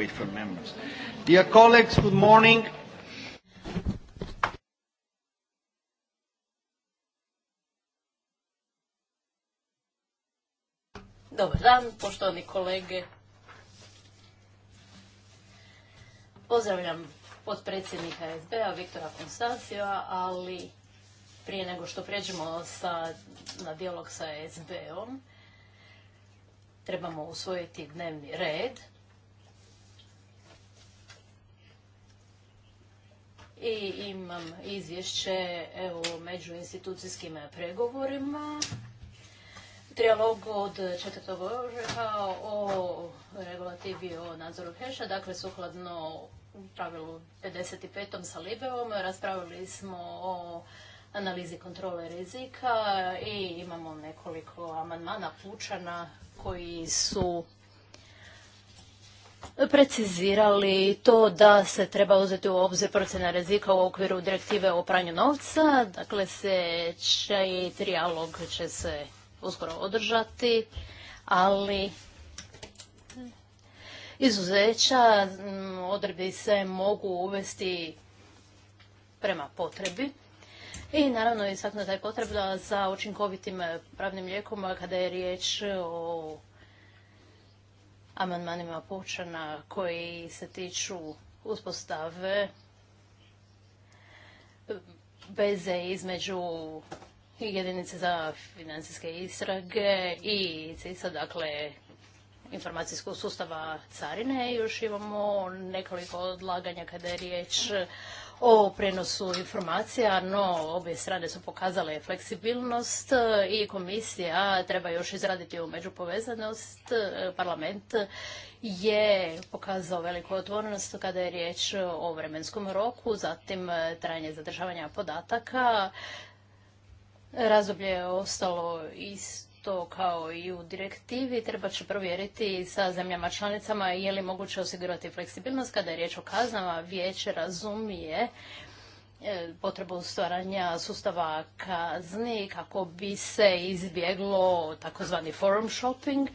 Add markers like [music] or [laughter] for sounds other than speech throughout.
wait for members. Dear colleagues, good morning. Dobar dan, poštovani kolege. Pozdravljam potpredsjednika SB-a Viktora Konstancija, ali prije nego što pređemo na dijalog sa SB-om, trebamo usvojiti dnevni red. i imam izvješće o međuinstitucijskim pregovorima. Trijalog od 4. ožujka o regulativi o nadzoru heša, dakle sukladno pravilu 55. sa Libeom, raspravili smo o analizi kontrole rizika i imamo nekoliko amandmana pučana koji su precizirali to da se treba uzeti u obzir procjena rizika u okviru direktive o pranju novca. Dakle, se i trijalog će se uskoro održati, ali izuzeća mm, odredbi se mogu uvesti prema potrebi. I naravno istaknuta je potreba za učinkovitim pravnim lijekom kada je riječ o amandmanima Pučana koji se tiču uspostave veze između jedinice za financijske istrage i CISA, dakle informacijskog sustava carine. Još imamo nekoliko odlaganja kada je riječ o prenosu informacija, no obje strane su pokazale fleksibilnost e, i komisija treba još izraditi u međupovezanost. E, parlament je pokazao veliku otvornost kada je riječ o vremenskom roku, zatim e, trajanje zadržavanja podataka. Razdoblje je ostalo isto to kao i u direktivi treba će provjeriti sa zemljama članicama je li moguće osigurati fleksibilnost kada je riječ o kaznama. Vijeće razumije e, potrebu stvaranja sustava kazni kako bi se izbjeglo takozvani forum shopping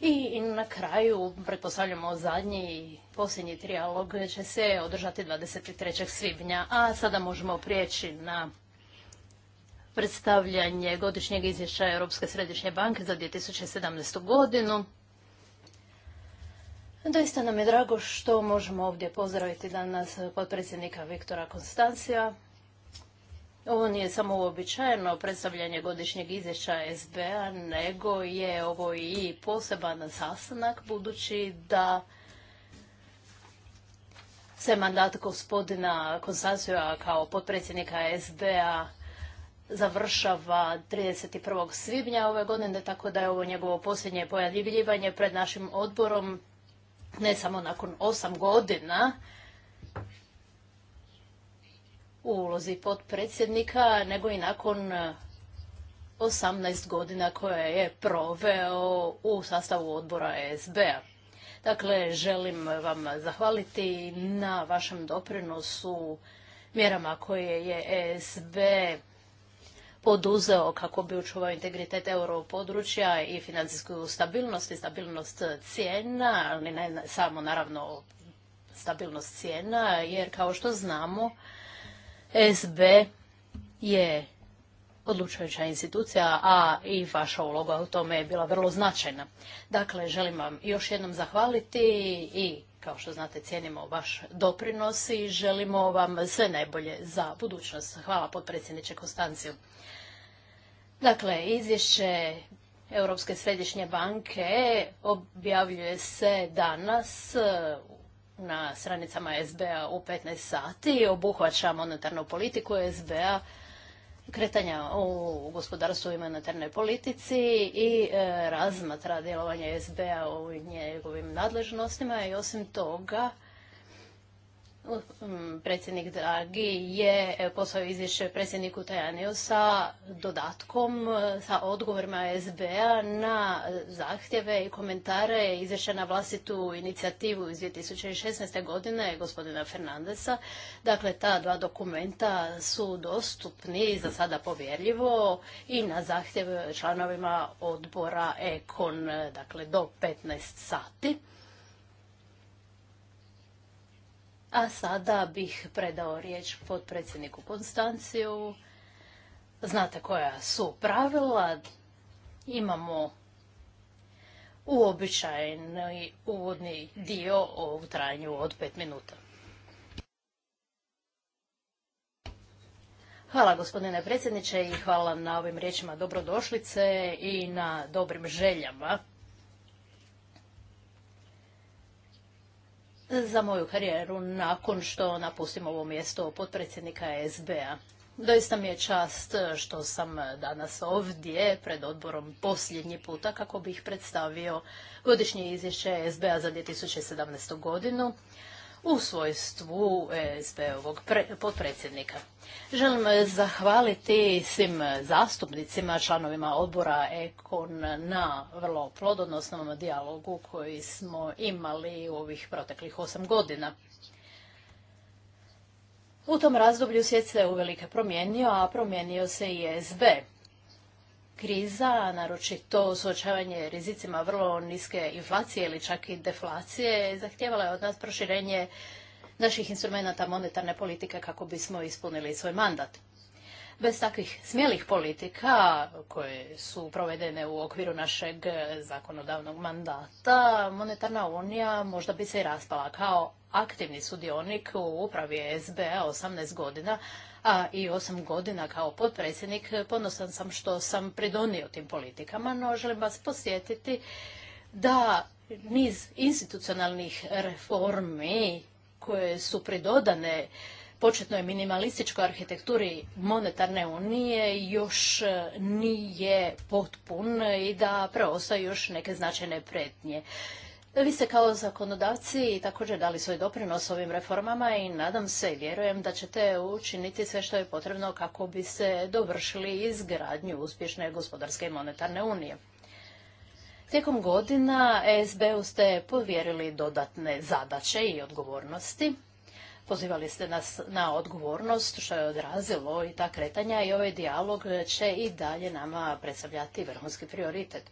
i na kraju, pretpostavljamo zadnji posljednji trijalog će se održati 23. svibnja, a sada možemo prijeći na predstavljanje godišnjeg izvješća Europske središnje banke za 2017. godinu. Doista nam je drago što možemo ovdje pozdraviti danas potpredsjednika Viktora Konstancija. Ovo nije samo uobičajeno predstavljanje godišnjeg izvješća SBA, nego je ovo i poseban sastanak budući da se mandat gospodina Konstancija kao potpredsjednika SBA završava 31. svibnja ove godine, tako da je ovo njegovo posljednje pojavljivanje pred našim odborom, ne samo nakon osam godina u ulozi potpredsjednika, nego i nakon osamnaest godina koje je proveo u sastavu odbora sb a Dakle, želim vam zahvaliti na vašem doprinosu mjerama koje je SB poduzeo kako bi učuvao integritet europodručja i financijsku stabilnost i stabilnost cijena, ali ne samo naravno stabilnost cijena, jer kao što znamo SB je odlučujuća institucija, a i vaša uloga u tome je bila vrlo značajna. Dakle, želim vam još jednom zahvaliti i kao što znate, cijenimo vaš doprinos i želimo vam sve najbolje za budućnost. Hvala potpredsjedniče Konstanciju. Dakle, izvješće Europske središnje banke objavljuje se danas uh, na stranicama SBA u 15 sati. Obuhvaća monetarnu politiku SBA kretanja u gospodarstvu i monetarnoj politici i e, razmatra djelovanje SB-a u njegovim nadležnostima i osim toga Mm, predsjednik Dragi je poslao izvješće predsjedniku Tajaniju sa dodatkom, e, sa odgovorima SBA na zahtjeve i komentare izvješća na vlastitu inicijativu iz 2016. godine gospodina Fernandesa. Dakle, ta dva dokumenta su dostupni za sada povjerljivo i na zahtjev članovima odbora EKON, e, dakle do 15 sati. A sada bih predao riječ potpredsjedniku Konstanciju. Znate koja su pravila. Imamo uobičajeni uvodni dio o trajanju od pet minuta. Hvala gospodine predsjedniče i hvala na ovim riječima dobrodošlice i na dobrim željama. za moju karijeru nakon što napustim ovo mjesto potpredsjednika SBA. Doista mi je čast što sam danas ovdje pred odborom posljednji puta kako bih predstavio godišnje izvješće SBA za 2017. godinu, u svojstvu e, SB-ovog potpredsjednika. Želim e, zahvaliti svim zastupnicima, članovima odbora EKON na vrlo plodonosnom dijalogu koji smo imali u ovih proteklih osam godina. U tom razdoblju svijet se uvelike promijenio, a promijenio se i SB kriza, naročito suočavanje rizicima vrlo niske inflacije ili čak i deflacije, zahtijevala je od nas proširenje naših instrumenta monetarne politike kako bismo ispunili svoj mandat. Bez takvih smjelih politika koje su provedene u okviru našeg zakonodavnog mandata, monetarna unija možda bi se i raspala kao aktivni sudionik u upravi SBA e 18 godina, a i osam godina kao potpredsjednik ponosan sam što sam pridonio tim politikama, no želim vas posjetiti da niz institucionalnih reformi koje su pridodane početnoj minimalističkoj arhitekturi monetarne unije još nije potpun i da preostaju još neke značajne pretnje. Vi ste kao zakonodavci također dali svoj doprinos ovim reformama i nadam se i vjerujem da ćete učiniti sve što je potrebno kako bi se dovršili izgradnju uspješne gospodarske i monetarne unije. Tijekom godina sbu u ste povjerili dodatne zadaće i odgovornosti. Pozivali ste nas na odgovornost što je odrazilo i ta kretanja i ovaj dijalog će i dalje nama predstavljati vrhunski prioritet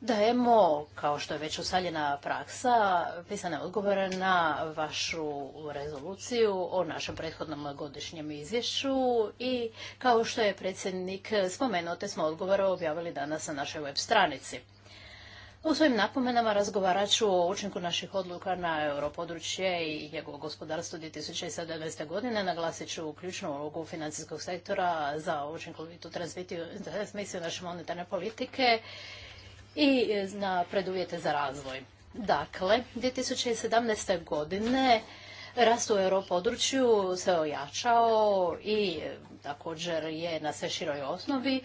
dajemo, kao što je već usaljena praksa, pisane odgovore na vašu rezoluciju o našem prethodnom godišnjem izvješću i kao što je predsjednik spomenuo, te smo odgovore objavili danas na našoj web stranici. U svojim napomenama razgovarat ću o učinku naših odluka na europodručje i njegovo gospodarstvo 2017. godine. Naglasit ću ključnu ulogu financijskog sektora za učinkovitu transmisiju naše monetarne politike i e, na preduvjete za razvoj. Dakle, 2017. godine rast u europodručju se ojačao i e, također je na sve široj osnovi.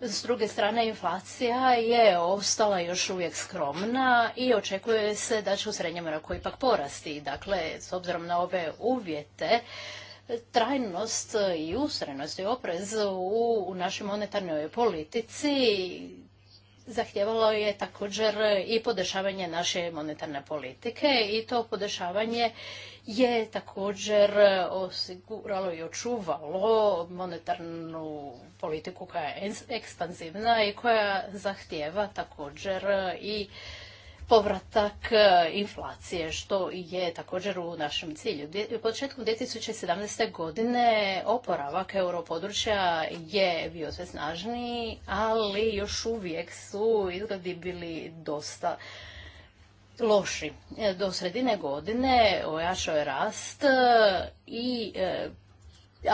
S druge strane, inflacija je ostala još uvijek skromna i očekuje se da će u srednjem roku ipak porasti. Dakle, s obzirom na ove uvjete, trajnost i usrednost i oprez u našoj monetarnoj politici zahtjevalo je također i podešavanje naše monetarne politike i to podešavanje je također osiguralo i očuvalo monetarnu politiku koja je ekspanzivna i koja zahtjeva također i povratak e, inflacije, što je također u našem cilju. U početku 2017. godine oporavak europodručja je bio sve snažniji, ali još uvijek su izgledi bili dosta loši. E, do sredine godine ojačao je rast e, i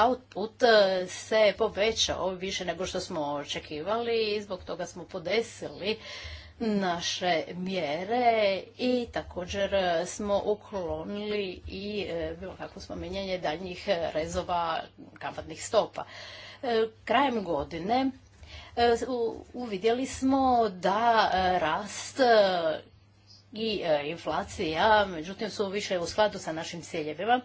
output se povećao više nego što smo očekivali i zbog toga smo podesili naše mjere i također smo uklonili i e, bilo kako spominjanje daljnjih rezova kamatnih stopa. E, krajem godine e, uvidjeli smo da rast i inflacija, međutim su više u skladu sa našim ciljevima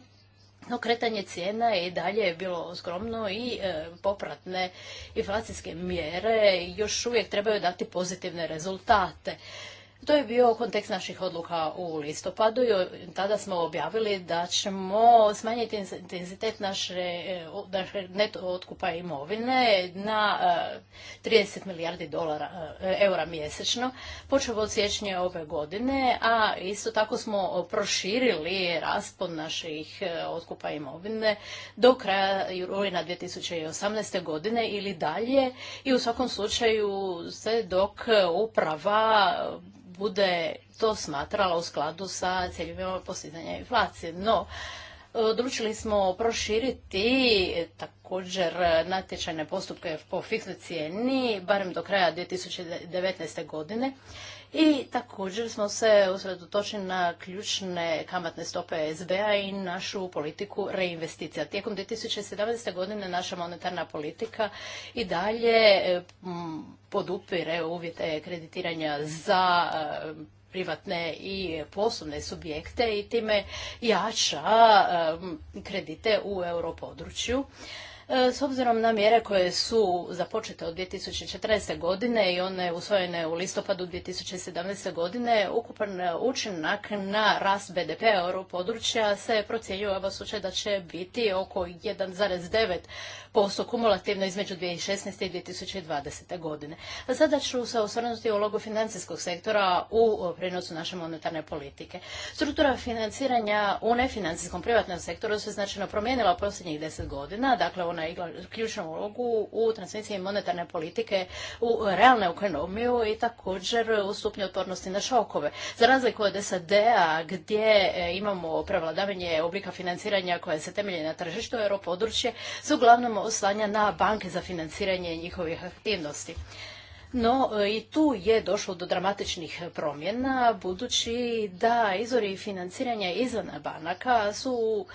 no, kretanje cijena je i dalje bilo skromno i popratne popratne inflacijske mjere još uvijek trebaju dati pozitivne rezultate. To je bio kontekst naših odluka u listopadu i tada smo objavili da ćemo smanjiti intenzitet naše, e, neto otkupa imovine na 30 e, milijardi dolara, e, eura mjesečno, počeo od siječnja ove godine, a isto tako smo proširili raspon naših otkupa imovine do kraja rujna 2018. godine ili dalje i u svakom slučaju se dok uprava bude to smatrala u skladu sa ciljevima postizanja inflacije. No, odlučili smo proširiti također natječajne postupke po fiksnoj cijeni, barem do kraja 2019. godine i također smo se usredotočili na ključne kamatne stope SBA i našu politiku reinvesticija. Tijekom 2017. godine naša monetarna politika i dalje e, podupire uvjete kreditiranja za e, privatne i poslovne subjekte i time jača e, kredite u europodručju. E, s obzirom na mjere koje su započete od 2014. godine i one usvojene u listopadu 2017. godine, ukupan e, učinak na rast BDP p-a područja se procjenjuje u slučaj da će biti oko 1,9% kumulativno između 2016. i 2020. godine. sada ću se osvrnuti u ulogu financijskog sektora u prijenosu naše monetarne politike. Struktura financiranja u nefinancijskom privatnom sektoru se značajno promijenila u posljednjih deset godina, dakle ona igla ključnu ulogu u transmisiji monetarne politike u realnu ekonomiju i također u stupnju otpornosti na šokove. Za razliku od SAD-a gdje e, imamo prevladavanje oblika financiranja koje se temelji na tržištu, europodručje su uglavnom oslanja na banke za financiranje njihovih aktivnosti. No e, i tu je došlo do dramatičnih promjena budući da izvori financiranja izvan banaka su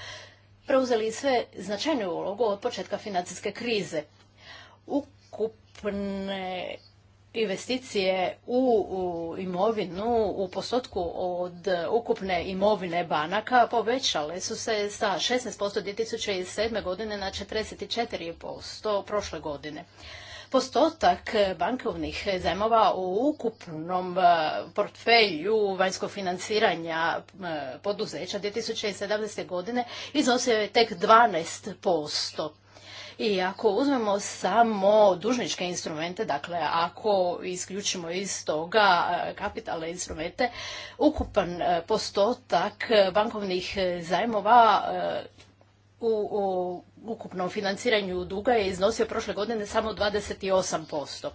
preuzeli sve značajnu ulogu od početka financijske krize. Ukupne investicije u imovinu u postotku od ukupne imovine banaka povećale su se sa 16% 2007. godine na 44% prošle godine postotak e, bankovnih zajmova u ukupnom e, portfelju vanjskog financiranja e, poduzeća 2017. godine iznosio je tek 12%. I ako uzmemo samo dužničke instrumente, dakle ako isključimo iz toga kapitalne instrumente, ukupan postotak bankovnih zajmova u, ukupnom financiranju duga je iznosio prošle godine samo 28%.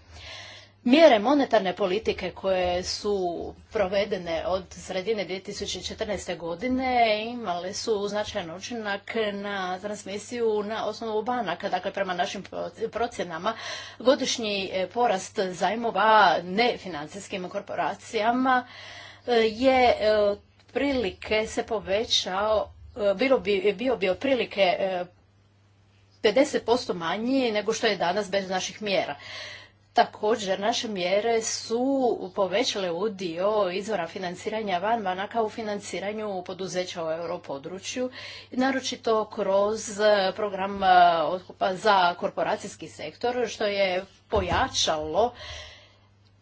Mjere monetarne politike koje su provedene od sredine 2014. godine imale su značajan učinak na transmisiju na osnovu banaka. Dakle, prema našim procjenama, godišnji e, porast zajmova nefinancijskim korporacijama e, je e, prilike se povećao E, bilo bi, bio bi otprilike 50% e, manji nego što je danas bez naših mjera. Također, naše mjere su povećale udio izvora financiranja van banaka u financiranju poduzeća u europodručju, naročito kroz program e, otkupa za korporacijski sektor, što je pojačalo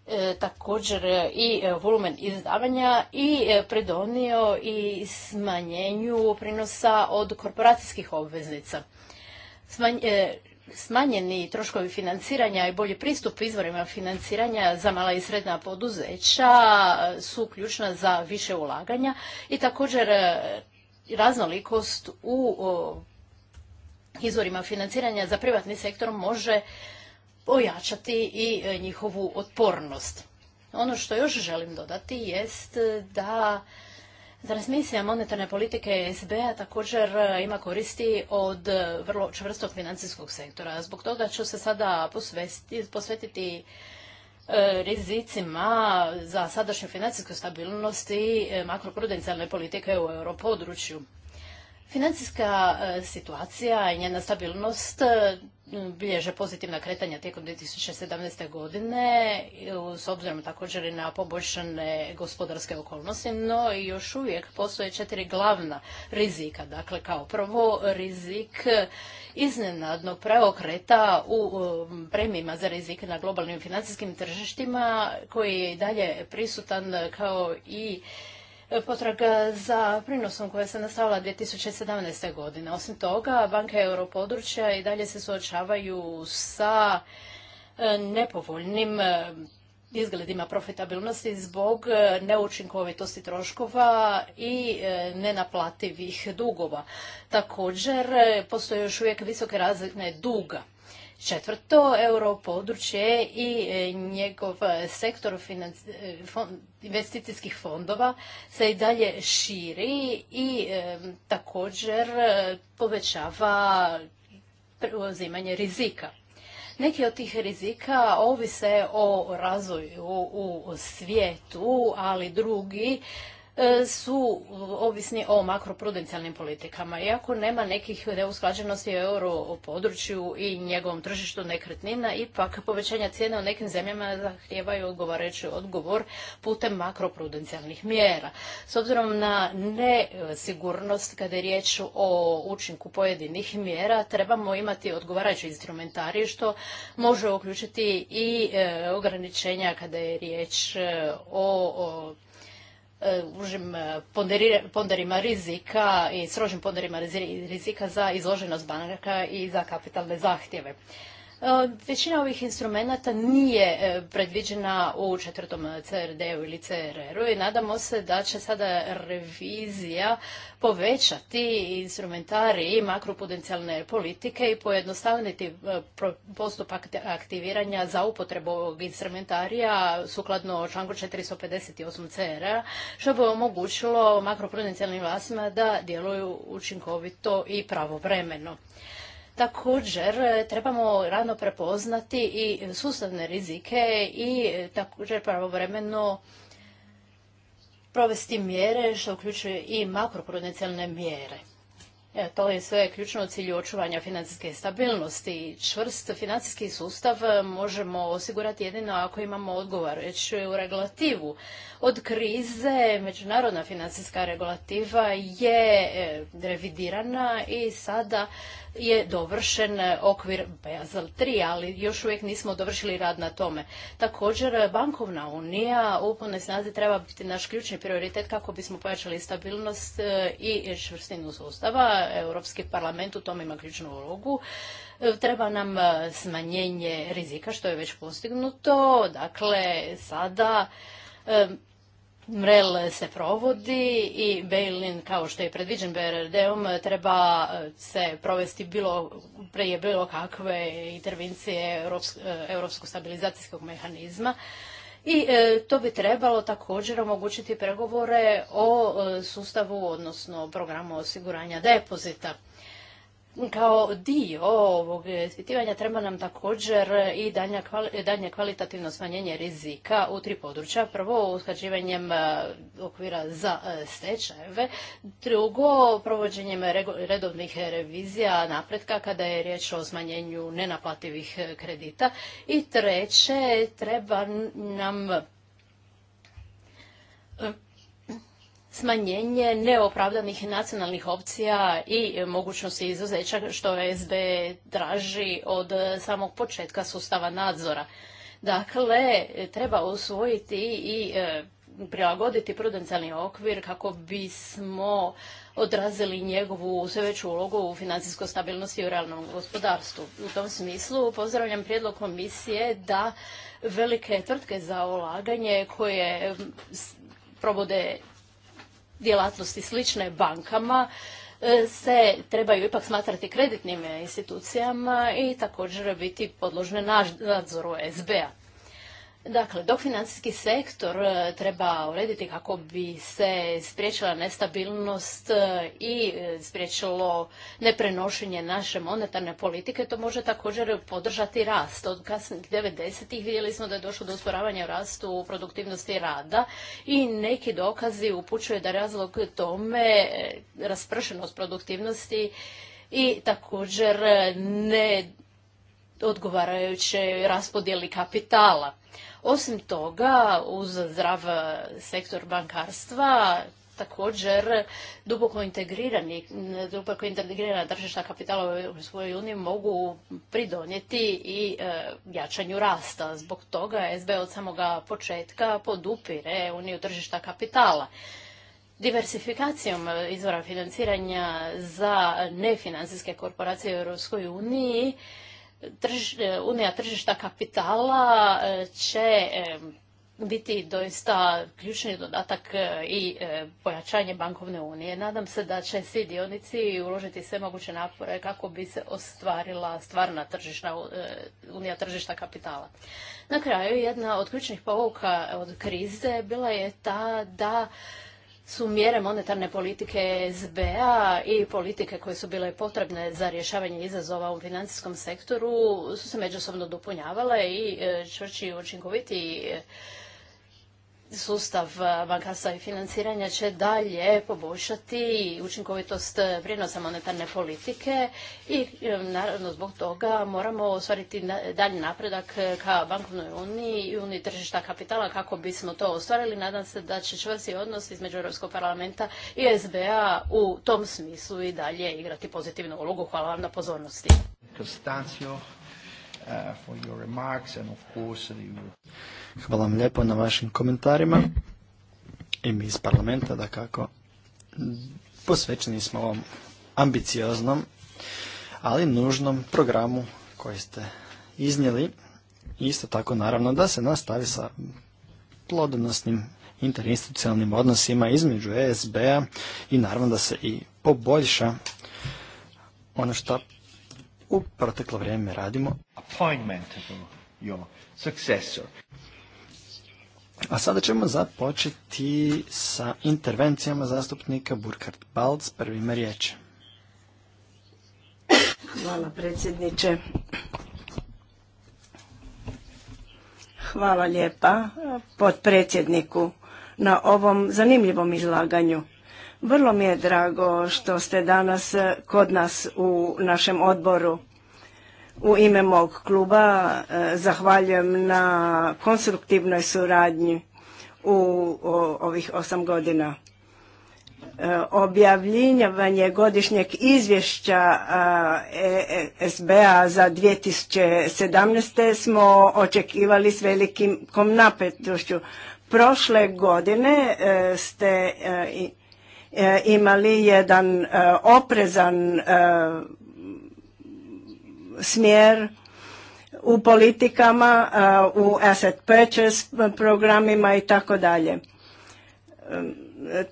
E, također e, i e, volumen izdavanja i predonio i smanjenju prinosa od korporacijskih obveznica. Smanjeni troškovi financiranja i bolji pristup izvorima financiranja za mala i srednja poduzeća su ključna za više ulaganja i također raznolikost u izvorima financiranja za privatni sektor može ojačati i e, njihovu otpornost. Ono što još želim dodati jest e, da Transmisija monetarne politike SBA također e, ima koristi od vrlo čvrstog financijskog sektora. Zbog toga ću se sada posvetiti rizicima za sadašnju financijsku stabilnost i makroprudencijalne politike u europodručju. Financijska situacija i njena stabilnost bilježe pozitivna kretanja tijekom 2017. godine, s obzirom također i na poboljšane gospodarske okolnosti, no i još uvijek postoje četiri glavna rizika. Dakle, kao prvo rizik iznenadnog preokreta u um, premijima za rizike na globalnim financijskim tržištima, koji je i dalje prisutan kao i potraga za prinosom koja se nastavila 2017. godine. Osim toga, banke europodručja i dalje se suočavaju sa e, nepovoljnim e, izgledima profitabilnosti zbog e, neučinkovitosti troškova i nenaplativih dugova. Također, postoje još uvijek visoke razine duga. Četvrto, europodručje i e, njegov e, sektor e, investicijskih fondova se i dalje širi i također povećava preuzimanje rizika. Neki od tih rizika ovise o razvoju u svijetu, ali drugi E, su ovisni o makroprudencijalnim politikama. Iako nema nekih neusklađenosti u euro području i njegovom tržištu nekretnina, ipak povećanja cijena u nekim zemljama zahtijevaju odgovarajući odgovor putem makroprudencijalnih mjera. S obzirom na nesigurnost kada je riječ o učinku pojedinih mjera, trebamo imati odgovarajući instrumentarij što može uključiti i e, ograničenja kada je riječ e, o E, užim e, ponderima rizika i srožim ponderima rizika za izloženost banaka i za kapitalne zahtjeve. E, većina ovih instrumenata nije e, predviđena u četvrtom CRD-u ili CRR-u i nadamo se da će sada revizija povećati instrumentari makropudencijalne politike i pojednostavniti e, postupak aktiviranja za upotrebu ovog instrumentarija sukladno članku 458 CR-a, što bi omogućilo makropudencijalnim vlastima da djeluju učinkovito i pravovremeno. Također trebamo rano prepoznati i sustavne rizike i e, također pravovremeno provesti mjere što uključuje i makroprudencijalne mjere. E, to je sve ključno u cilju očuvanja financijske stabilnosti. Čvrst financijski sustav možemo osigurati jedino ako imamo odgovarajuću regulativu. Od krize međunarodna financijska regulativa je e, revidirana i sada je dovršen e, okvir Basel 3, ali još uvijek nismo dovršili rad na tome. Također, e, bankovna unija u punoj snazi treba biti naš ključni prioritet kako bismo pojačali stabilnost e, i čvrstinu sustava. Europski parlament u tome ima ključnu ulogu. Treba nam smanjenje rizika, što je već postignuto. Dakle, sada MREL se provodi i bail kao što je predviđen BRD-om, treba e, se provesti bilo, prije bilo kakve intervencije e, Europskog stabilizacijskog mehanizma. I e, to bi trebalo također omogućiti pregovore o sustavu, odnosno programu osiguranja depozita kao dio ovog ispitivanja treba nam također i danje kvalitativno smanjenje rizika u tri područja. Prvo, usklađivanjem e, okvira za e, stečajeve. Drugo, provođenjem redovnih revizija napretka kada je riječ o smanjenju nenaplativih e, kredita. I treće, treba nam smanjenje neopravdanih nacionalnih opcija i mogućnosti izuzeća što SB traži od samog početka sustava nadzora. Dakle, treba usvojiti i e, prilagoditi prudencijalni okvir kako bismo odrazili njegovu sve veću ulogu u financijskoj stabilnosti i u realnom gospodarstvu. U tom smislu pozdravljam prijedlog komisije da velike tvrtke za ulaganje koje provode djelatnosti slične bankama e, se trebaju ipak smatrati kreditnim institucijama i također biti podložne nadzoru SBA. Dakle, dok financijski sektor e, treba urediti kako bi se spriječila nestabilnost e, i e, spriječilo neprenošenje naše monetarne politike, to može također podržati rast. Od kasnih 90-ih vidjeli smo da je došlo do usporavanja rastu produktivnosti rada i neki dokazi upućuju da razlog tome raspršenost produktivnosti i također ne odgovarajuće raspodjeli kapitala. Osim toga, uz zdrav sektor bankarstva, također duboko integrirani, duboko integrirana tržišta kapitala u svojoj uniji mogu pridonijeti i e, jačanju rasta. Zbog toga SB od samoga početka podupire uniju tržišta kapitala. Diversifikacijom izvora financiranja za nefinancijske korporacije u Europskoj uniji E, unija tržišta kapitala e, će e, biti doista ključni dodatak i pojačanje bankovne unije. Nadam se da će svi dionici uložiti sve moguće napore kako bi se ostvarila stvarna tržišna, unija tržišta kapitala. Na kraju, jedna od ključnih povuka od krize bila je ta da su mjere monetarne politike SBA i politike koje su bile potrebne za rješavanje izazova u financijskom sektoru su se međusobno dopunjavale i e, čvrći i učinkoviti e, sustav eh, bankarstva i financiranja će dalje poboljšati učinkovitost prijenosa monetarne politike i eh, naravno zbog toga moramo ostvariti dalji napredak eh, ka bankovnoj uniji i uniji tržišta kapitala kako bismo to ostvarili. Nadam se da će čvrsti odnos između Europskog parlamenta i SBA u tom smislu i dalje igrati pozitivnu ulogu. Hvala vam na pozornosti. Hvala vam lijepo na vašim komentarima i mi iz parlamenta da kako posvećeni smo ovom ambicioznom, ali nužnom programu koji ste iznijeli. Isto tako naravno da se nastavi sa plodonosnim interinstitucionalnim odnosima između ESB-a i naravno da se i poboljša ono što u proteklo vrijeme radimo. Appointment your successor. A sada ćemo započeti sa intervencijama zastupnika Burkhard Balc, prvima riječ. Hvala predsjedniče. Hvala lijepa eh, potpredsjedniku na ovom zanimljivom izlaganju. Vrlo mi je drago što ste danas eh, kod nas u našem odboru u ime mog kluba e, zahvaljujem na konstruktivnoj suradnji u ovih osam godina. E, objavljivanje godišnjeg izvješća e, SBA za 2017. smo očekivali s velikim napetošću. Prošle godine ste imali jedan oprezan smjer u politikama, uh, u asset purchase programima i tako dalje. Um,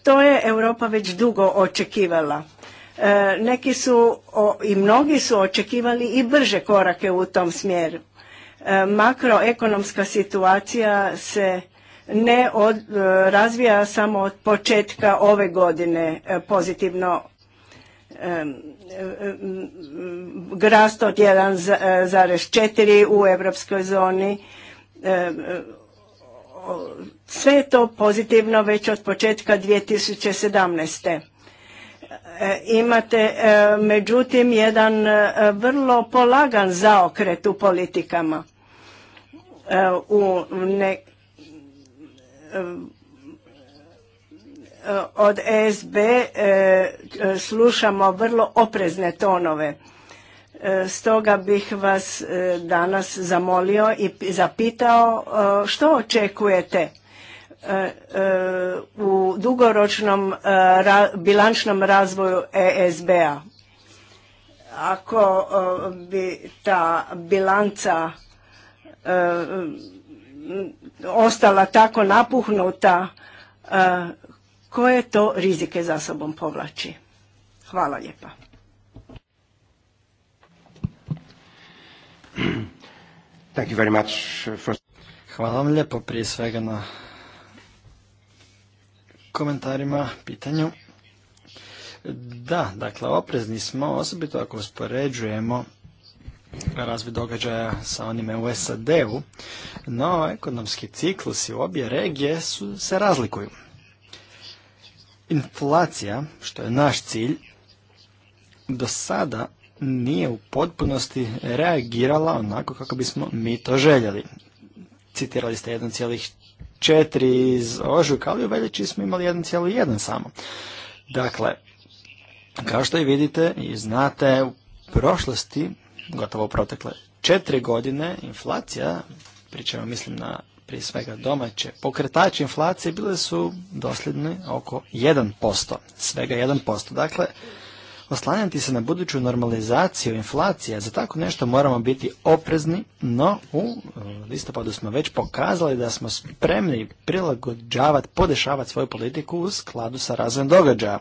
to je Europa već dugo očekivala. Uh, neki su i mnogi su očekivali i brže korake u tom smjeru. Uh, makroekonomska situacija se ne razvija samo od početka ove godine pozitivno rast od 1,4 e, u europskoj zoni. Sve je to pozitivno već od početka 2017. E, imate e, međutim jedan vrlo polagan zaokret u politikama. U ne, od ESB e, slušamo vrlo oprezne tonove. E, stoga bih vas e, danas zamolio i zapitao što očekujete u dugoročnom bilančnom razvoju ESB-a. Ako bi ta bilanca ostala tako napuhnuta koje to rizike za sobom povlači. Hvala lijepa. Hvala vam lijepo prije svega na komentarima, pitanju. Da, dakle, oprezni smo, osobito ako uspoređujemo razvoj događaja sa onime u SAD-u, no ekonomski ciklus i obje regije su, se razlikuju. Inflacija, što je naš cilj, do sada nije u potpunosti reagirala onako kako bismo mi to željeli. Citirali ste 1,4 iz ožujka, ali u veljači smo imali 1,1 samo. Dakle, kao što i vidite i znate, u prošlosti, gotovo protekle četiri godine, inflacija, pričamo mislim na prije svega domaće, pokretači inflacije bile su dosljedne oko 1%, svega 1%. Dakle, oslanjati se na buduću normalizaciju inflacije, za tako nešto moramo biti oprezni, no u e, listopadu smo već pokazali da smo spremni prilagođavati, podešavati svoju politiku u skladu sa razvojem događaja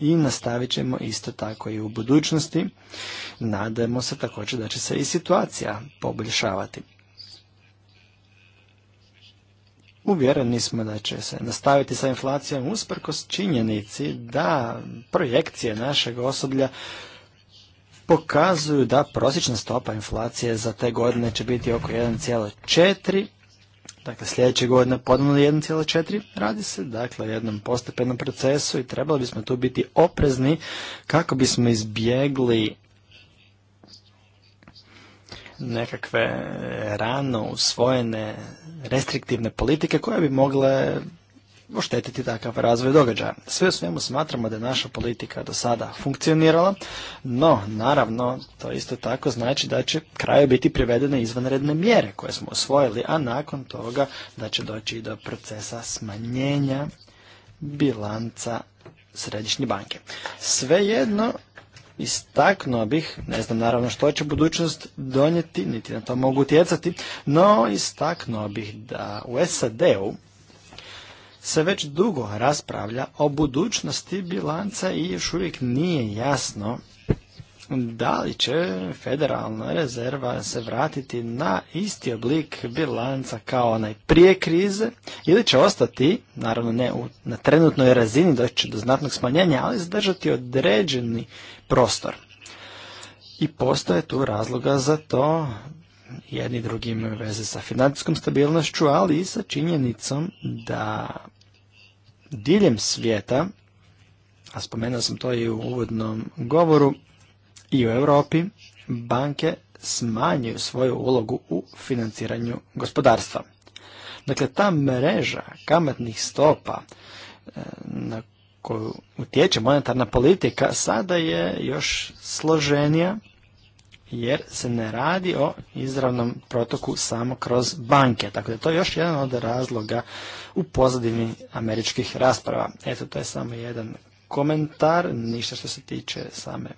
i nastavit ćemo isto tako i u budućnosti. nadamo se također da će se i situacija poboljšavati. Uvjereni smo da će se nastaviti sa inflacijom usprkos činjenici da projekcije našeg osoblja pokazuju da prosječna stopa inflacije za te godine će biti oko 1,4, dakle sljedeće godine ponovno 1,4, radi se dakle o jednom postepenom procesu i trebali bismo tu biti oprezni kako bismo izbjegli nekakve e, rano usvojene restriktivne politike koje bi mogle oštetiti takav razvoj događaja. Sve u svemu smatramo da je naša politika do sada funkcionirala, no naravno to isto tako znači da će kraju biti privedene izvanredne mjere koje smo usvojili, a nakon toga da će doći i do procesa smanjenja bilanca središnje banke. Svejedno, istaknuo bih, ne znam naravno što će budućnost donijeti, niti na to mogu utjecati, no istaknuo bih da u SAD-u se već dugo raspravlja o budućnosti bilanca i još uvijek nije jasno da li će federalna rezerva se vratiti na isti oblik bilanca kao onaj prije krize ili će ostati, naravno ne na trenutnoj razini doći do znatnog smanjenja, ali zadržati određeni prostor. I postoje tu razloga za to, jedni drugi imaju veze sa financijskom stabilnošću, ali i sa činjenicom da diljem svijeta, a spomenuo sam to i u uvodnom govoru, i u Europi banke smanjuju svoju ulogu u financiranju gospodarstva. Dakle, ta mreža kamatnih stopa e, na koju utječe monetarna politika sada je još složenija jer se ne radi o izravnom protoku samo kroz banke. Tako dakle, da je još jedan od razloga u pozadini američkih rasprava. Eto, to je samo jedan komentar, ništa što se tiče same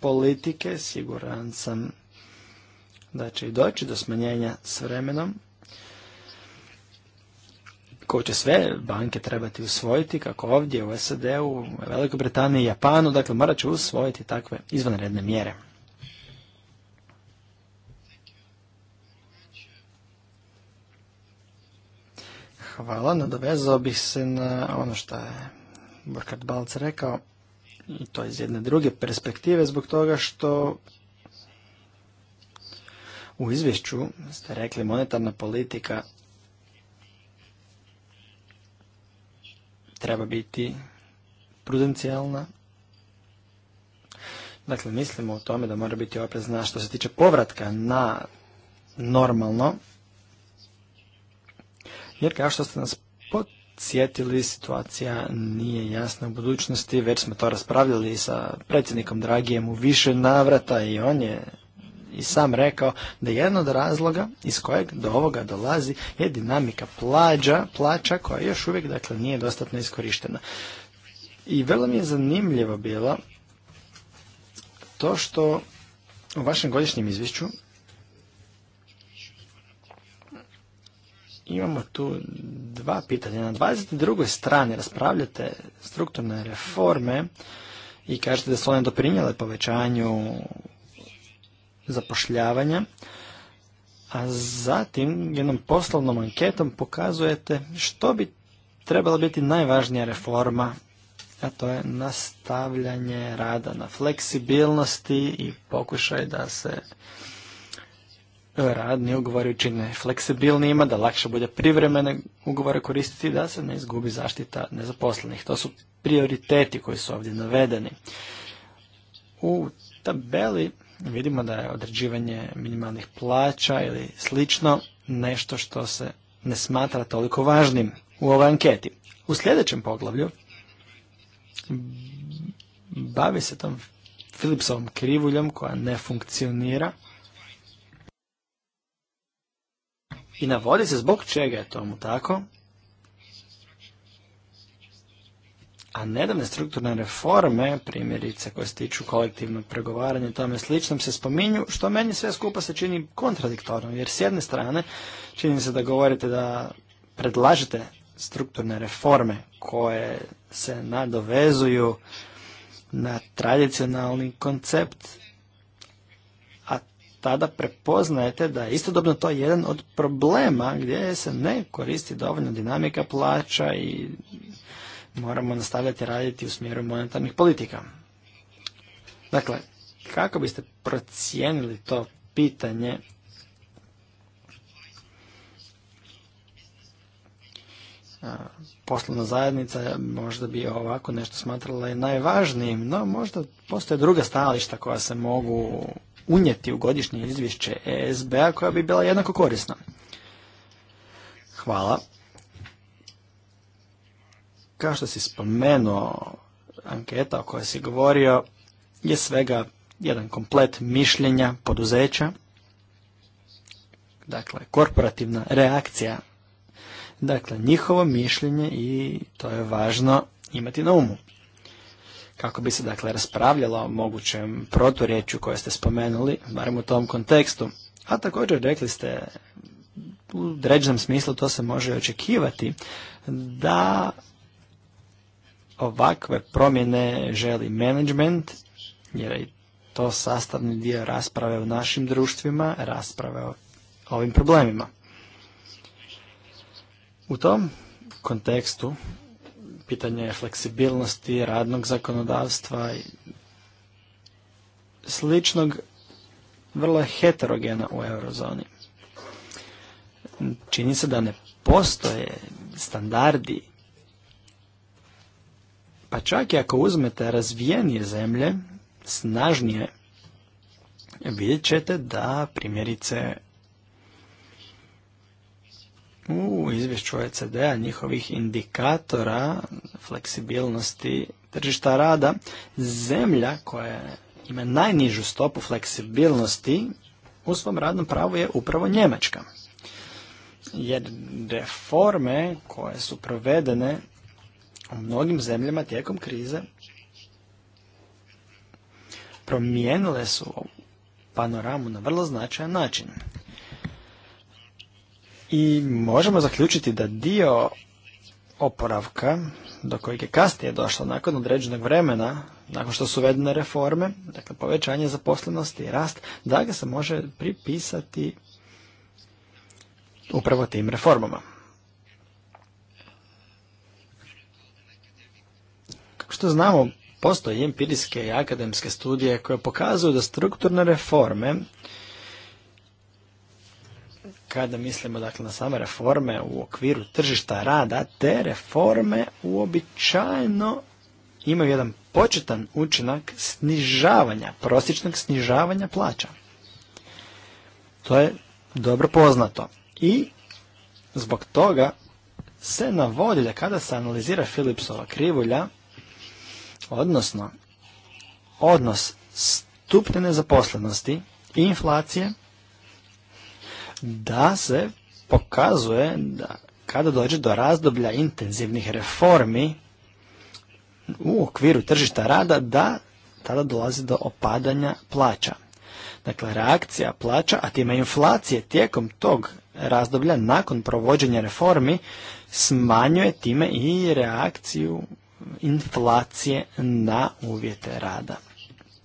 politike, siguran sam da će i doći do smanjenja s vremenom, koju će sve banke trebati usvojiti, kako ovdje u SAD-u, u Velikoj Britaniji i Japanu, dakle morat će usvojiti takve izvanredne mjere. Hvala, nadovezao bih se na ono što je Burkhard Balc rekao to iz jedne druge perspektive zbog toga što u izvješću ste rekli monetarna politika treba biti prudencijalna. Dakle, mislimo o tome da mora biti oprezna što se tiče povratka na normalno. Jer kao što ste nas sjetili, situacija nije jasna u budućnosti, već smo to raspravljali sa predsjednikom Dragijem u više navrata i on je i sam rekao da jedan od razloga iz kojeg do ovoga dolazi je dinamika plađa, plaća koja još uvijek dakle nije dostatno iskorištena. I vrlo mi je zanimljivo bilo to što u vašem godišnjem izvješću imamo tu dva pitanja. Na 22. strani raspravljate strukturne reforme i kažete da su one doprinijele povećanju zapošljavanja, a zatim jednom poslovnom anketom pokazujete što bi trebala biti najvažnija reforma, a to je nastavljanje rada na fleksibilnosti i pokušaj da se radni ugovori učine fleksibilnijima, da lakše bude privremene ugovore koristiti da se ne izgubi zaštita nezaposlenih. To su prioriteti koji su ovdje navedeni. U tabeli vidimo da je određivanje minimalnih plaća ili slično nešto što se ne smatra toliko važnim u ovoj anketi. U sljedećem poglavlju bavi se tom Filipsovom krivuljom koja ne funkcionira i navodi se zbog čega je tomu tako, a nedavne strukturne reforme, primjerice koje se tiču kolektivnog pregovaranja i tome sličnom, se spominju, što meni sve skupa se čini kontradiktorno, jer s jedne strane čini se da govorite da predlažete strukturne reforme koje se nadovezuju na tradicionalni koncept tada prepoznajete da je istodobno to jedan od problema gdje se ne koristi dovoljno dinamika plaća i moramo nastavljati raditi u smjeru monetarnih politika. Dakle, kako biste procijenili to pitanje poslovna zajednica možda bi ovako nešto smatrala najvažnijim, no možda postoje druga stajališta koja se mogu unijeti u godišnje izvješće ESB-a koja bi bila jednako korisna. Hvala. Kao što si spomenuo, anketa o kojoj si govorio je svega jedan komplet mišljenja poduzeća, dakle korporativna reakcija, dakle njihovo mišljenje i to je važno imati na umu kako bi se dakle raspravljalo o mogućem proturječju koje ste spomenuli, barem u tom kontekstu. A također rekli ste, u određenom smislu to se može očekivati, da ovakve promjene želi management, jer je to sastavni dio rasprave u našim društvima, rasprave o ovim problemima. U tom kontekstu pitanje fleksibilnosti radnog zakonodavstva i sličnog vrlo heterogena u eurozoni. Čini se da ne postoje standardi, pa čak i ako uzmete razvijenije zemlje, snažnije, vidjet ćete da primjerice u izvješću OECD-a njihovih indikatora fleksibilnosti tržišta rada, zemlja koja ima najnižu stopu fleksibilnosti u svom radnom pravu je upravo Njemačka. Jer reforme koje su provedene u mnogim zemljama tijekom krize promijenile su panoramu na vrlo značajan način. I možemo zaključiti da dio oporavka do kojeg je kasnije došlo nakon određenog vremena, nakon što su uvedene reforme, dakle povećanje zaposlenosti i rast, da ga se može pripisati upravo tim reformama. Kako što znamo, postoje empirijske i akademske studije koje pokazuju da strukturne reforme kada mislimo dakle, na same reforme u okviru tržišta rada, te reforme uobičajeno imaju jedan početan učinak snižavanja, prosječnog snižavanja plaća. To je dobro poznato. I zbog toga se navodi da kada se analizira Philipsova krivulja, odnosno odnos stupne nezaposlenosti i inflacije, da se pokazuje da kada dođe do razdoblja intenzivnih reformi u okviru tržišta rada, da tada dolazi do opadanja plaća. Dakle, reakcija plaća, a time inflacije tijekom tog razdoblja nakon provođenja reformi smanjuje time i reakciju inflacije na uvjete rada.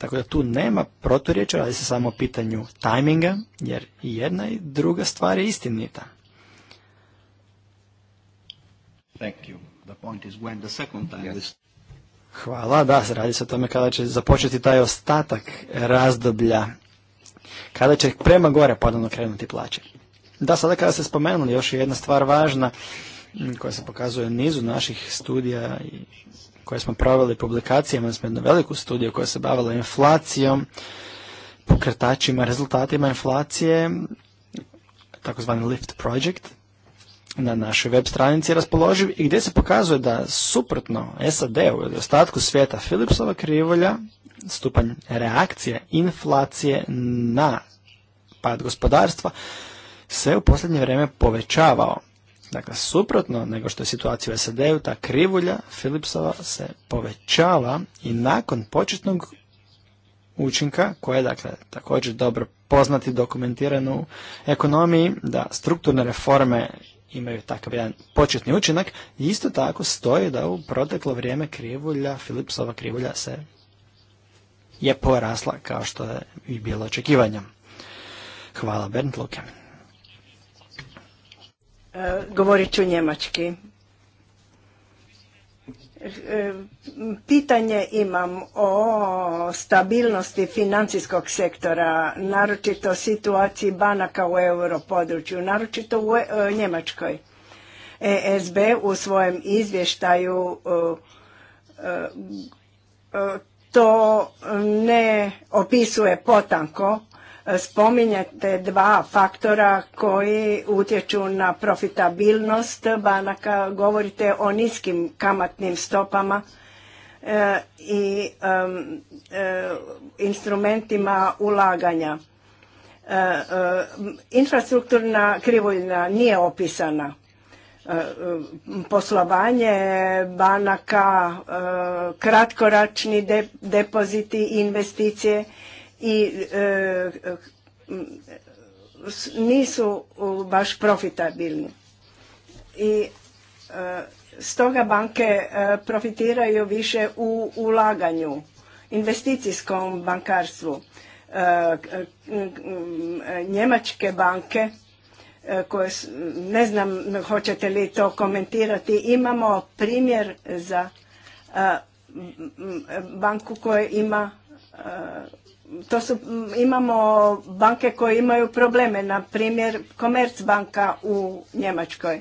Tako da tu nema proturječa, radi se samo o pitanju tajminga, jer jedna i druga stvar je istinita. Thank you. The point is when the second time Hvala, da, radi se o tome kada će započeti taj ostatak razdoblja, kada će prema gore ponovno krenuti plaće. Da, sada kada ste spomenuli, još je jedna stvar važna koja se pokazuje u nizu naših studija i koje smo proveli publikacijama, imali smo jednu veliku studiju koja se bavila inflacijom, pokretačima, rezultatima inflacije, takozvani Lift Project, na našoj web stranici raspoloživ i gdje se pokazuje da suprotno SAD-u ili ostatku svijeta Philipsova krivolja, stupanj reakcije, inflacije na pad gospodarstva, se u posljednje vrijeme povećavao. Dakle, suprotno nego što je situacija u SAD-u, ta krivulja Philipsova se povećava i nakon početnog učinka, koje je dakle također dobro poznati, dokumentirano u ekonomiji, da strukturne reforme imaju takav jedan početni učinak, isto tako stoji da u proteklo vrijeme krivulja, Philipsova krivulja se je porasla kao što je i bilo očekivanja. Hvala Bernd E, govorit ću njemački. E, pitanje imam o stabilnosti financijskog sektora, naročito situaciji banaka u europodručju, naročito u e, Njemačkoj. ESB u svojem izvještaju to ne opisuje potanko, spominjete dva faktora koji utječu na profitabilnost banaka, govorite o niskim kamatnim stopama e, i e, instrumentima ulaganja. E, infrastrukturna krivoljna nije opisana. Poslovanje banaka, kratkoračni depoziti i investicije i e, nisu baš profitabilni. I e, stoga banke e, profitiraju više u ulaganju, investicijskom bankarstvu. Njemačke banke koje ne znam hoćete li to komentirati imamo primjer za banku koja ima to su, mm, imamo banke koje imaju probleme, na primjer Commerzbanka u Njemačkoj.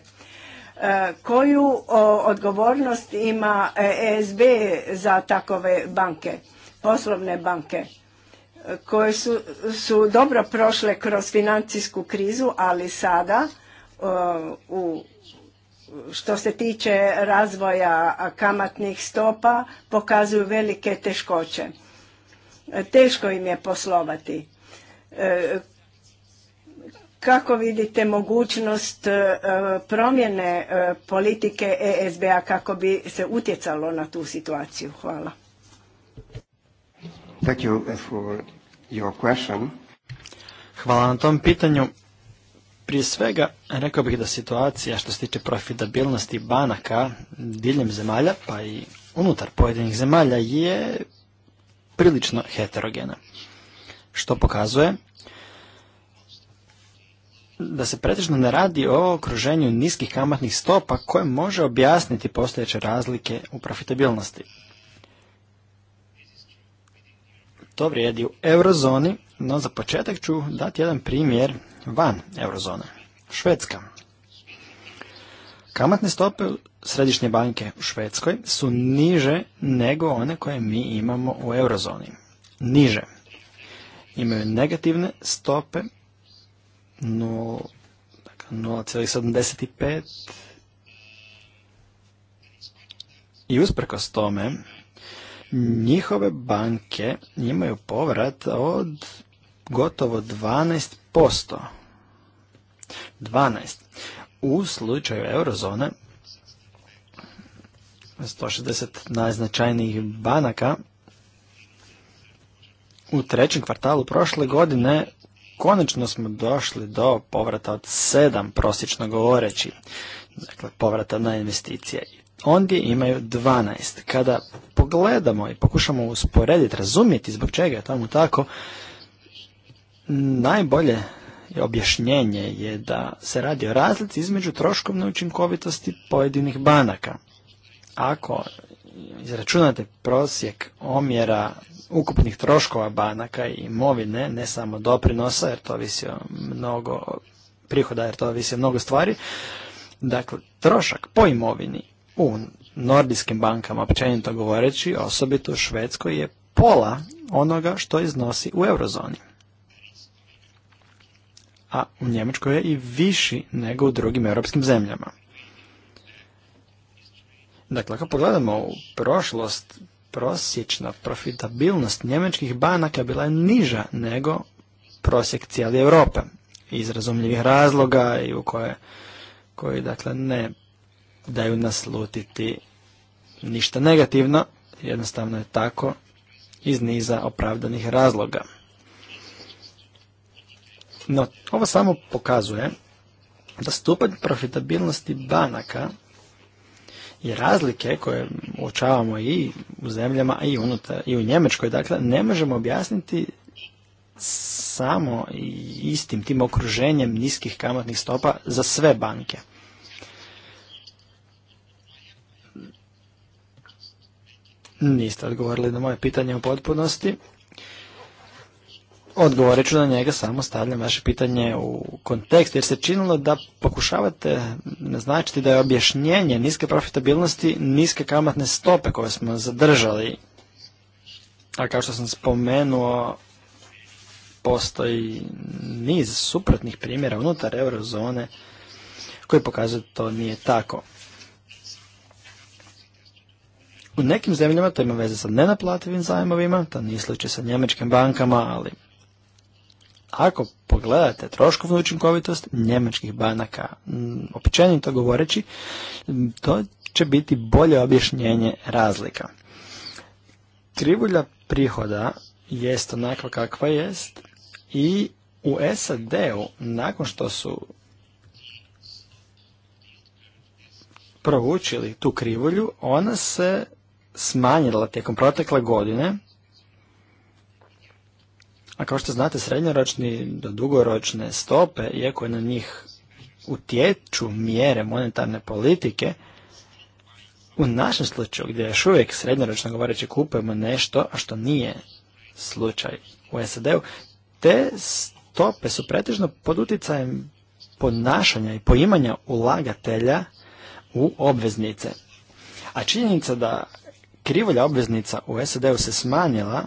E, koju odgovornost ima ESB e za takove banke, poslovne banke, e, koje su, su dobro prošle kroz financijsku krizu, ali sada u što se tiče razvoja kamatnih stopa pokazuju velike teškoće Teško im je poslovati. E, kako vidite mogućnost e, promjene e, politike ESB-a kako bi se utjecalo na tu situaciju? Hvala. Thank you for Hvala na tom pitanju. Prije svega, rekao bih da situacija što se tiče profitabilnosti banaka diljem zemalja, pa i unutar pojedinih zemalja, je prilično heterogena. Što pokazuje da se pretežno ne radi o okruženju niskih kamatnih stopa koje može objasniti postojeće razlike u profitabilnosti. To vrijedi u eurozoni, no za početak ću dati jedan primjer van eurozone. Švedska. Kamatne stope središnje banke u Švedskoj su niže nego one koje mi imamo u eurozoni. Niže. Imaju negativne stope 0,75 dakle, i usprkos tome njihove banke imaju povrat od gotovo 12%. 12. U slučaju eurozone 160 najznačajnijih banaka u trećem kvartalu prošle godine konačno smo došli do povrata od 7 prosječno govoreći, dakle povrata na investicije. Ondje imaju 12. Kada pogledamo i pokušamo usporediti, razumjeti zbog čega je tomu tako, najbolje objašnjenje je da se radi o razlici između troškovne učinkovitosti pojedinih banaka. Ako izračunate prosjek omjera ukupnih troškova banaka i imovine, ne samo doprinosa, jer to visi o mnogo prihoda, jer to visi o mnogo stvari, dakle, trošak po imovini u nordijskim bankama, općenito govoreći, osobito u Švedskoj, je pola onoga što iznosi u eurozoni. A u Njemačkoj je i viši nego u drugim europskim zemljama. Dakle, ako pogledamo u prošlost, prosječna profitabilnost njemačkih banaka bila je niža nego prosjek cijeli Europe. Iz razumljivih razloga i u koje, koji dakle ne daju naslutiti ništa negativno, jednostavno je tako iz niza opravdanih razloga. No, ovo samo pokazuje da stupanj profitabilnosti banaka i razlike koje uočavamo i u zemljama i, unutar, i u Njemačkoj, dakle, ne možemo objasniti samo istim tim okruženjem niskih kamatnih stopa za sve banke. Niste odgovorili na moje pitanje u potpunosti. Odgovorit ću na njega, samo stavljam vaše pitanje u kontekst, jer se činilo da pokušavate naznačiti da je objašnjenje niske profitabilnosti niske kamatne stope koje smo zadržali. A kao što sam spomenuo, postoji niz suprotnih primjera unutar eurozone koji pokazuju da to nije tako. U nekim zemljama to ima veze sa nenaplativim zajmovima, to nije slučaj sa njemačkim bankama, ali ako pogledate troškovnu učinkovitost njemačkih banaka, općenito govoreći, to će biti bolje objašnjenje razlika. Krivulja prihoda jest onakva kakva jest i u SAD-u nakon što su proučili tu krivulju, ona se smanjila tijekom protekle godine a kao što znate, srednjoročni do dugoročne stope, iako na njih utječu mjere monetarne politike, u našem slučaju, gdje još uvijek srednjoročno govoreći kupujemo nešto, a što nije slučaj u SAD-u, te stope su pretežno pod utjecajem ponašanja i poimanja ulagatelja u obveznice. A činjenica da krivolja obveznica u SAD-u se smanjila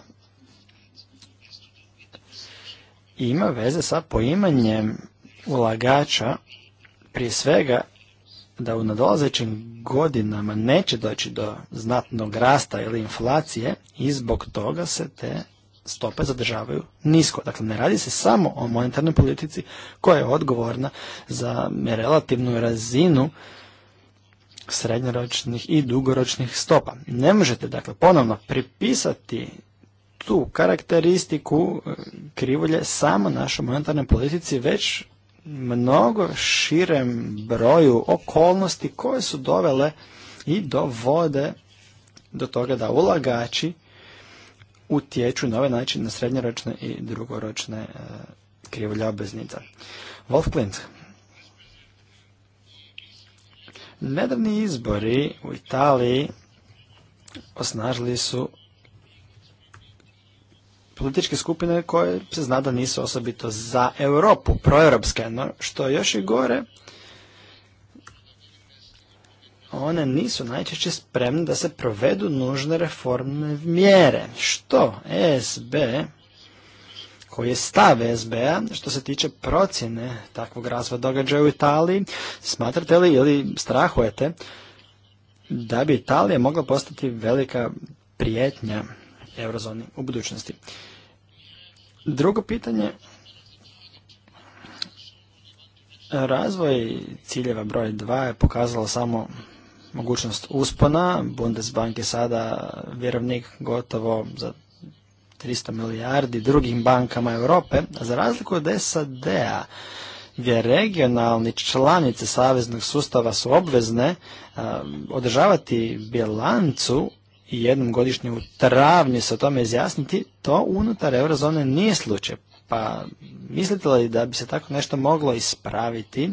ima veze sa poimanjem ulagača prije svega da u nadolazećim godinama neće doći do znatnog rasta ili inflacije i zbog toga se te stope zadržavaju nisko. Dakle, ne radi se samo o monetarnoj politici koja je odgovorna za relativnu razinu srednjoročnih i dugoročnih stopa. Ne možete, dakle, ponovno pripisati tu karakteristiku e, krivulje samo našoj monetarnoj politici, već mnogo širem broju okolnosti koje su dovele i dovode do toga da ulagači utječu na ovaj način na srednjoročne i drugoročne e, krivulje obveznica. Wolf Klint. Nedavni izbori u Italiji osnažili su političke skupine koje se zna da nisu osobito za Europu, proeuropske, no što još i gore, one nisu najčešće spremne da se provedu nužne reformne mjere. Što ESB, koji je stav ESB-a što se tiče procjene takvog razvoja događaja u Italiji, smatrate li ili strahujete da bi Italija mogla postati velika prijetnja eurozoni u budućnosti. Drugo pitanje, razvoj ciljeva broj 2 je pokazalo samo mogućnost uspona. Bundesbank je sada vjerovnik gotovo za 300 milijardi drugim bankama Europe, a za razliku od SAD-a, gdje regionalni članice saveznog sustava su obvezne održavati bilancu jednom godišnje u travnju se o tome izjasniti, to unutar eurozone nije slučaj. Pa mislite li da bi se tako nešto moglo ispraviti,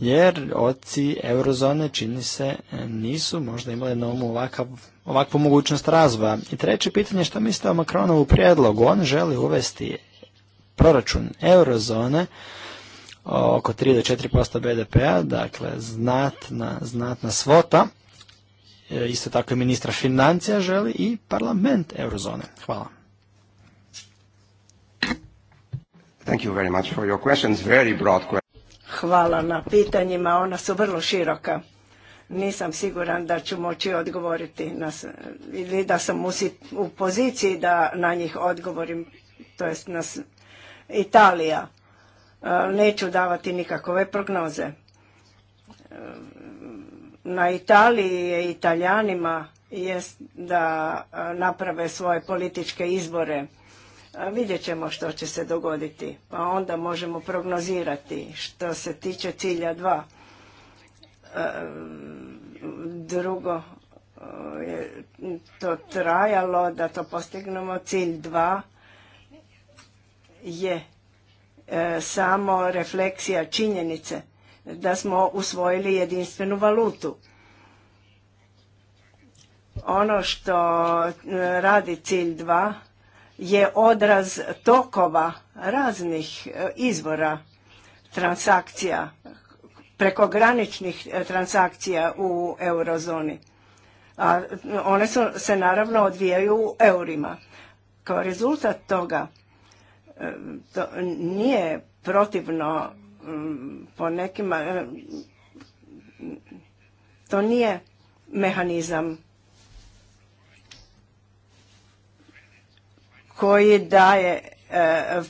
jer oci eurozone čini se nisu možda imali na umu ovakvu mogućnost razvoja. I treće pitanje, što mislite o Macronovu prijedlogu? On želi uvesti proračun eurozone oko 3 do 4% BDP-a, dakle znatna, znatna svota, E, isto tako i ministra financija želi i parlament eurozone. Hvala. Thank you very much for your questions. Very broad Hvala na pitanjima, ona su vrlo široka. Nisam siguran da ću moći odgovoriti na, ili da sam u poziciji da na njih odgovorim, to jest na Italija. E, neću davati nikakove prognoze. E, na Italiji i Italijanima jest da e, naprave svoje političke izbore. E, vidjet ćemo što će se dogoditi, pa onda možemo prognozirati što se tiče cilja dva. E, drugo to trajalo da to postignemo. Cilj dva je samo refleksija činjenice da smo usvojili jedinstvenu valutu. Ono što e, radi cilj 2 je odraz tokova raznih e, izvora transakcija, prekograničnih e, transakcija u eurozoni. A one su, se naravno odvijaju u eurima. Kao rezultat toga to nije protivno po nekima e, to nije mehanizam koji daje e,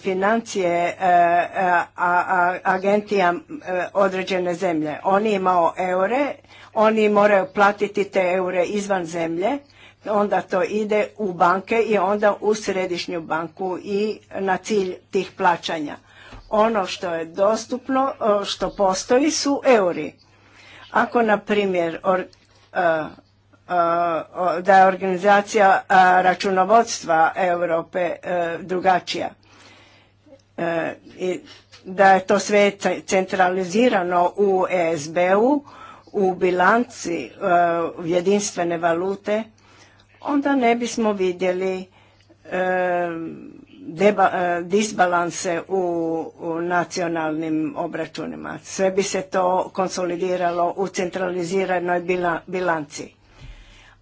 financije e, agentija određene zemlje. Oni imaju eure, oni moraju platiti te eure izvan zemlje, onda to ide u banke i onda u središnju banku i na cilj tih plaćanja. Ono što je dostupno, e, što postoji su euri. Ako, na primjer, e, e, da je organizacija računovodstva Europe drugačija, i da je to sve centralizirano u ESB-u, u bilanci jedinstvene valute, onda ne bismo vidjeli E, disbalanse u, nacionalnim obračunima. Sve bi se to konsolidiralo u centraliziranoj bilanci.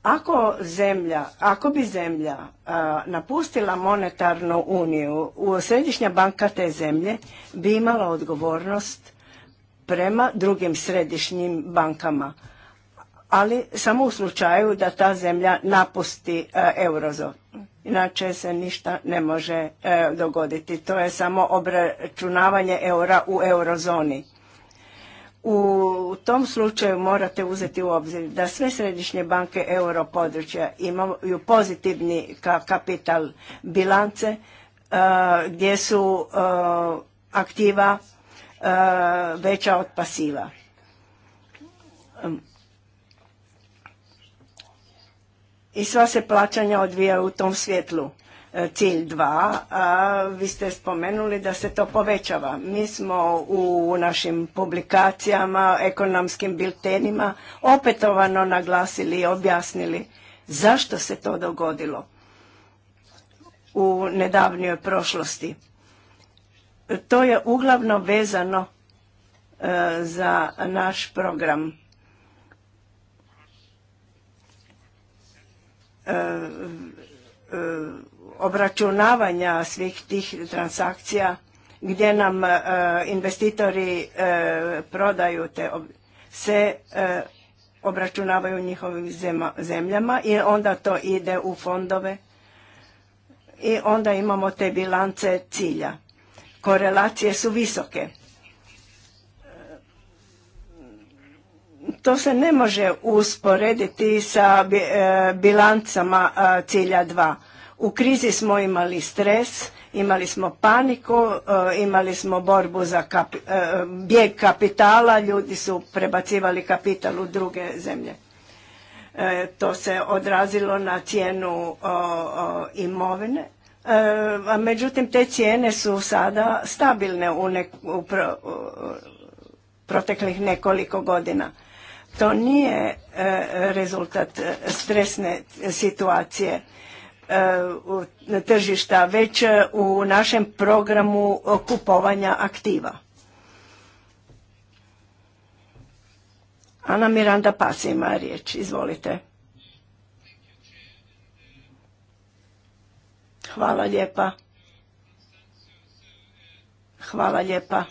Ako zemlja, ako bi zemlja e, napustila monetarnu uniju, u središnja banka te zemlje bi imala odgovornost prema drugim središnjim bankama, ali samo u slučaju da ta zemlja napusti e, eurozonu inače se ništa ne može e, dogoditi. To je samo obračunavanje eura u eurozoni. U tom slučaju morate uzeti u obzir da sve središnje banke europodručja imaju pozitivni kapital bilance e, gdje su e, aktiva veća od pasiva i sva se plaćanja odvijaju u tom svjetlu. E, cilj 2, a vi ste spomenuli da se to povećava. Mi smo u našim publikacijama, ekonomskim biltenima opetovano naglasili i objasnili zašto se to dogodilo u nedavnjoj prošlosti. E, to je uglavno vezano e, za naš program Eh, eh, obračunavanja svih tih transakcija gdje nam eh, investitori prodaju te se obračunavaju u njihovim zemljama i onda to ide u fondove i onda imamo te bilance cilja. Korelacije su visoke. To se ne može usporediti sa e, bilancama e, cilja 2. U krizi smo imali stres, imali smo paniku, e, imali smo borbu za kapi, bijeg kapitala, ljudi su prebacivali kapital u druge zemlje. To se odrazilo na cijenu imovine. Međutim, te cijene su sada stabilne u proteklih nekoliko godina. To nije e, rezultat e, stresne situacije e, tržišta, već u našem programu kupovanja aktiva. Ana Miranda Pasi ima riječ, izvolite. Hvala lijepa. Hvala lijepa.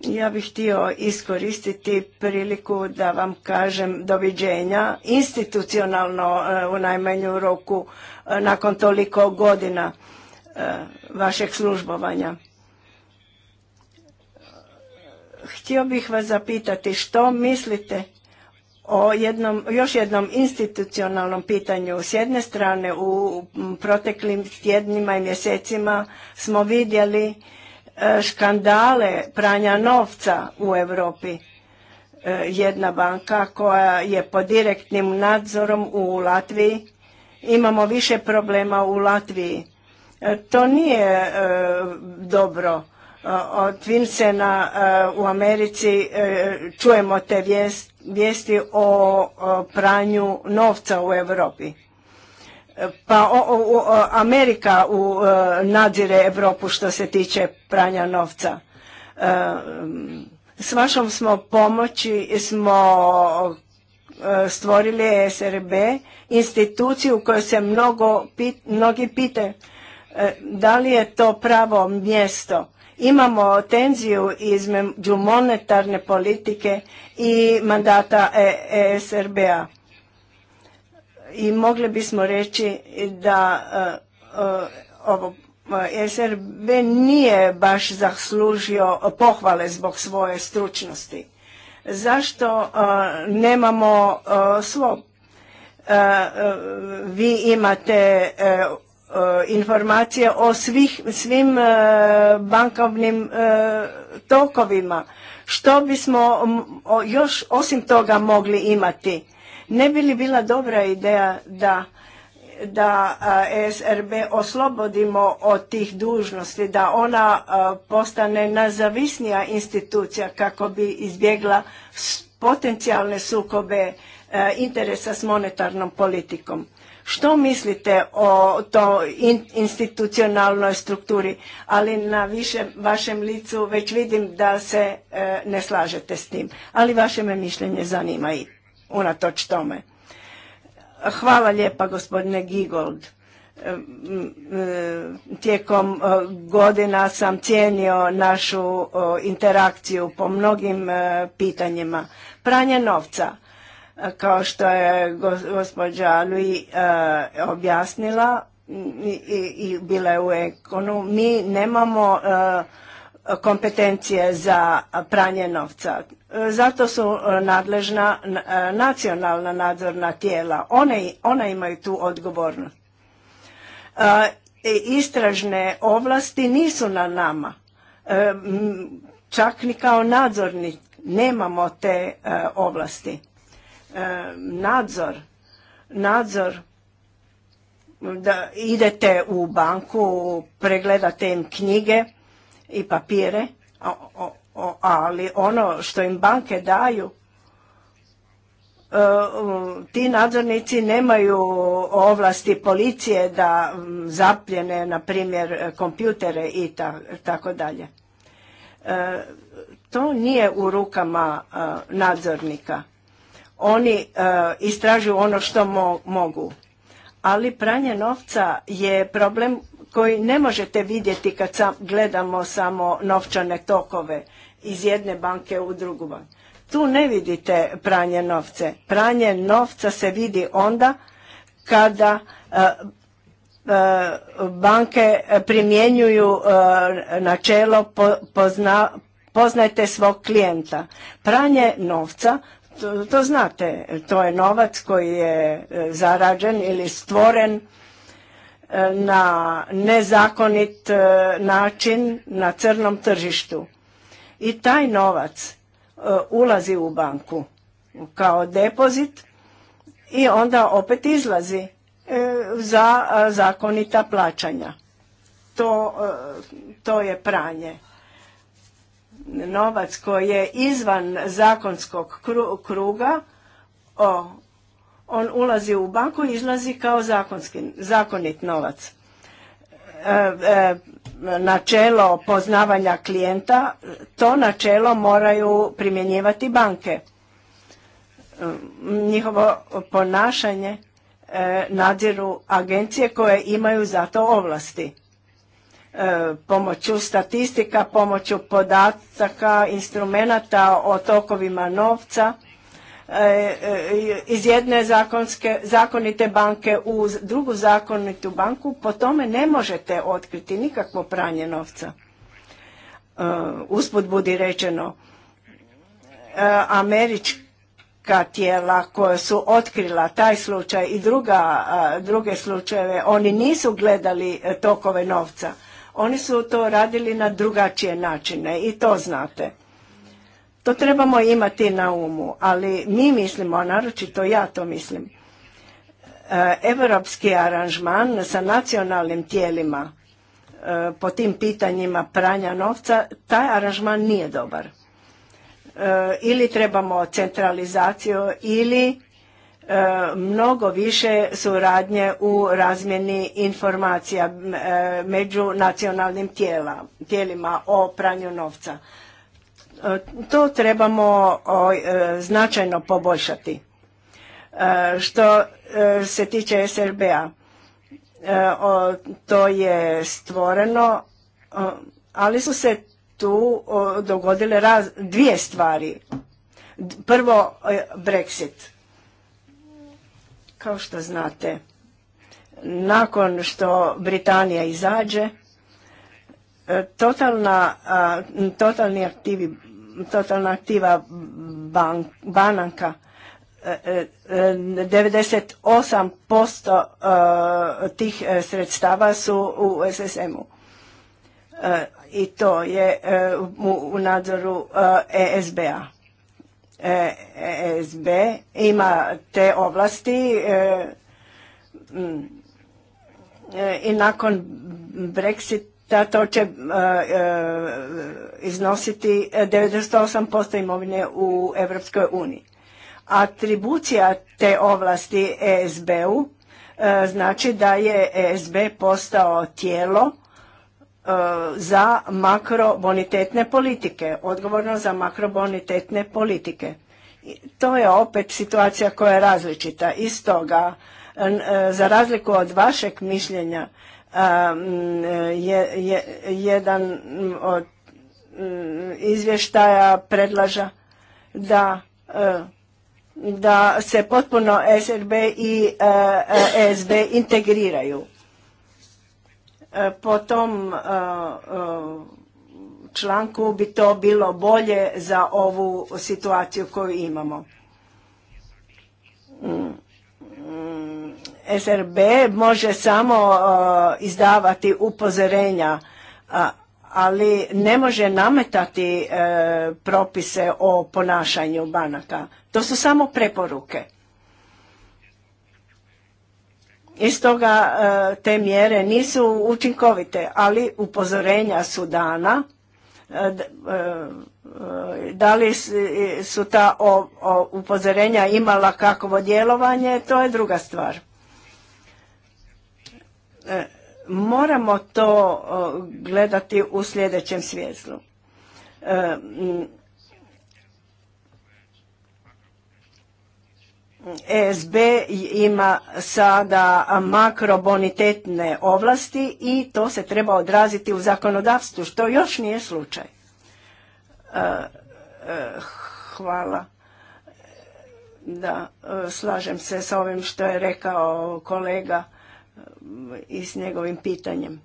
Ja bih htio iskoristiti priliku da vam kažem doviđenja institucionalno e, u najmanju roku e, nakon toliko godina e, vašeg službovanja. Htio bih vas zapitati što mislite o jednom, još jednom institucionalnom pitanju. S jedne strane u proteklim tjednima i mjesecima smo vidjeli E, škandale pranja novca u Europi. E, jedna banka koja je pod direktnim nadzorom u Latviji. Imamo više problema u Latviji. E, to nije dobro. Od Vincena u Americi čujemo te vijesti o pranju novca u Europi pa Amerika u, e, nadzire Europu što se tiče pranja novca. E, s vašom smo pomoći smo e, stvorili SRB, instituciju u kojoj se mnogo, mnogi pite da li je to pravo mjesto. Imamo tenziju između monetarne politike i mandata srb a i mogli bismo reći da e, e, ovo e, SRB nije baš zaslužio pohvale zbog svoje stručnosti. Zašto nemamo svo? Vi imate informacije o svim bankovnim tokovima. Što bismo još osim toga mogli imati? Ne bi li bila dobra ideja da da e SRB oslobodimo od tih dužnosti, da ona postane nazavisnija institucija kako bi izbjegla potencijalne sukobe e, interesa s monetarnom politikom. Što mislite o to institucionalnoj strukturi, ali na vašem licu već vidim da se e, ne slažete s tim, ali vaše me mišljenje zanima i unatoč tome. Hvala lijepa gospodine Gigold. E, e, tijekom e, godina sam cijenio našu interakciju po mnogim pitanjima. Pranje novca, kao što je gospođa Lui objasnila i bila je u Ekonu, mi nemamo kompetencije za pranje novca. Zato su e, nadležna e, nacionalna nadzorna tijela. ona imaju tu odgovornost. E, istražne ovlasti nisu na nama. Čak ni kao nadzorni nemamo te ovlasti. Nadzor, nadzor da idete u banku, pregledate im knjige, i papire, ali ono što im banke daju, e, ti nadzornici nemaju ovlasti policije da zapljene, na primjer, kompjutere i tako dalje. E, to nije u rukama e, nadzornika. Oni istražuju ono što mogu. Ali pranje novca je problem koji ne možete vidjeti kad gledamo samo novčane tokove iz jedne banke u drugu banku. Tu ne vidite pranje novce. Pranje novca se vidi onda kada e, e, banke primjenjuju e, načelo poznajte svog klijenta. Pranje novca, to, to znate, to je novac koji je zarađen ili stvoren E, na nezakonit e, način na crnom tržištu. I taj novac e, ulazi u banku kao depozit i onda opet izlazi za zakonita plaćanja. To, to je pranje. Novac koji je izvan zakonskog kruga o, on ulazi u banku i izlazi kao zakonski, zakonit novac. E, e, načelo poznavanja klijenta, to načelo moraju primjenjivati banke. E, njihovo ponašanje nadziru agencije koje imaju za to ovlasti. Pomoću statistika, pomoću podataka, instrumenata o tokovima novca, E, e, iz jedne zakonite banke u drugu zakonitu banku, po tome ne možete otkriti nikakvo pranje novca. E, usput budi rečeno, američka tijela koja su otkrila taj slučaj i druge slučajeve, oni nisu gledali tokove novca. Oni su to radili na drugačije načine i to znate. To trebamo imati na umu, ali mi mislimo, naročito ja to mislim, e, evropski aranžman sa nacionalnim tijelima e, po tim pitanjima pranja novca, taj aranžman nije dobar. E, ili trebamo centralizaciju ili mnogo više suradnje u razmjeni informacija među nacionalnim tijelima o pranju novca. E, to trebamo e, značajno poboljšati. E, što se tiče SRBA, to je stvoreno, ali su se tu dogodile dvije stvari. Prvo, Brexit. Kao što znate, nakon što Britanija izađe, totalni aktivi totalna aktiva e, e, e, devedeset osam 98% tih sredstava su u SSM-u. I to je u nadzoru ESB-a. ESB ima te ovlasti i nakon Brexit da to će e, e, iznositi 98% imovine u Europskoj uniji. Atribucija te ovlasti ESB-u e, znači da je ESB postao tijelo za makrobonitetne politike, odgovorno za makrobonitetne politike. To je opet situacija koja je različita. Iz toga, za razliku od vašeg mišljenja, jedan od mm, izvještaja predlaža da eh, da se potpuno SRB i ESB eh, eh, integriraju. Po tom članku bi to bilo bolje za ovu situaciju koju imamo. Mm. Mm, SRB može samo izdavati upozorenja, ali ne može nametati e, propise o ponašanju banaka. To su samo preporuke. I stoga e, te mjere nisu učinkovite, ali upozorenja su dana e, da li su ta upozorenja imala kakvo djelovanje, to je druga stvar. E, moramo to gledati u sljedećem svjetlu. ESB e ima sada makrobonitetne ovlasti i to se treba odraziti u zakonodavstvu, što još nije slučaj. Hvala. Da, e, slažem se sa ovim što je rekao kolega e, i s njegovim pitanjem.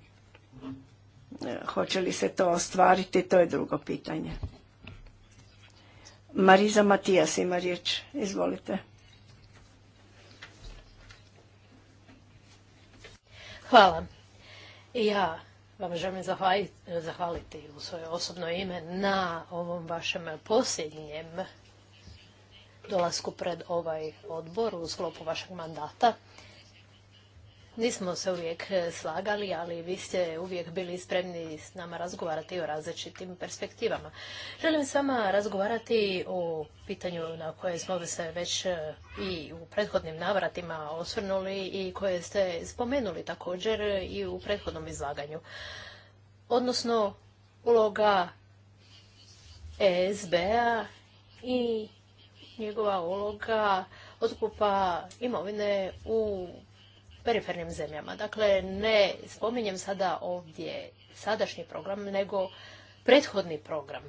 E, hoće li se to ostvariti, to je drugo pitanje. Mariza Matijas ima riječ. Izvolite. Hvala. Ja vam želim zahvaliti u svoje osobno ime na ovom vašem posljednjem dolasku pred ovaj odbor u sklopu vašeg mandata. Nismo se uvijek e, slagali, ali vi ste uvijek bili spremni s nama razgovarati o različitim perspektivama. Želim s vama razgovarati o pitanju na koje smo se već e, i u prethodnim navratima osvrnuli i koje ste spomenuli također i u prethodnom izlaganju. Odnosno, uloga ESB-a i njegova uloga otkupa imovine u perifernim zemljama. Dakle, ne spominjem sada ovdje sadašnji program, nego prethodni program.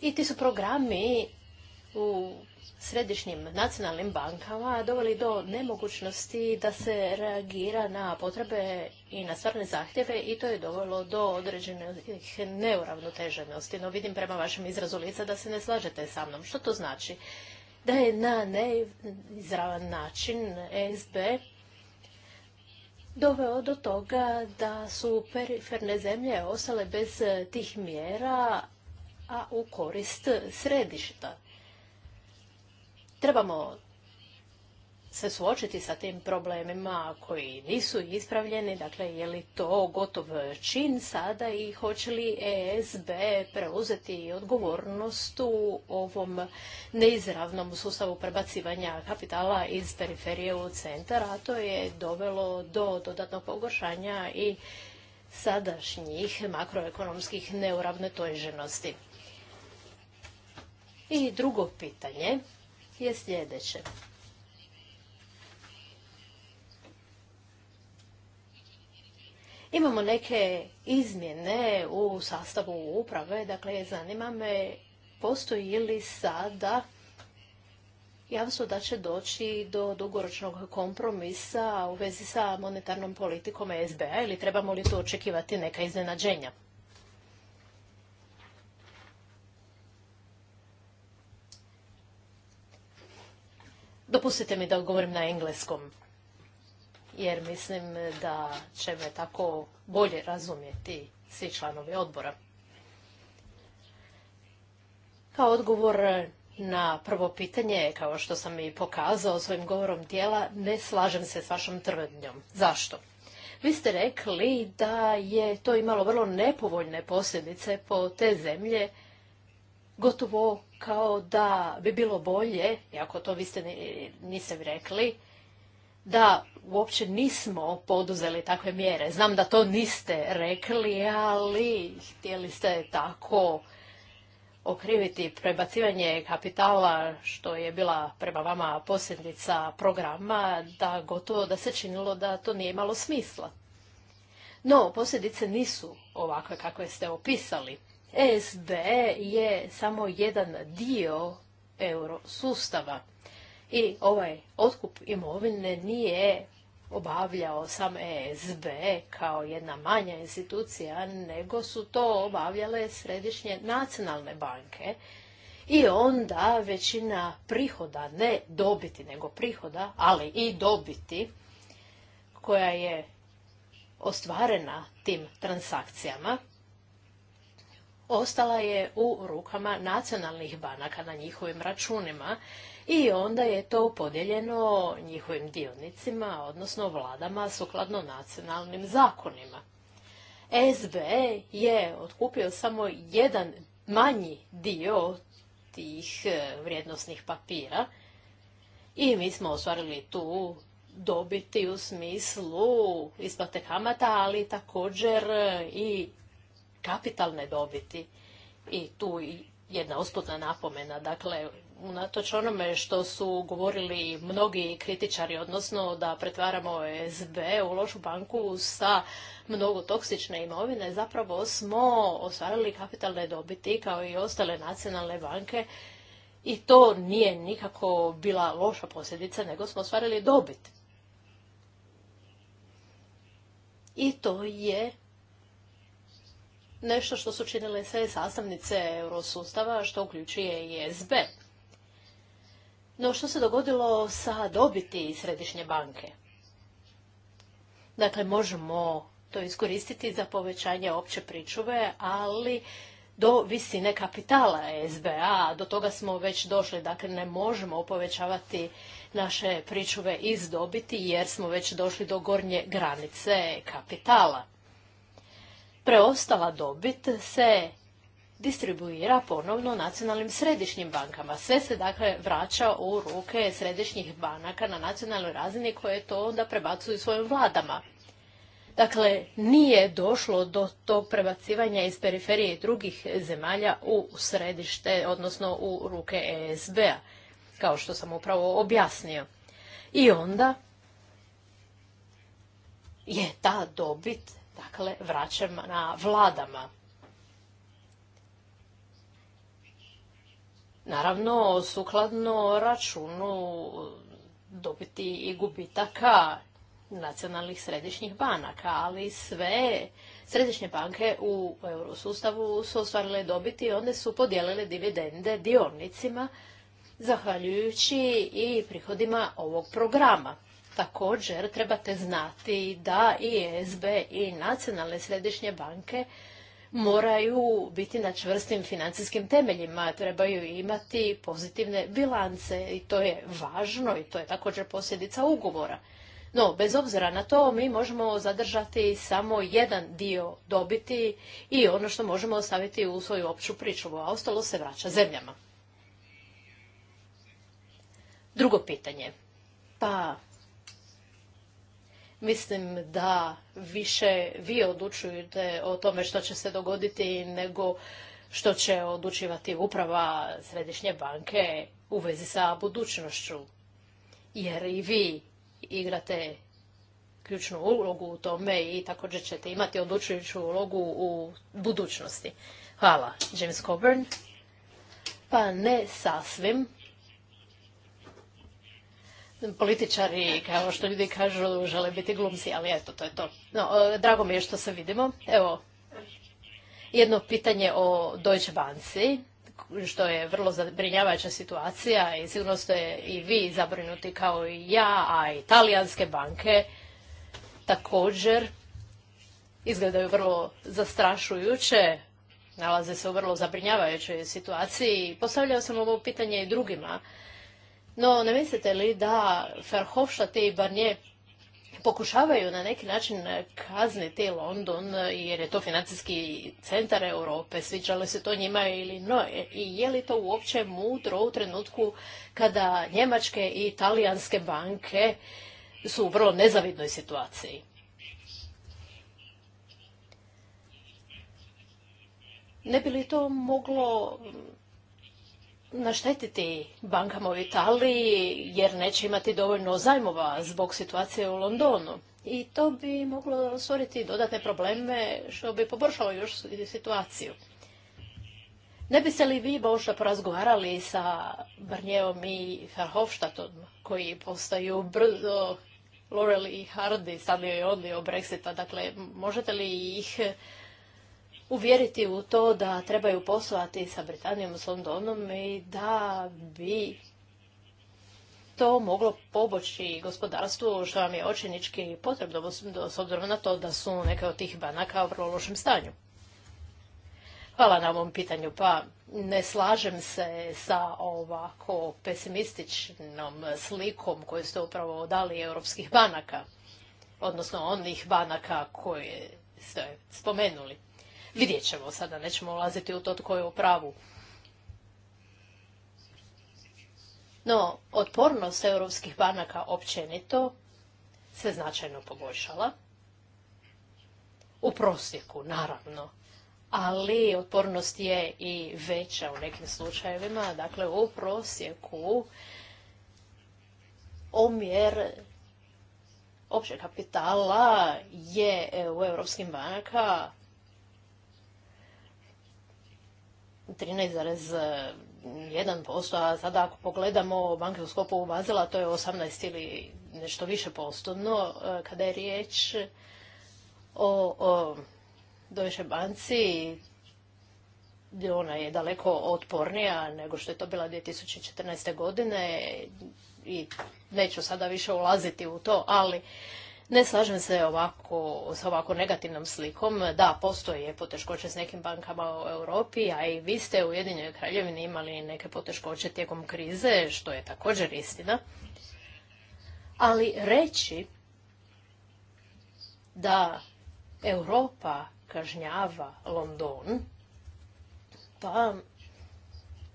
I ti su programi u središnjim nacionalnim bankama doveli do nemogućnosti da se reagira na potrebe i na stvarne zahtjeve i to je dovelo do određenih neuravnoteženosti. No vidim prema vašem izrazu lica da se ne slažete sa mnom. Što to znači? Da je na neizravan način SB doveo do toga da su periferne zemlje ostale bez tih mjera, a u korist središta. Trebamo se suočiti sa tim problemima koji nisu ispravljeni, dakle je li to gotov čin sada i hoće li ESB preuzeti odgovornost u ovom neizravnom sustavu prebacivanja kapitala iz periferije u centar, a to je dovelo do dodatnog pogoršanja i sadašnjih makroekonomskih neuravnoteženosti. I drugo pitanje je sljedeće. Imamo neke izmjene u sastavu uprave, dakle zanima me postoji li sada javstvo da će doći do dugoročnog kompromisa u vezi sa monetarnom politikom SBA ili trebamo li tu očekivati neka iznenađenja? Dopustite mi da govorim na engleskom, jer mislim da će me tako bolje razumjeti svi članovi odbora. Kao odgovor na prvo pitanje, kao što sam i pokazao svojim govorom tijela ne slažem se s vašom tvrdnjom. Zašto? Vi ste rekli da je to imalo vrlo nepovoljne posljedice po te zemlje gotovo kao da bi bilo bolje, iako to vi ste niste rekli, da uopće nismo poduzeli takve mjere. Znam da to niste rekli, ali htjeli ste tako okriviti prebacivanje kapitala, što je bila prema vama posljednica programa, da gotovo da se činilo da to nije imalo smisla. No, posljedice nisu ovakve kakve ste opisali. ESB je samo jedan dio eurosustava i ovaj otkup imovine nije obavljao sam ESB kao jedna manja institucija, nego su to obavljale središnje nacionalne banke i onda većina prihoda, ne dobiti nego prihoda, ali i dobiti koja je ostvarena tim transakcijama, ostala je u rukama nacionalnih banaka na njihovim računima i onda je to podijeljeno njihovim dionicima, odnosno vladama sukladno nacionalnim zakonima. SB je otkupio samo jedan manji dio tih e, vrijednosnih papira i mi smo ostvarili tu dobiti u smislu isplate kamata, ali također e, i kapitalne dobiti i tu jedna usputna napomena. Dakle, unatoč onome što su govorili mnogi kritičari, odnosno da pretvaramo SB u lošu banku sa mnogo toksične imovine, zapravo smo ostvarili kapitalne dobiti kao i ostale nacionalne banke i to nije nikako bila loša posljedica, nego smo ostvarili dobit. I to je nešto što su činile sve sastavnice eurosustava, što uključuje i SB. No što se dogodilo sa dobiti Središnje banke? Dakle, možemo to iskoristiti za povećanje opće pričuve, ali do visine kapitala SBA, do toga smo već došli, dakle ne možemo povećavati naše pričuve iz dobiti jer smo već došli do gornje granice kapitala preostala dobit se distribuira ponovno nacionalnim središnjim bankama. Sve se dakle vraća u ruke središnjih banaka na nacionalnoj razini koje to onda prebacuju svojim vladama. Dakle, nije došlo do tog prebacivanja iz periferije drugih zemalja u središte, odnosno u ruke ESB-a, kao što sam upravo objasnio. I onda je ta dobit dakle vraćam na vladama. Naravno, sukladno računu dobiti i gubitaka nacionalnih središnjih banaka, ali sve središnje banke u eurosustavu su ostvarile dobiti i one su podijelile dividende dionicima, zahvaljujući i prihodima ovog programa. Također trebate znati da i SB i nacionalne središnje banke moraju biti na čvrstim financijskim temeljima, trebaju imati pozitivne bilance i to je važno i to je također posljedica ugovora. No, bez obzira na to, mi možemo zadržati samo jedan dio dobiti i ono što možemo ostaviti u svoju opću priču, a ostalo se vraća zemljama. Drugo pitanje. Pa, Mislim da više vi odlučujete o tome što će se dogoditi nego što će odlučivati uprava Središnje banke u vezi sa budućnošću. Jer i vi igrate ključnu ulogu u tome i također ćete imati odlučujuću ulogu u budućnosti. Hvala, James Coburn. Pa ne sasvim političari, kao što ljudi kažu, žele biti glumci, ali eto, to je to. No, e, drago mi je što se vidimo. Evo, jedno pitanje o Deutsche Banci, što je vrlo zabrinjavajuća situacija i sigurno ste i vi zabrinuti kao i ja, a i banke također izgledaju vrlo zastrašujuće, nalaze se u vrlo zabrinjavajućoj situaciji. Postavljao sam ovo pitanje i drugima no, ne mislite li da Verhofstadt i Barnier pokušavaju na neki način kazniti London jer je to financijski centar Europe, sviđalo se to njima ili no. I je li to uopće mudro u trenutku kada njemačke i italijanske banke su u vrlo nezavidnoj situaciji? Ne bi li to moglo naštetiti bankama u Italiji jer neće imati dovoljno zajmova zbog situacije u Londonu. I to bi moglo stvoriti dodatne probleme što bi poboljšalo još situaciju. Ne biste li vi možda porazgovarali sa Barnjevom i Verhofstadtom koji postaju brzo Laurel i Hardy, sad je odlio Brexita, dakle možete li ih uvjeriti u to da trebaju poslovati sa Britanijom, s Londonom i da bi to moglo poboći gospodarstvu što vam je očinički potrebno s obzirom na to da su neke od tih banaka u vrlo lošem stanju. Hvala na ovom pitanju. Pa ne slažem se sa ovako pesimističnom slikom koju ste upravo dali europskih banaka, odnosno onih banaka koje ste spomenuli. Vidjet ćemo sada, nećemo ulaziti u to tko je u pravu. No, otpornost europskih banaka općenito se značajno poboljšala. U prosjeku, naravno. Ali otpornost je i veća u nekim slučajevima. Dakle, u prosjeku omjer općeg kapitala je u europskim banaka 13,1%, a sada ako pogledamo banke u skopu bazila to je 18 ili nešto više posto. No, e, kada je riječ o, o Deutsche Banci, ona je daleko otpornija nego što je to bila 2014. godine i neću sada više ulaziti u to, ali ne slažem se ovako, s ovako negativnom slikom. Da, postoje poteškoće s nekim bankama u Europi, a i vi ste u Jedinjoj Kraljevini imali neke poteškoće tijekom krize, što je također istina. Ali reći da Europa kažnjava London, pa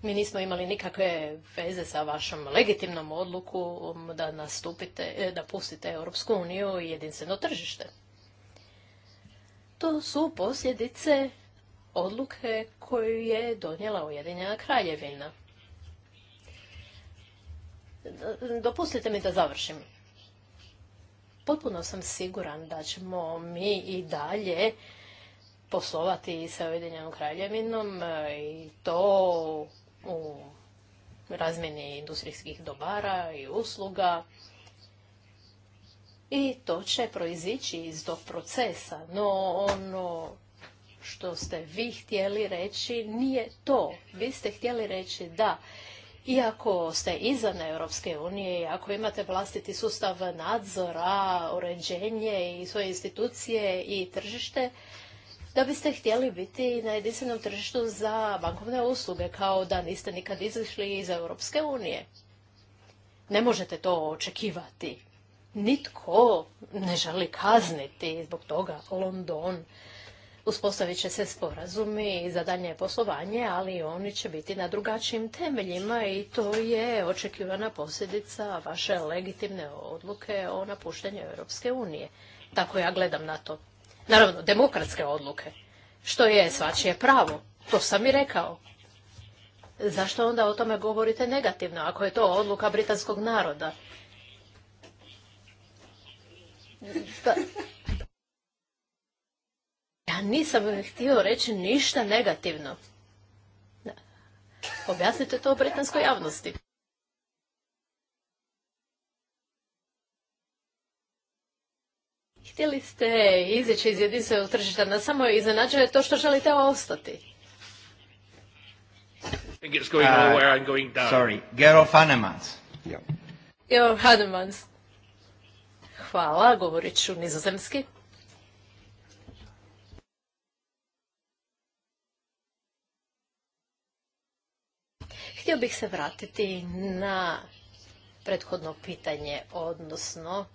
mi nismo imali nikakve veze sa vašom legitimnom odlukom da nastupite, e, da pustite Europsku uniju i jedinstveno tržište. To su posljedice odluke koju je donijela Ujedinjena kraljevina. Dopustite mi da završim. Potpuno sam siguran da ćemo mi i dalje poslovati sa Ujedinjenom kraljevinom e, i to u razmjeni industrijskih dobara i usluga. I to će proizići iz tog procesa, no ono što ste vi htjeli reći nije to. Vi ste htjeli reći da iako ste izvan Europske unije i ako imate vlastiti sustav nadzora, uređenje i svoje institucije i tržište, da biste htjeli biti na jedinstvenom tržištu za bankovne usluge, kao da niste nikad izašli iz Europske unije. Ne možete to očekivati. Nitko ne želi kazniti zbog toga London. Uspostavit će se sporazumi za daljnje poslovanje, ali oni će biti na drugačijim temeljima i to je očekivana posljedica vaše legitimne odluke o napuštenju Europske unije. Tako ja gledam na to. Naravno, demokratske odluke. Što je svačije pravo. To sam i rekao. Zašto onda o tome govorite negativno, ako je to odluka britanskog naroda? Da. Ja nisam htio reći ništa negativno. Objasnite to britanskoj javnosti. Htjeli ste izići iz jedinstvenog tržišta, na samo iznenađuje to što želite ostati. Uh, Hvala, govorit ću nizozemski. Htio bih se vratiti na prethodno pitanje, odnosno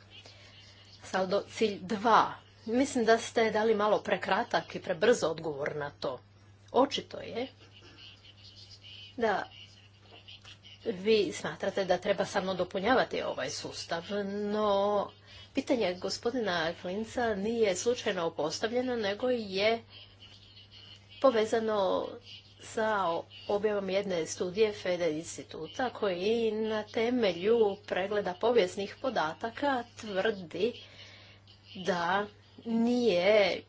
saldo cilj 2. Mislim da ste dali malo prekratak i prebrzo odgovor na to. Očito je da vi smatrate da treba samo dopunjavati ovaj sustav, no pitanje gospodina Klinca nije slučajno postavljeno, nego je povezano sa objavom jedne studije FEDE instituta koji na temelju pregleda povijesnih podataka tvrdi da nije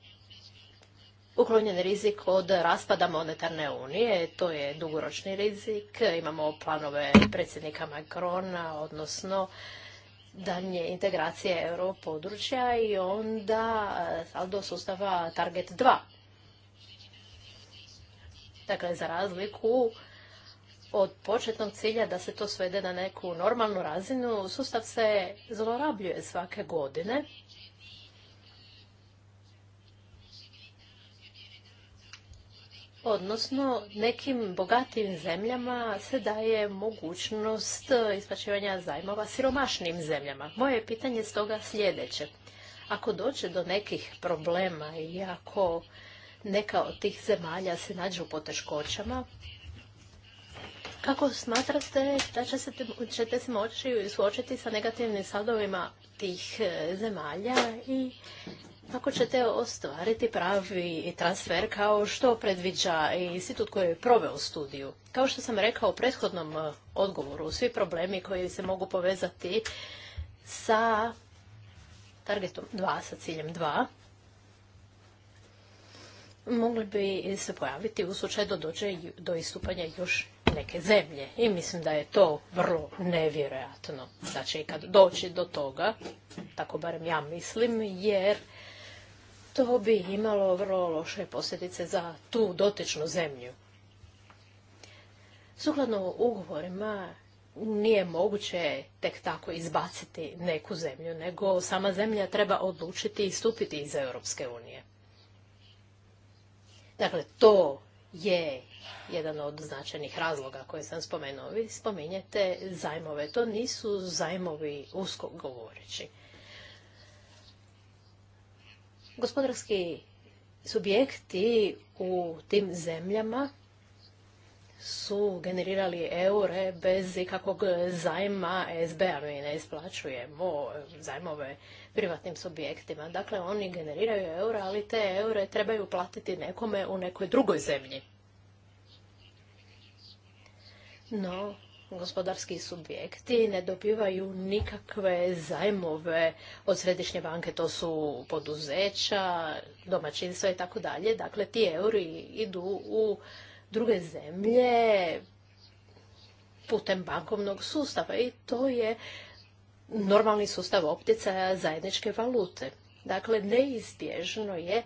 uklonjen rizik od raspada monetarne unije. To je dugoročni rizik. Imamo planove predsjednika Macrona, odnosno danje integracije područja i onda saldo sustava Target 2. Dakle, za razliku od početnog cilja da se to svede na neku normalnu razinu, sustav se zlorabljuje svake godine Odnosno, nekim bogatim zemljama se daje mogućnost isplaćivanja zajmova siromašnim zemljama. Moje pitanje stoga sljedeće. Ako dođe do nekih problema i ako neka od tih zemalja se nađe u poteškoćama, kako smatrate da ćete se moći suočiti sa negativnim sadovima tih e, zemalja i kako ćete ostvariti pravi transfer kao što predviđa institut koji je proveo studiju? Kao što sam rekao u prethodnom e, odgovoru, svi problemi koji se mogu povezati sa targetom 2, sa ciljem 2, mogli bi se pojaviti u slučaju da dođe do istupanja još neke zemlje. I mislim da je to vrlo nevjerojatno. Znači, kad doći do toga, tako barem ja mislim, jer to bi imalo vrlo loše posljedice za tu dotičnu zemlju. Sukladno ugovorima nije moguće tek tako izbaciti neku zemlju, nego sama zemlja treba odlučiti i stupiti iz Europske unije. Dakle, to je jedan od značajnih razloga koje sam spomenuo. Vi spominjete zajmove. To nisu zajmovi usko govoreći. Gospodarski subjekti u tim zemljama su generirali eure bez ikakvog zajma SBA, mi ne isplaćujemo zajmove privatnim subjektima. Dakle, oni generiraju eure, ali te eure trebaju platiti nekome u nekoj drugoj zemlji. No, gospodarski subjekti ne dobivaju nikakve zajmove od središnje banke, to su poduzeća, domaćinstva i tako dalje. Dakle, ti euri idu u druge zemlje putem bankovnog sustava i to je normalni sustav opticaja zajedničke valute. Dakle, neizbježno je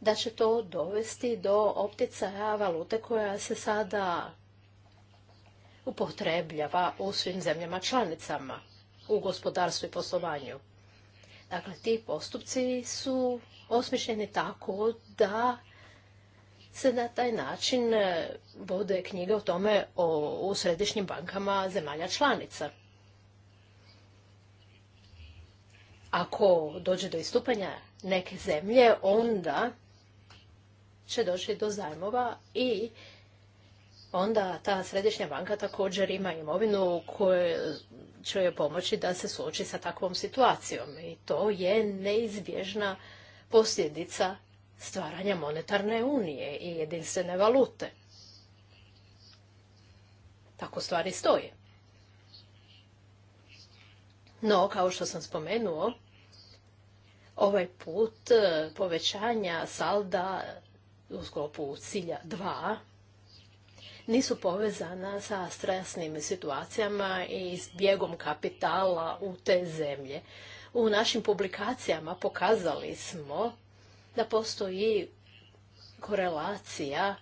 da će to dovesti do opticaja valute koja se sada upotrebljava u svim zemljama članicama u gospodarstvu i poslovanju. Dakle, ti postupci su osmišljeni tako da se na taj način e, vode knjige o tome o, u središnjim bankama zemalja članica. Ako dođe do istupanja neke zemlje, onda će doći do zajmova i onda ta središnja banka također ima imovinu koja će joj pomoći da se suoči sa takvom situacijom. I to je neizbježna posljedica stvaranja monetarne unije i jedinstvene valute. Tako stvari stoje. No, kao što sam spomenuo, ovaj put eh, povećanja salda u sklopu cilja 2 nisu povezana sa stresnim situacijama i s bjegom kapitala u te zemlje. U našim publikacijama pokazali smo da postoji korelacija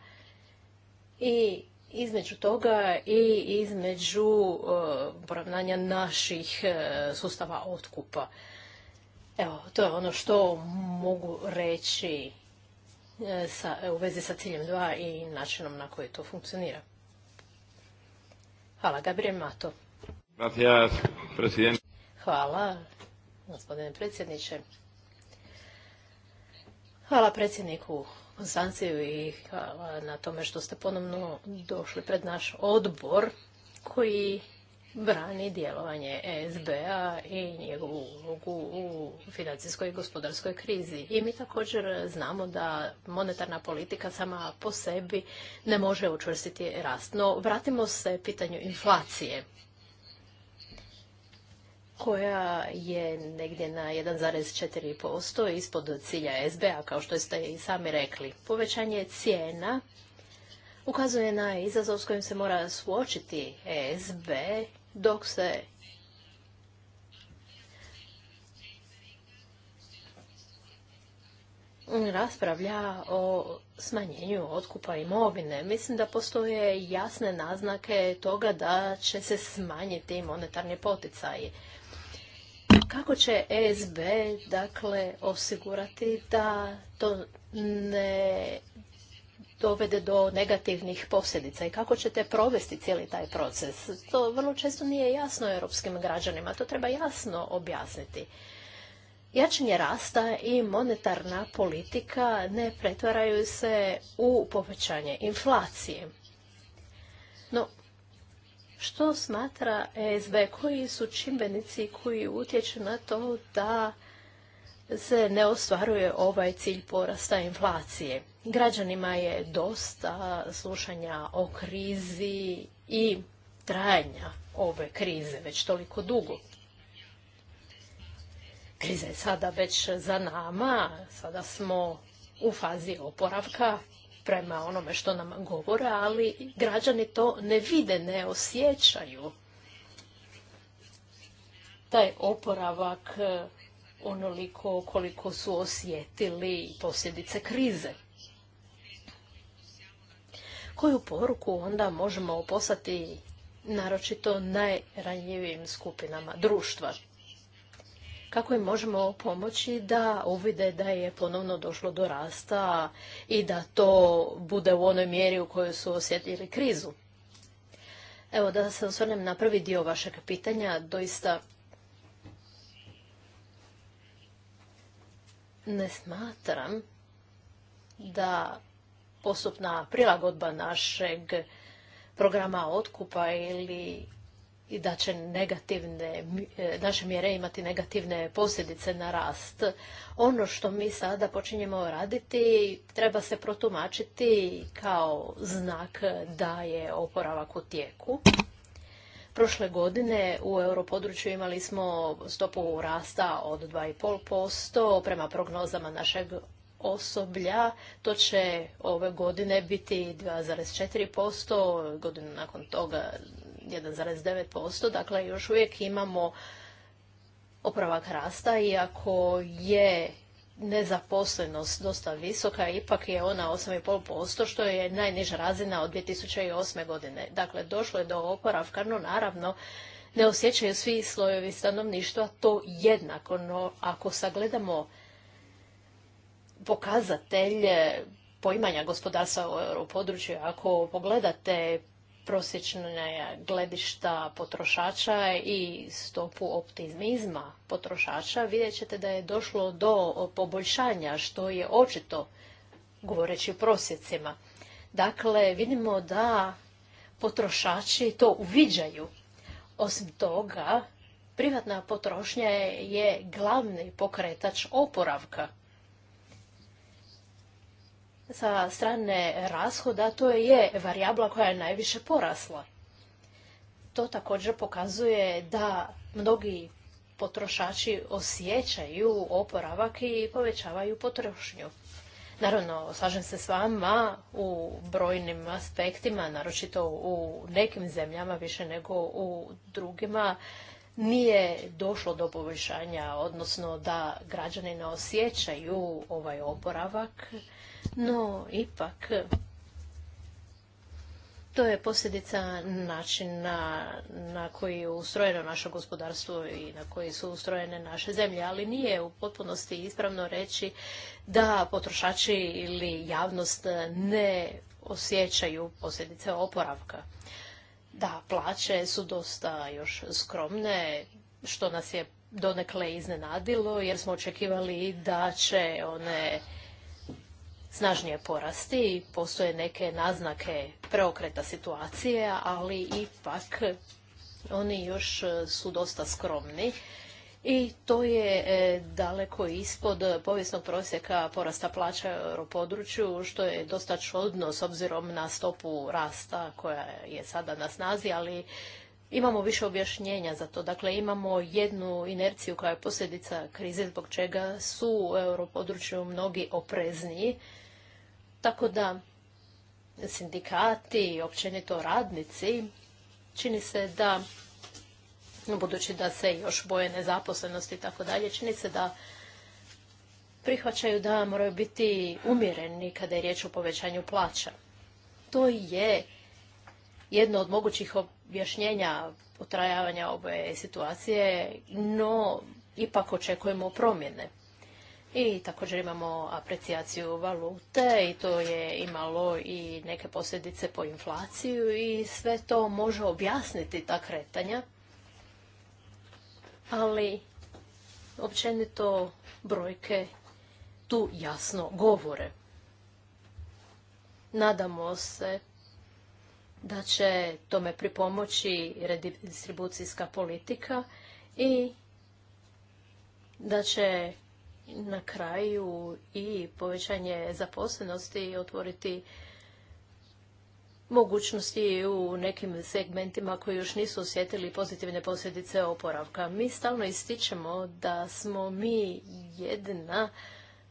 i između toga i između e, poravnanja naših e, sustava otkupa. Evo, to je ono što mogu reći E, e, u vezi sa ciljem 2 i načinom na koji to funkcionira. Hvala, Gabriel Mato. Hvala, gospodine predsjedniče. Hvala predsjedniku Konstanciju i hvala na tome što ste ponovno došli pred naš odbor koji brani djelovanje ESB-a i njegovu ulogu u financijskoj i gospodarskoj krizi. I mi također znamo da monetarna politika sama po sebi ne može učvrstiti rast. No, vratimo se pitanju inflacije koja je negdje na 1,4% ispod cilja SBA, kao što ste i sami rekli. Povećanje cijena ukazuje na izazov s kojim se mora suočiti sb dok se raspravlja o smanjenju otkupa imovine. Mislim da postoje jasne naznake toga da će se smanjiti monetarni poticaj. Kako će ESB dakle osigurati da to ne dovede do negativnih posljedica i kako ćete provesti cijeli taj proces. To vrlo često nije jasno europskim građanima, to treba jasno objasniti. Jačanje rasta i monetarna politika ne pretvaraju se u povećanje inflacije. No, što smatra ESB? Koji su čimbenici koji utječu na to da se ne ostvaruje ovaj cilj porasta inflacije. Građanima je dosta slušanja o krizi i trajanja ove krize već toliko dugo. Kriza je sada već za nama, sada smo u fazi oporavka prema onome što nam govore, ali građani to ne vide, ne osjećaju. Taj oporavak onoliko koliko su osjetili posljedice krize. Koju poruku onda možemo poslati naročito najranjivijim skupinama društva? Kako im možemo pomoći da uvide da je ponovno došlo do rasta i da to bude u onoj mjeri u kojoj su osjetili krizu? Evo da se osvrnem na prvi dio vašeg pitanja, doista ne smatram da postupna prilagodba našeg programa otkupa ili i da će negativne, e, naše mjere imati negativne posljedice na rast. Ono što mi sada počinjemo raditi treba se protumačiti kao znak da je oporavak u tijeku. Prošle godine u europodručju imali smo stopu rasta od 2,5%. Prema prognozama našeg osoblja, to će ove godine biti 2,4%, godinu nakon toga 1,9%, dakle još uvijek imamo opravak rasta, iako je nezaposlenost dosta visoka, ipak je ona 8,5%, što je najniža razina od 2008. godine. Dakle, došlo je do oporavka, no naravno ne osjećaju svi slojevi stanovništva to jednako, no ako sagledamo pokazatelje poimanja gospodarstva u europodručju, ako pogledate prosječne gledišta potrošača i stopu optimizma potrošača, vidjet ćete da je došlo do poboljšanja, što je očito govoreći o prosjecima. Dakle, vidimo da potrošači to uviđaju. Osim toga, privatna potrošnja je glavni pokretač oporavka sa strane rashoda to je varijabla koja je najviše porasla. To također pokazuje da mnogi potrošači osjećaju oporavak i povećavaju potrošnju. Naravno, slažem se s vama u brojnim aspektima, naročito u nekim zemljama više nego u drugima, nije došlo do poboljšanja, odnosno da građani ne osjećaju ovaj oporavak no ipak to je posljedica načina na koji je ustrojeno naše gospodarstvo i na koji su ustrojene naše zemlje, ali nije u potpunosti ispravno reći da potrošači ili javnost ne osjećaju posljedice oporavka. Da, plaće su dosta još skromne, što nas je donekle iznenadilo jer smo očekivali da će one snažnije porasti. Postoje neke naznake preokreta situacije, ali ipak oni još su dosta skromni. I to je e, daleko ispod povijesnog prosjeka porasta plaća u europodručju, što je dosta čudno s obzirom na stopu rasta koja je sada na snazi, ali imamo više objašnjenja za to. Dakle, imamo jednu inerciju koja je posljedica krize zbog čega su u europodručju mnogi oprezniji. Tako da sindikati i općenito radnici čini se da budući da se još boje nezaposlenosti i tako dalje, čini se da prihvaćaju da moraju biti umjereni kada je riječ o povećanju plaća. To je jedno od mogućih objašnjenja potrajavanja ove situacije, no ipak očekujemo promjene. I također imamo aprecijaciju valute i to je imalo i neke posljedice po inflaciju i sve to može objasniti ta kretanja. Ali općenito brojke tu jasno govore. Nadamo se da će tome pripomoći redistribucijska politika i da će na kraju i povećanje zaposlenosti otvoriti mogućnosti u nekim segmentima koji još nisu osjetili pozitivne posljedice oporavka. Mi stalno ističemo da smo mi jedna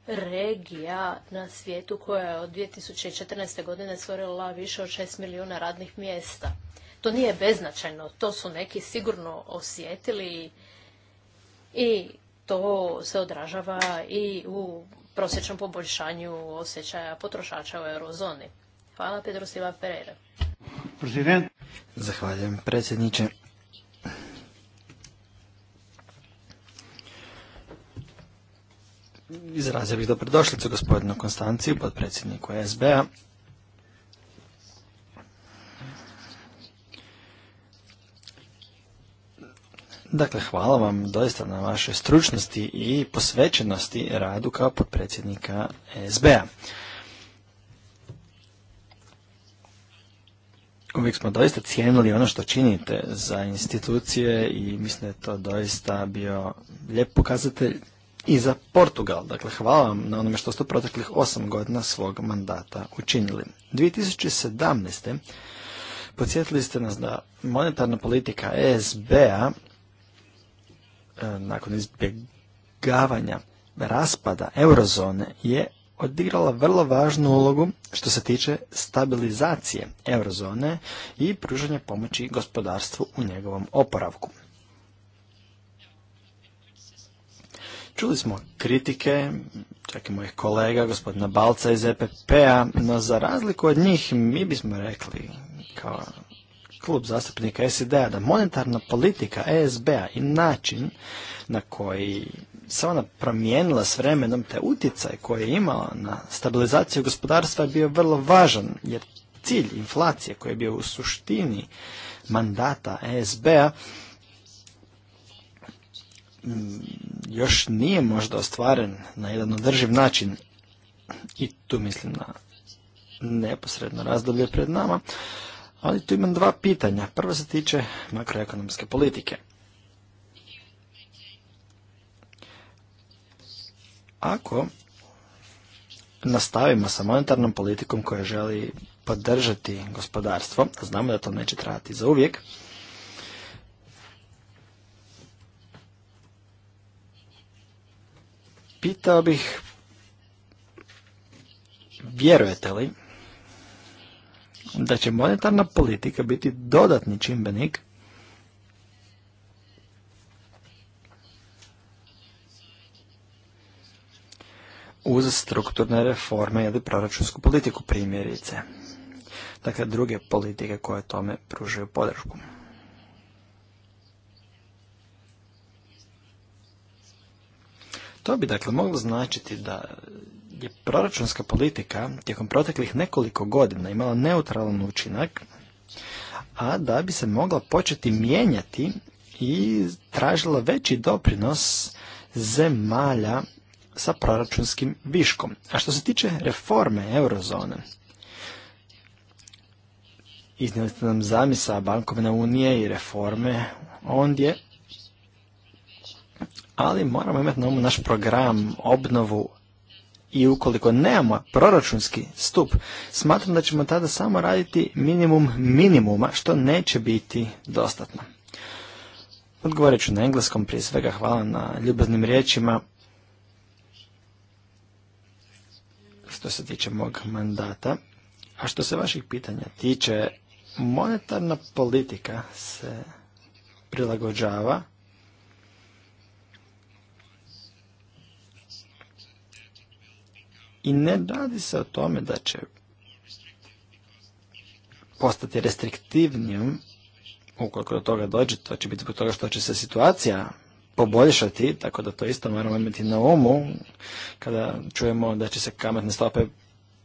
regija na svijetu koja je od 2014. godine stvorila više od 6 milijuna radnih mjesta. To nije beznačajno, to su neki sigurno osjetili i to se odražava i u prosječnom poboljšanju osjećaja potrošača u eurozoni. Hvala Pedro Silva Pereira. Zahvaljujem predsjedniče. Izrazio bih dobrodošlicu gospodinu Konstanciju, podpredsjedniku SBA. Dakle, hvala vam doista na vašoj stručnosti i posvećenosti radu kao podpredsjednika SBA. Uvijek smo doista cijenili ono što činite za institucije i mislim da je to doista bio lijep pokazatelj i za Portugal. Dakle, hvala vam na onome što ste u proteklih osam godina svog mandata učinili. 2017. podsjetili ste nas da monetarna politika ESB-a e, nakon izbjegavanja raspada eurozone je odigrala vrlo važnu ulogu što se tiče stabilizacije eurozone i pružanja pomoći gospodarstvu u njegovom oporavku. Čuli smo kritike, čak i mojih kolega, gospodina Balca iz EPP-a, no za razliku od njih mi bismo rekli kao klub zastupnika SID-a da monetarna politika ESB-a i način na koji se ona promijenila s vremenom te utjecaj koji je imala na stabilizaciju gospodarstva je bio vrlo važan jer cilj inflacije koji je bio u suštini mandata ESB-a još nije možda ostvaren na jedan održiv način i tu mislim na neposredno razdoblje pred nama, ali tu imam dva pitanja. Prvo se tiče makroekonomske politike. Ako nastavimo sa monetarnom politikom koja želi podržati gospodarstvo, znamo da to neće trajati za uvijek, pitao bih vjerujete li da će monetarna politika biti dodatni čimbenik uz strukturne reforme ili proračunsku politiku primjerice. Dakle, druge politike koje tome pružaju podršku. To bi dakle moglo značiti da je proračunska politika tijekom proteklih nekoliko godina imala neutralan učinak, a da bi se mogla početi mijenjati i tražila veći doprinos zemalja sa proračunskim viškom. A što se tiče reforme eurozone, iznijeli ste nam zamisa bankovne unije i reforme ondje ali moramo imati na umu naš program, obnovu i ukoliko nemamo proračunski stup, smatram da ćemo tada samo raditi minimum minimuma, što neće biti dostatno. Odgovorit ću na engleskom, prije svega hvala na ljubaznim riječima. Što se tiče mog mandata, a što se vaših pitanja tiče, monetarna politika se prilagođava I ne radi se o tome da će postati restriktivnijom, ukoliko do toga dođe, to će biti zbog toga što će se situacija poboljšati, tako da to isto moramo imati na umu kada čujemo da će se kamatne stope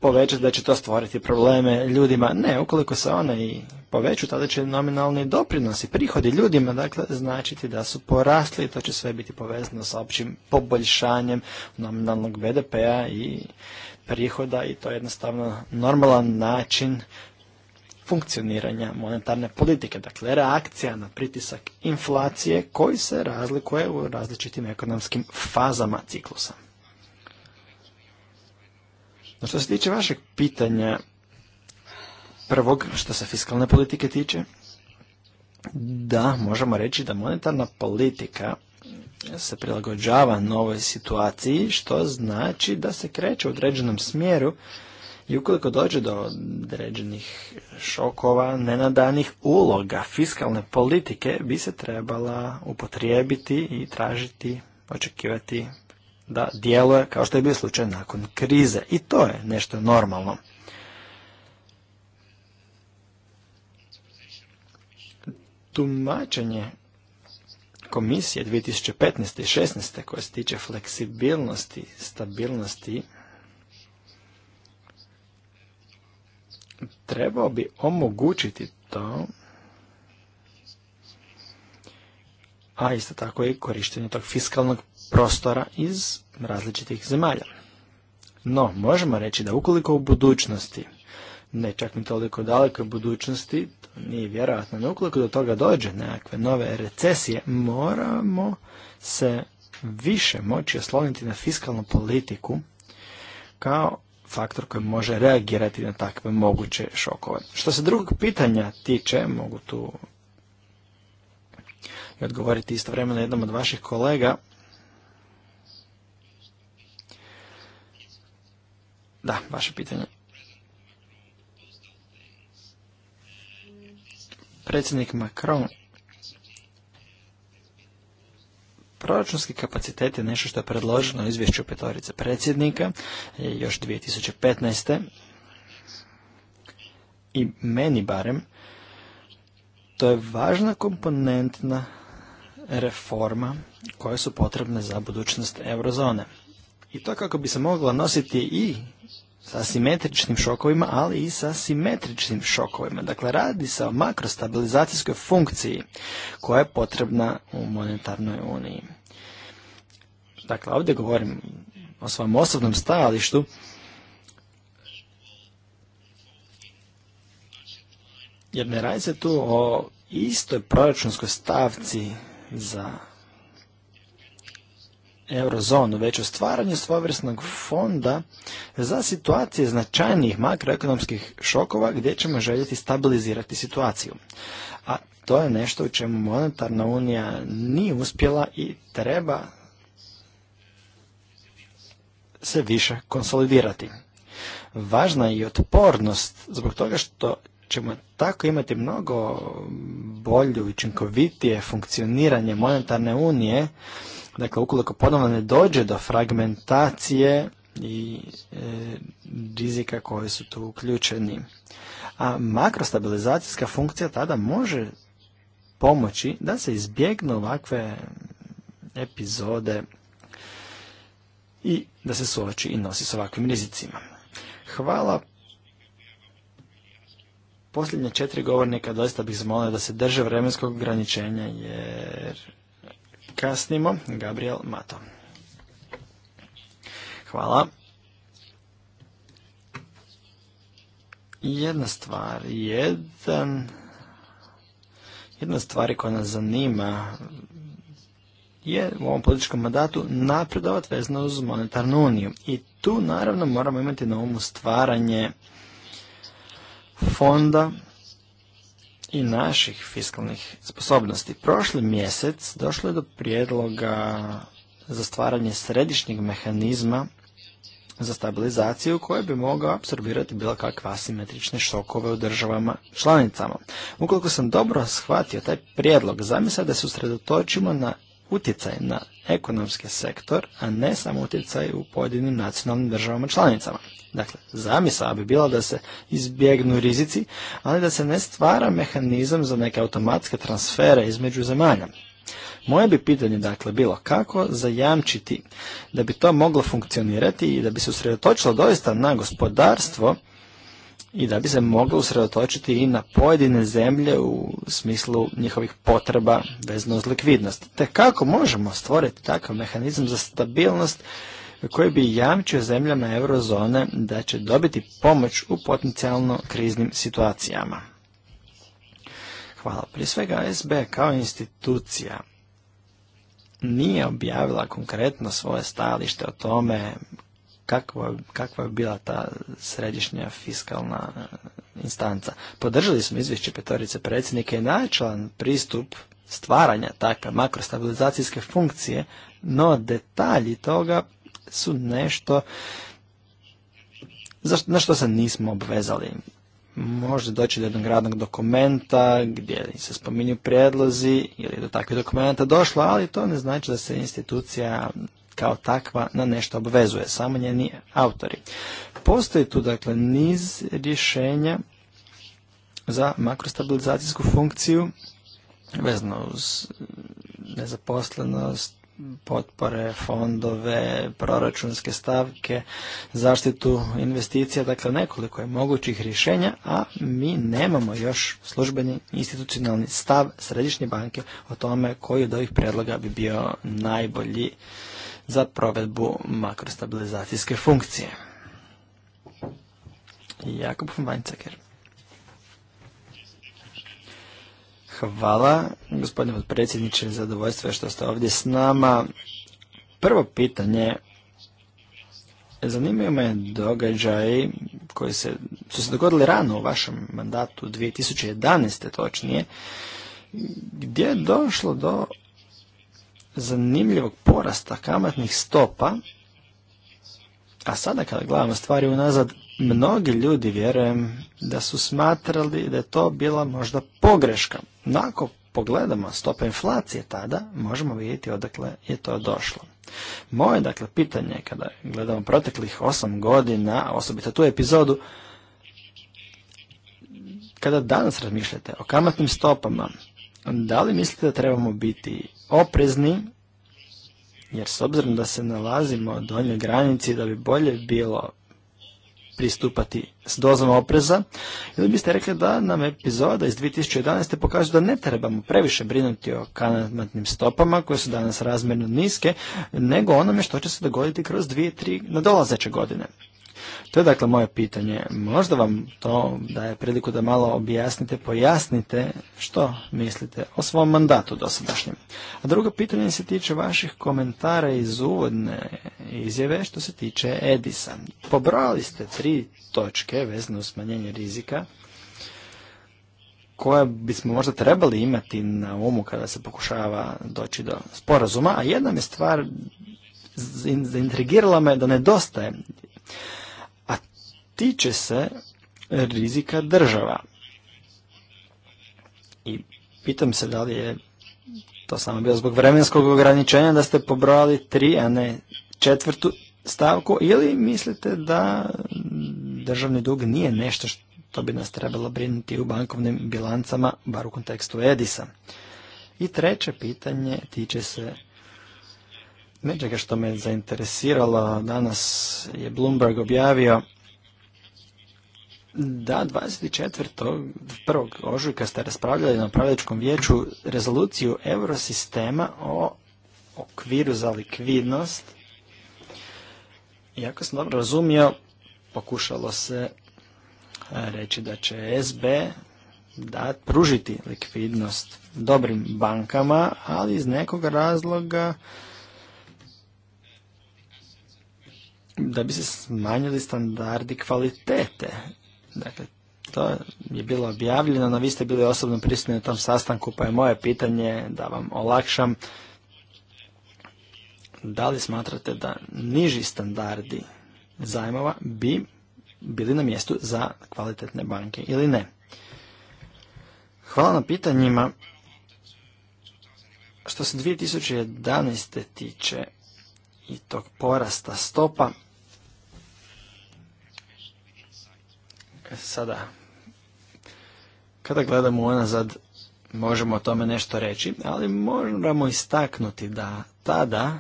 povećati, da će to stvoriti probleme ljudima. Ne, ukoliko se one i poveću, tada će nominalni doprinosi, prihodi ljudima, dakle, značiti da su porasli i to će sve biti povezano sa općim poboljšanjem nominalnog BDP-a i prihoda i to je jednostavno normalan način funkcioniranja monetarne politike, dakle reakcija na pritisak inflacije koji se razlikuje u različitim ekonomskim fazama ciklusa. No što se tiče vašeg pitanja, prvog što se fiskalne politike tiče, da, možemo reći da monetarna politika se prilagođava novoj situaciji, što znači da se kreće u određenom smjeru i ukoliko dođe do određenih šokova, nenadanih uloga fiskalne politike bi se trebala upotrijebiti i tražiti, očekivati da djeluje kao što je bio slučaj nakon krize. I to je nešto normalno. Tumačenje komisije 2015. i 2016. koje se tiče fleksibilnosti, stabilnosti, trebao bi omogućiti to, a isto tako i korištenje tog fiskalnog prostora iz različitih zemalja. No, možemo reći da ukoliko u budućnosti, ne čak ni toliko dalekoj budućnosti, to nije vjerojatno, no ukoliko do toga dođe nekakve nove recesije, moramo se više moći osloniti na fiskalnu politiku kao faktor koji može reagirati na takve moguće šokove. Što se drugog pitanja tiče, mogu tu i odgovoriti istovremeno jednom od vaših kolega, Da, vaše pitanje. Predsjednik Macron Proračunski kapacitet je nešto što je predloženo u izvješću petorice predsjednika još 2015. I meni barem, to je važna komponentna reforma koje su potrebne za budućnost eurozone. I to kako bi se mogla nositi i sa simetričnim šokovima, ali i sa simetričnim šokovima. Dakle, radi se o makrostabilizacijskoj funkciji koja je potrebna u monetarnoj uniji. Dakle, ovdje govorim o svom osobnom stajalištu. Jer ne radi se tu o istoj proračunskoj stavci za eurozonu, već u stvaranju svojevrsnog fonda za situacije značajnijih makroekonomskih šokova gdje ćemo željeti stabilizirati situaciju. A to je nešto u čemu monetarna unija nije uspjela i treba se više konsolidirati. Važna je i otpornost zbog toga što ćemo tako imati mnogo bolju i učinkovitije funkcioniranje monetarne unije Dakle, ukoliko ponovno ne dođe do fragmentacije i e, rizika koji su tu uključeni. A makrostabilizacijska funkcija tada može pomoći da se izbjegnu ovakve epizode i da se suoči i nosi s ovakvim rizicima. Hvala posljednje četiri govornika doista bih zamolio da se drže vremenskog ograničenja jer kasnimo. Gabriel Mato. Hvala. Jedna stvar, jedan, jedna stvar koja nas zanima je u ovom političkom mandatu napredovat vezano uz monetarnu uniju. I tu naravno moramo imati na umu stvaranje fonda i naših fiskalnih sposobnosti. Prošli mjesec došlo je do prijedloga za stvaranje središnjeg mehanizma za stabilizaciju koje bi mogao apsorbirati bilo kakve asimetrične šokove u državama članicama. Ukoliko sam dobro shvatio taj prijedlog, zamisla da se usredotočimo na utjecaj na ekonomski sektor, a ne samo utjecaj u pojedinim nacionalnim državama članicama. Dakle, zamisa bi bila da se izbjegnu rizici, ali da se ne stvara mehanizam za neke automatske transfere između zemalja. Moje bi pitanje dakle bilo kako zajamčiti da bi to moglo funkcionirati i da bi se usredotočilo doista na gospodarstvo i da bi se moglo usredotočiti i na pojedine zemlje u smislu njihovih potreba vezno uz likvidnost. Te kako možemo stvoriti takav mehanizam za stabilnost koji bi jamčio zemljama eurozone da će dobiti pomoć u potencijalno kriznim situacijama. Hvala. Prije svega SB kao institucija nije objavila konkretno svoje stajalište o tome kakva, kakva je bila ta središnja fiskalna eh, instanca. Podržali smo izvješće petorice predsjednika i načelan pristup stvaranja takve makrostabilizacijske funkcije, no detalji toga su nešto na što se nismo obvezali. Može doći do jednog radnog dokumenta gdje se spominju prijedlozi ili do takvih dokumenta došlo, ali to ne znači da se institucija kao takva na nešto obvezuje, samo njeni autori. Postoji tu dakle niz rješenja za makrostabilizacijsku funkciju vezano uz nezaposlenost, potpore, fondove, proračunske stavke, zaštitu investicija, dakle nekoliko je mogućih rješenja, a mi nemamo još službeni institucionalni stav Središnje banke o tome koji od ovih predloga bi bio najbolji za provedbu makrostabilizacijske funkcije. Jakob von Hvala, gospodine predsjedniče, zadovoljstvo je što ste ovdje s nama. Prvo pitanje, zanimaju me događaj koji se, su se dogodili rano u vašem mandatu, 2011. točnije, gdje je došlo do zanimljivog porasta kamatnih stopa, a sada kada gledamo stvari unazad, mnogi ljudi vjerujem da su smatrali da je to bila možda pogreška. No ako pogledamo stope inflacije tada, možemo vidjeti odakle je to došlo. Moje dakle pitanje kada gledamo proteklih osam godina, osobito tu epizodu, kada danas razmišljate o kamatnim stopama, da li mislite da trebamo biti oprezni, jer s obzirom da se nalazimo u donjoj granici, da bi bolje bilo pristupati s dozom opreza, ili biste rekli da nam epizoda iz 2011. pokazuje da ne trebamo previše brinuti o kanadmatnim stopama koje su danas razmjerno niske, nego onome što će se dogoditi kroz dvije, tri nadolazeće godine. To je dakle moje pitanje. Možda vam to daje priliku da malo objasnite, pojasnite što mislite o svom mandatu dosadašnjem. A drugo pitanje se tiče vaših komentara iz uvodne izjave što se tiče Edisa. Pobrali ste tri točke vezane uz smanjenje rizika koje bismo možda trebali imati na umu kada se pokušava doći do sporazuma, a jedna mi stvar zaintrigirala me da nedostaje tiče se rizika država. I pitam se da li je to samo bilo zbog vremenskog ograničenja da ste pobrojali tri, a ne četvrtu stavku ili mislite da državni dug nije nešto što bi nas trebalo brinuti u bankovnim bilancama, bar u kontekstu Edisa. I treće pitanje tiče se nečega što me zainteresiralo. Danas je Bloomberg objavio da, 24. prvog ožujka ste raspravljali na upravljačkom vijeću rezoluciju eurosistema o okviru za likvidnost. Iako sam dobro razumio, pokušalo se e, reći da će SB da pružiti likvidnost dobrim bankama, ali iz nekog razloga da bi se smanjili standardi kvalitete Dakle, to je bilo objavljeno, no vi ste bili osobno prisutni na tom sastanku, pa je moje pitanje da vam olakšam. Da li smatrate da niži standardi zajmova bi bili na mjestu za kvalitetne banke ili ne? Hvala na pitanjima. Što se 2011. tiče i tog porasta stopa, Sada, kada gledamo unazad, možemo o tome nešto reći, ali moramo istaknuti da tada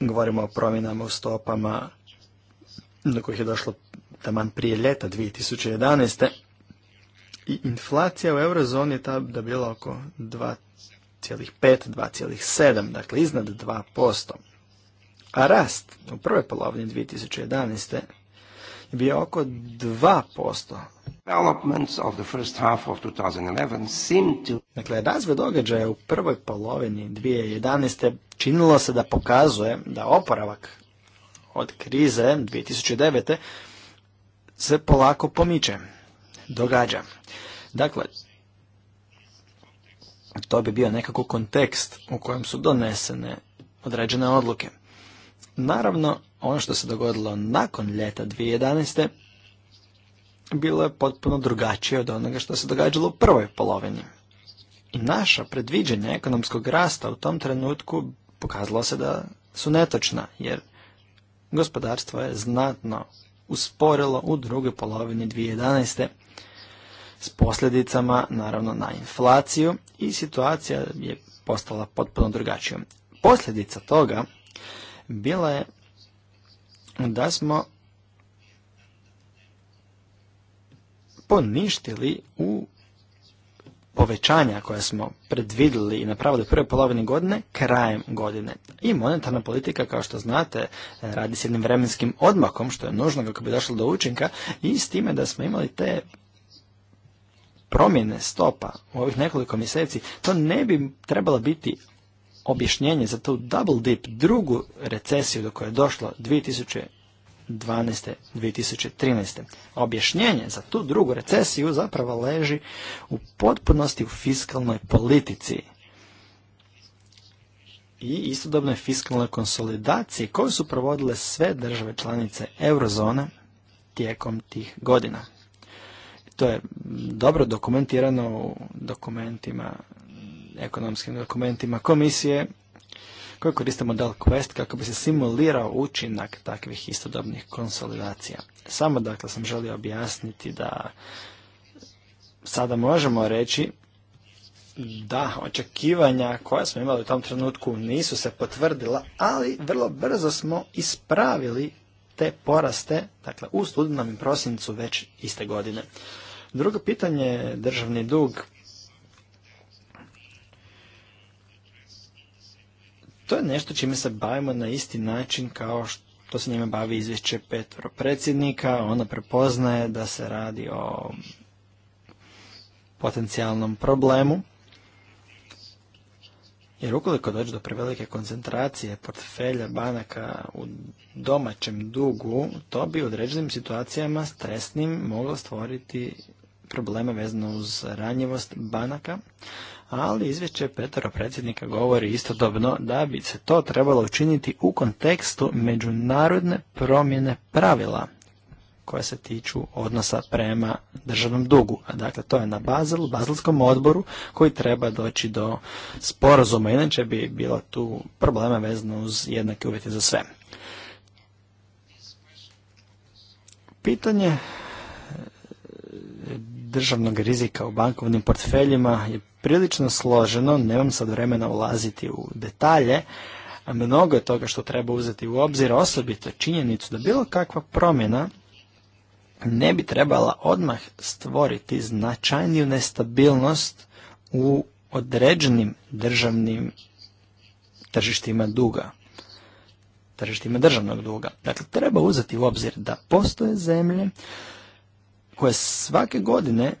govorimo o promjenama u stopama do kojih je došlo taman prije ljeta 2011. I inflacija u eurozoni je da bila oko 2,5-2,7, dakle iznad 2%. A rast u prvoj polovini 2011 bio oko 2%. Of Dakle, razvoj događaja u prvoj polovini 2011. činilo se da pokazuje da oporavak od krize 2009. se polako pomiče, događa. Dakle, to bi bio nekako kontekst u kojem su donesene određene odluke. Naravno, ono što se dogodilo nakon ljeta 2011. bilo je potpuno drugačije od onoga što se događalo u prvoj polovini. I naša predviđenja ekonomskog rasta u tom trenutku pokazalo se da su netočna, jer gospodarstvo je znatno usporilo u drugoj polovini 2011. s posljedicama naravno na inflaciju i situacija je postala potpuno drugačija. Posljedica toga bila je da smo poništili u povećanja koja smo predvidjeli i napravili prvoj polovini godine krajem godine. I monetarna politika, kao što znate, radi s jednim vremenskim odmakom, što je nužno kako bi došlo do učinka, i s time da smo imali te promjene stopa u ovih nekoliko mjeseci, to ne bi trebala biti objašnjenje za tu double dip, drugu recesiju do koje je došlo 2012. 2013. Objašnjenje za tu drugu recesiju zapravo leži u potpunosti u fiskalnoj politici i istodobnoj fiskalnoj konsolidaciji koju su provodile sve države članice eurozone tijekom tih godina. To je dobro dokumentirano u dokumentima ekonomskim dokumentima komisije koji koriste model Quest kako bi se simulirao učinak takvih istodobnih konsolidacija. Samo dakle sam želio objasniti da sada možemo reći da, očekivanja koja smo imali u tom trenutku nisu se potvrdila, ali vrlo brzo smo ispravili te poraste, dakle u studenom i prosincu već iste godine. Drugo pitanje je državni dug. To je nešto čime se bavimo na isti način kao što se njime bavi izvješće Petro predsjednika. Ona prepoznaje da se radi o potencijalnom problemu. Jer ukoliko dođe do prevelike koncentracije portfelja banaka u domaćem dugu, to bi u određenim situacijama stresnim moglo stvoriti probleme vezano uz ranjivost banaka, ali izvješće peto predsjednika govori istodobno da bi se to trebalo učiniti u kontekstu međunarodne promjene pravila koja se tiču odnosa prema državnom dugu. A dakle, to je na Bazel, Bazelskom odboru koji treba doći do sporazuma, inače bi bilo tu problema vezano uz jednake uvjete za sve. Pitanje državnog rizika u bankovnim portfeljima je prilično složeno, nemam sad vremena ulaziti u detalje, a mnogo je toga što treba uzeti u obzir, osobito činjenicu da bilo kakva promjena ne bi trebala odmah stvoriti značajniju nestabilnost u određenim državnim tržištima duga, tržištima državnog duga. Dakle, treba uzeti u obzir da postoje zemlje koje svake godine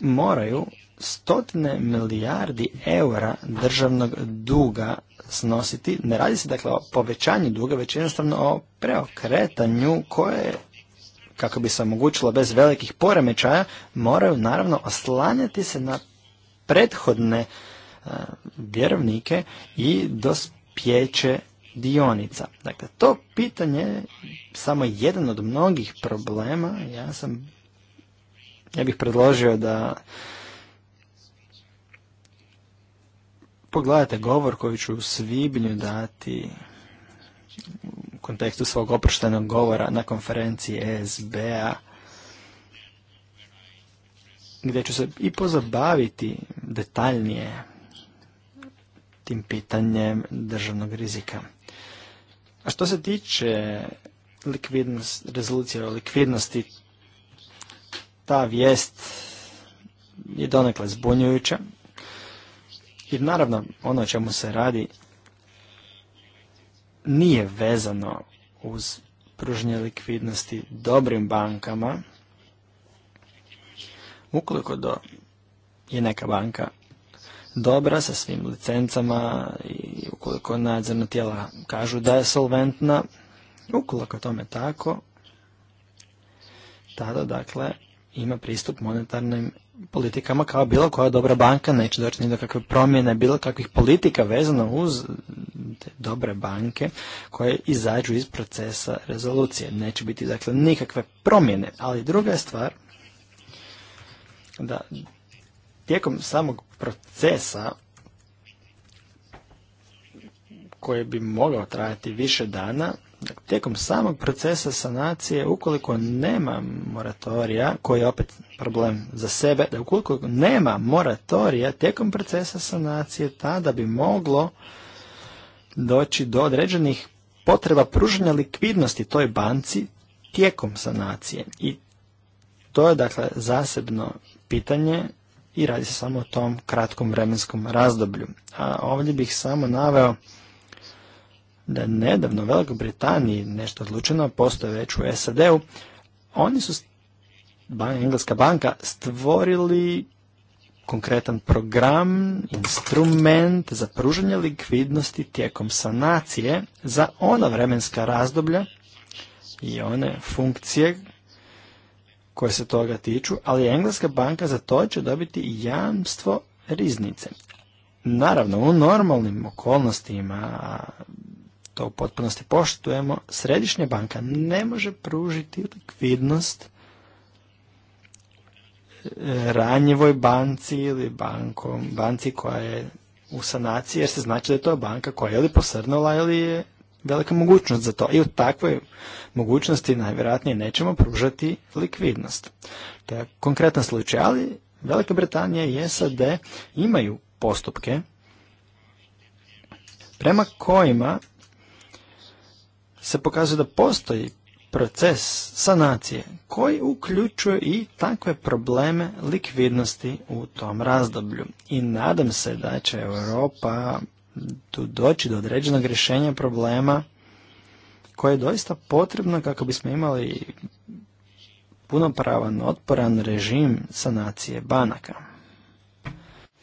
moraju stotine milijardi eura državnog duga snositi. Ne radi se dakle o povećanju duga, već jednostavno o preokretanju koje, kako bi se omogućilo bez velikih poremećaja, moraju naravno oslanjati se na prethodne eh, vjerovnike i dospjeće dionica. Dakle, to pitanje je samo jedan od mnogih problema. Ja sam, ja bih predložio da pogledate govor koji ću u svibnju dati u kontekstu svog oproštenog govora na konferenciji ESB-a gdje ću se i pozabaviti detaljnije tim pitanjem državnog rizika. A što se tiče likvidnost, rezolucije o likvidnosti, ta vijest je donekle zbunjujuća. Jer naravno, ono o čemu se radi nije vezano uz pružnje likvidnosti dobrim bankama. Ukoliko do je neka banka dobra sa svim licencama i ukoliko nadzorna tijela kažu da je solventna, ukoliko tome tako, tada dakle ima pristup monetarnim politikama kao bilo koja dobra banka, neće doći ni do kakve promjene, bilo kakvih politika vezano uz te dobre banke koje izađu iz procesa rezolucije. Neće biti dakle nikakve promjene, ali druga je stvar da tijekom samog procesa koji bi mogao trajati više dana, dakle, tijekom samog procesa sanacije, ukoliko nema moratorija, koji je opet problem za sebe, da ukoliko nema moratorija, tijekom procesa sanacije tada bi moglo doći do određenih potreba pružanja likvidnosti toj banci tijekom sanacije. I to je dakle zasebno pitanje i radi se samo o tom kratkom vremenskom razdoblju. A ovdje bih samo naveo da je nedavno u Velikoj Britaniji nešto odlučeno, postoje već u SAD-u, oni su, banka, Engleska banka, stvorili konkretan program, instrument za pružanje likvidnosti tijekom sanacije za ona vremenska razdoblja i one funkcije koje se toga tiču, ali Engleska banka za to će dobiti jamstvo riznice. Naravno, u normalnim okolnostima, to u potpunosti poštujemo, središnja banka ne može pružiti likvidnost e, ranjivoj banci ili bankom, banci koja je u sanaciji, jer se znači da je to banka koja je ili posrnula ili je velika mogućnost za to. I u takvoj mogućnosti najvjerojatnije nećemo pružati likvidnost. To je konkretan slučaj, ali Velika Britanija i SAD imaju postupke prema kojima se pokazuje da postoji proces sanacije koji uključuje i takve probleme likvidnosti u tom razdoblju. I nadam se da će Europa doći do određenog rješenja problema koje je doista potrebno kako bismo imali punopravan, otporan režim sanacije banaka.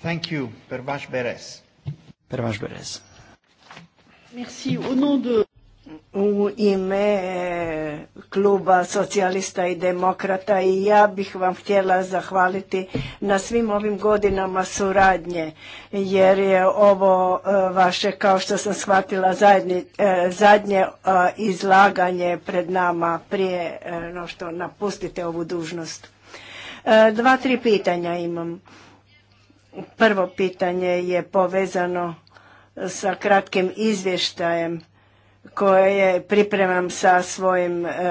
Thank you, Pervaš Beres. Pervaš Beres. Merci, au nom de u ime kluba socijalista i demokrata i ja bih vam htjela zahvaliti na svim ovim godinama suradnje jer je ovo e, vaše kao što sam shvatila e, zadnje, zadnje izlaganje pred nama prije e, no što napustite ovu dužnost. Dva, tri pitanja imam. Prvo pitanje je povezano sa kratkim izvještajem koje pripremam sa svojim e,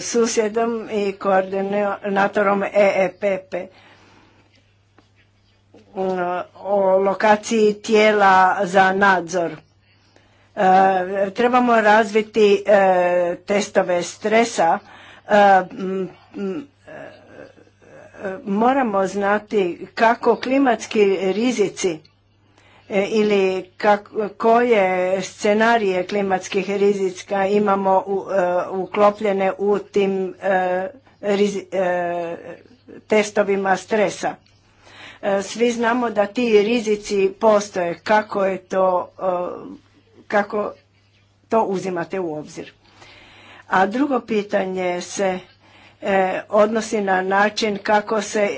susjedom i koordinatorom EEPP o lokaciji tijela za nadzor. E, trebamo razviti e, testove stresa. moramo znati kako klimatski rizici E, ili koje scenarije klimatskih rizika imamo e, uklopljene u tim e, testovima stresa. Svi znamo da ti rizici postoje, kako je to, kako to uzimate u obzir. A drugo pitanje se odnosi na način kako se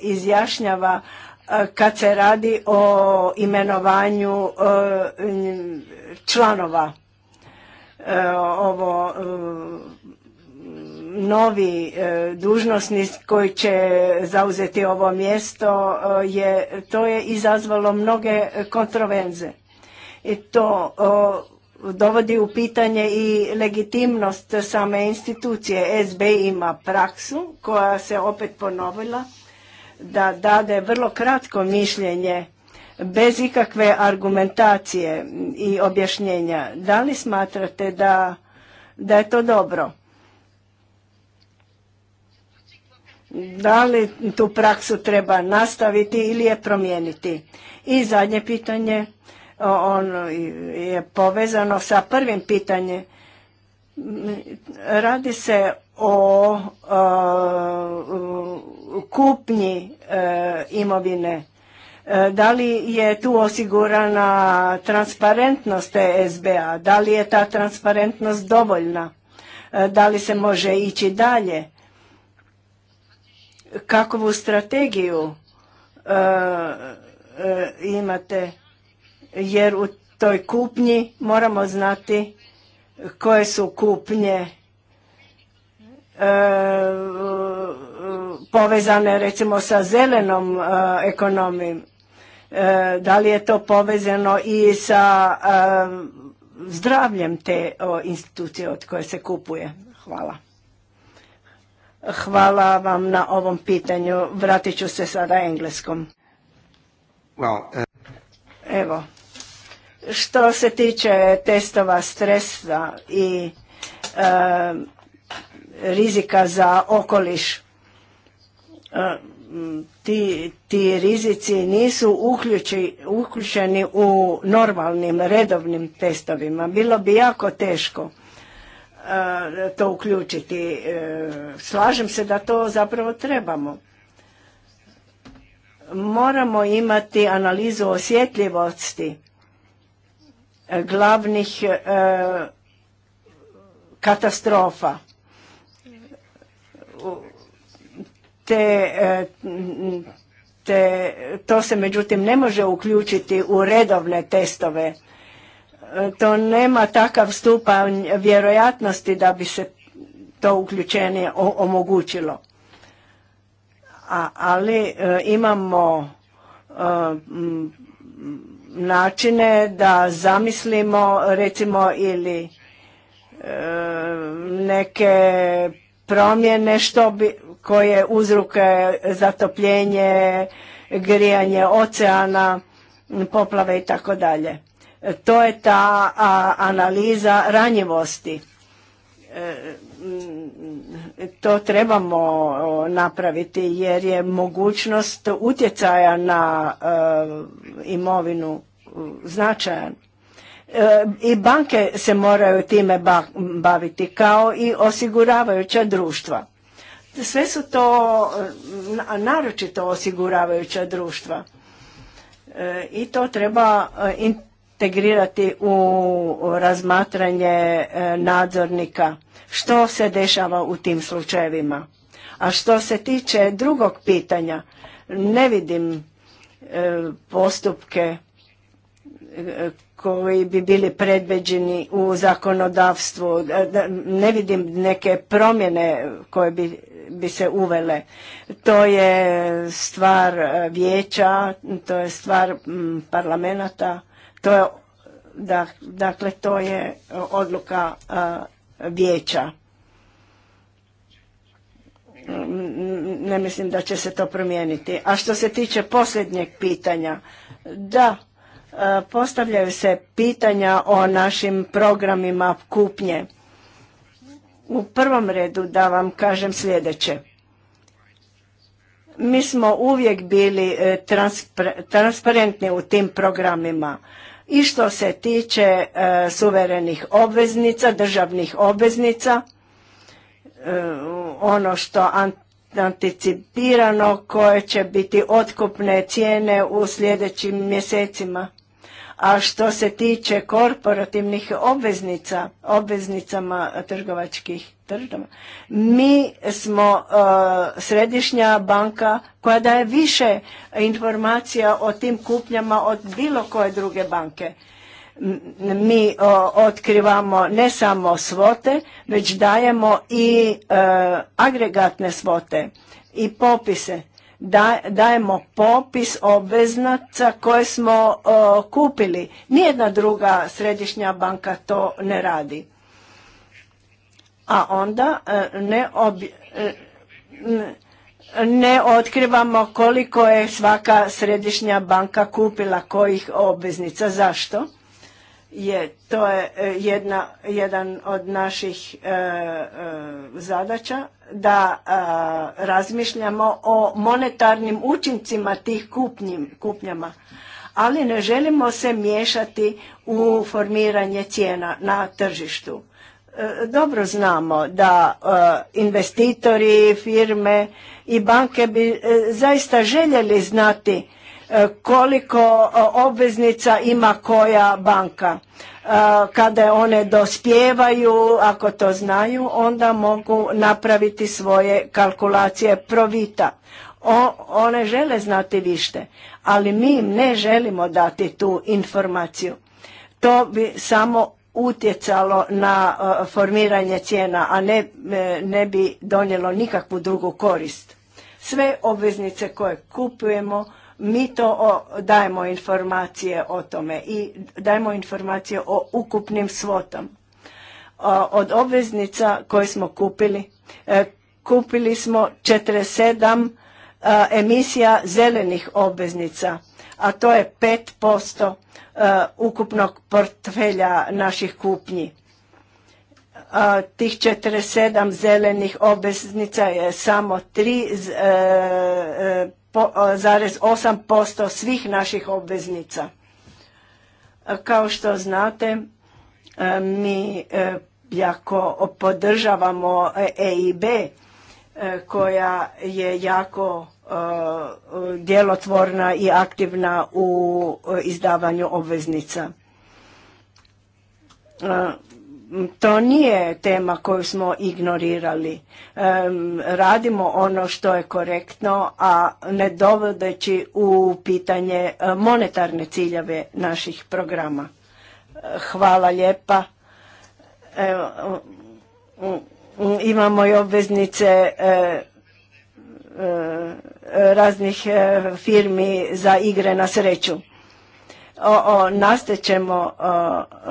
izjašnjava kad se radi o imenovanju e, članova e, ovo e, novi dužnosnik koji će zauzeti ovo mjesto je to je izazvalo mnoge kontrovenze. i to dovodi u pitanje i legitimnost same institucije. SB ima praksu koja se opet ponovila da dade vrlo kratko mišljenje bez ikakve argumentacije i objašnjenja. Da li smatrate da, da je to dobro? Da li tu praksu treba nastaviti ili je promijeniti? I zadnje pitanje, on je povezano sa prvim pitanjem. Radi se o kupnji e, imovine. E, da li je tu osigurana transparentnost e SBA? Da li je ta transparentnost dovoljna? Da li se može ići dalje? Kakvu strategiju imate? Jer u toj kupnji moramo znati koje su kupnje E, povezane recimo sa zelenom e, ekonomijom e, da li je to povezano i sa zdravljem te institucije od koje se kupuje hvala hvala vam na ovom pitanju vratit ću se sada engleskom evo što se tiče testova stresa i rizika za okoliš. E, ti, ti rizici nisu uključeni u normalnim, redovnim testovima. Bilo bi jako teško e, to uključiti. E, slažem se da to zapravo trebamo. Moramo imati analizu osjetljivosti glavnih katastrofa te, e, te, to se međutim ne može uključiti u redovne testove. E, to nema takav stupanj vjerojatnosti da bi se to uključenje omogućilo. A, ali e, imamo načine da zamislimo recimo ili neke promjene što bi, koje uzruke zatopljenje, grijanje oceana, poplave i tako dalje. To je ta a, analiza ranjivosti. E, mm, to trebamo napraviti jer je mogućnost utjecaja na e, imovinu značajan. I banke se moraju time baviti kao i osiguravajuća društva. Sve su to e, naročito osiguravajuća društva. E, I to treba e, integrirati u razmatranje nadzornika što se dešava u tim slučajevima. A što se tiče drugog pitanja, ne vidim postupke koji bi bili predveđeni u zakonodavstvu. Ne vidim neke promjene koje bi, bi se uvele. To je stvar e, vijeća, to je stvar parlamenta, to je, dakle to je odluka e, vijeća. Ne mislim da će se to promijeniti. A što se tiče posljednjeg pitanja, da, E, postavljaju se pitanja o našim programima kupnje. U prvom redu da vam kažem sljedeće. Mi smo uvijek bili e, transparentni u tim programima. I što se tiče e, suverenih obveznica, državnih obveznica, ono što anticipirano koje će biti otkupne cijene u sljedećim mjesecima a što se tiče korporativnih obveznica, obveznicama trgovačkih država, mi smo e, središnja banka koja daje više informacija o tim kupnjama od bilo koje druge banke. Mi otkrivamo ne samo svote, već dajemo i e, agregatne svote i popise dajemo popis obveznica koje smo kupili. Nijedna druga središnja banka to ne radi. A onda e, ne, e, ne otkrivamo koliko je svaka središnja banka kupila kojih obveznica. Zašto? je to je e, jedna, jedan od naših e, e, zadaća da e, razmišljamo o monetarnim učincima tih kupnjim, kupnjama ali ne želimo se miješati u formiranje cijena na tržištu dobro znamo da investitori firme i banke bi zaista željeli znati E, koliko e, obveznica ima koja banka. E, kada one dospjevaju, ako to znaju, onda mogu napraviti svoje kalkulacije provita. one žele znati više, ali mi im ne želimo dati tu informaciju. To bi samo utjecalo na formiranje cijena, a ne, ne bi donijelo nikakvu drugu korist. Sve obveznice koje kupujemo mi to dajemo informacije o tome i dajemo informacije o ukupnim svotom. Od obveznica koje smo kupili, e, kupili smo 47 e, emisija zelenih obveznica, a to je 5% e, ukupnog portfelja naših kupnji. Tih 47 zelenih obveznica je samo 3 E, posto svih naših obveznica. E, kao što znate, e, mi jako podržavamo EIB koja je jako djelotvorna i aktivna u izdavanju obveznica to nije tema koju smo ignorirali. Radimo ono što je korektno, a ne dovodeći u pitanje e, monetarne ciljeve naših programa. E, hvala lijepa. Evo, imamo i obveznice e, raznih firmi za igre na sreću. O, o, ćemo,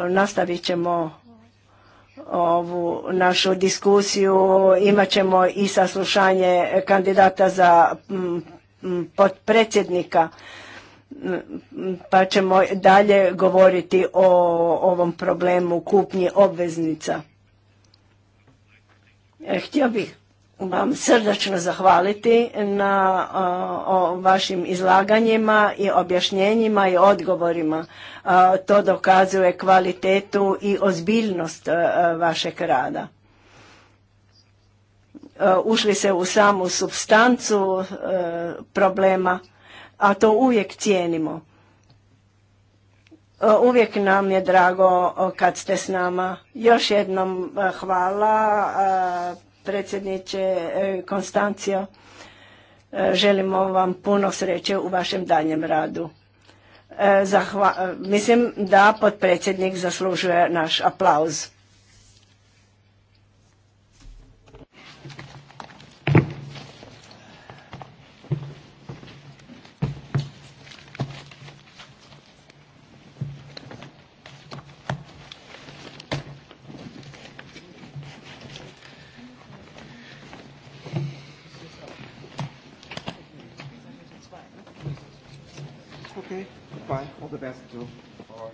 nastavit ćemo ovu našu diskusiju. Imat ćemo i saslušanje kandidata za potpredsjednika pa ćemo dalje govoriti o ovom problemu kupnje obveznica. E, htio bih vam srdačno zahvaliti na o, vašim izlaganjima i objašnjenjima i odgovorima. to dokazuje kvalitetu i ozbiljnost vašeg rada. ušli se u samu substancu problema, a to uvijek cijenimo. Uvijek nam je drago kad ste s nama. Još jednom hvala predsjedniče e, Konstancijo. E, želimo vam puno sreće u vašem danjem radu. E, mislim da potpredsjednik zaslužuje naš aplauz. All the best to for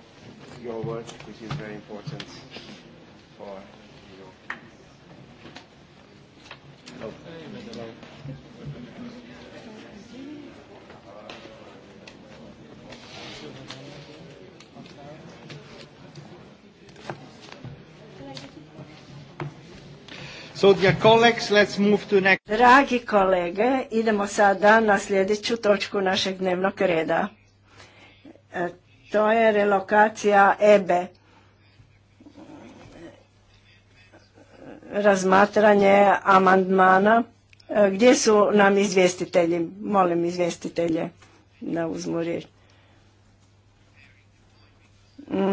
your work, which is very important for you. Oh. So, dear colleagues, let's move to next... Dragi kolege, idemo sada na sljedeću točku našeg dnevnog reda. E, to je relokacija EBE. Razmatranje amandmana. E, gdje su nam izvjestitelji? Molim izvjestitelje da uzmu riječ.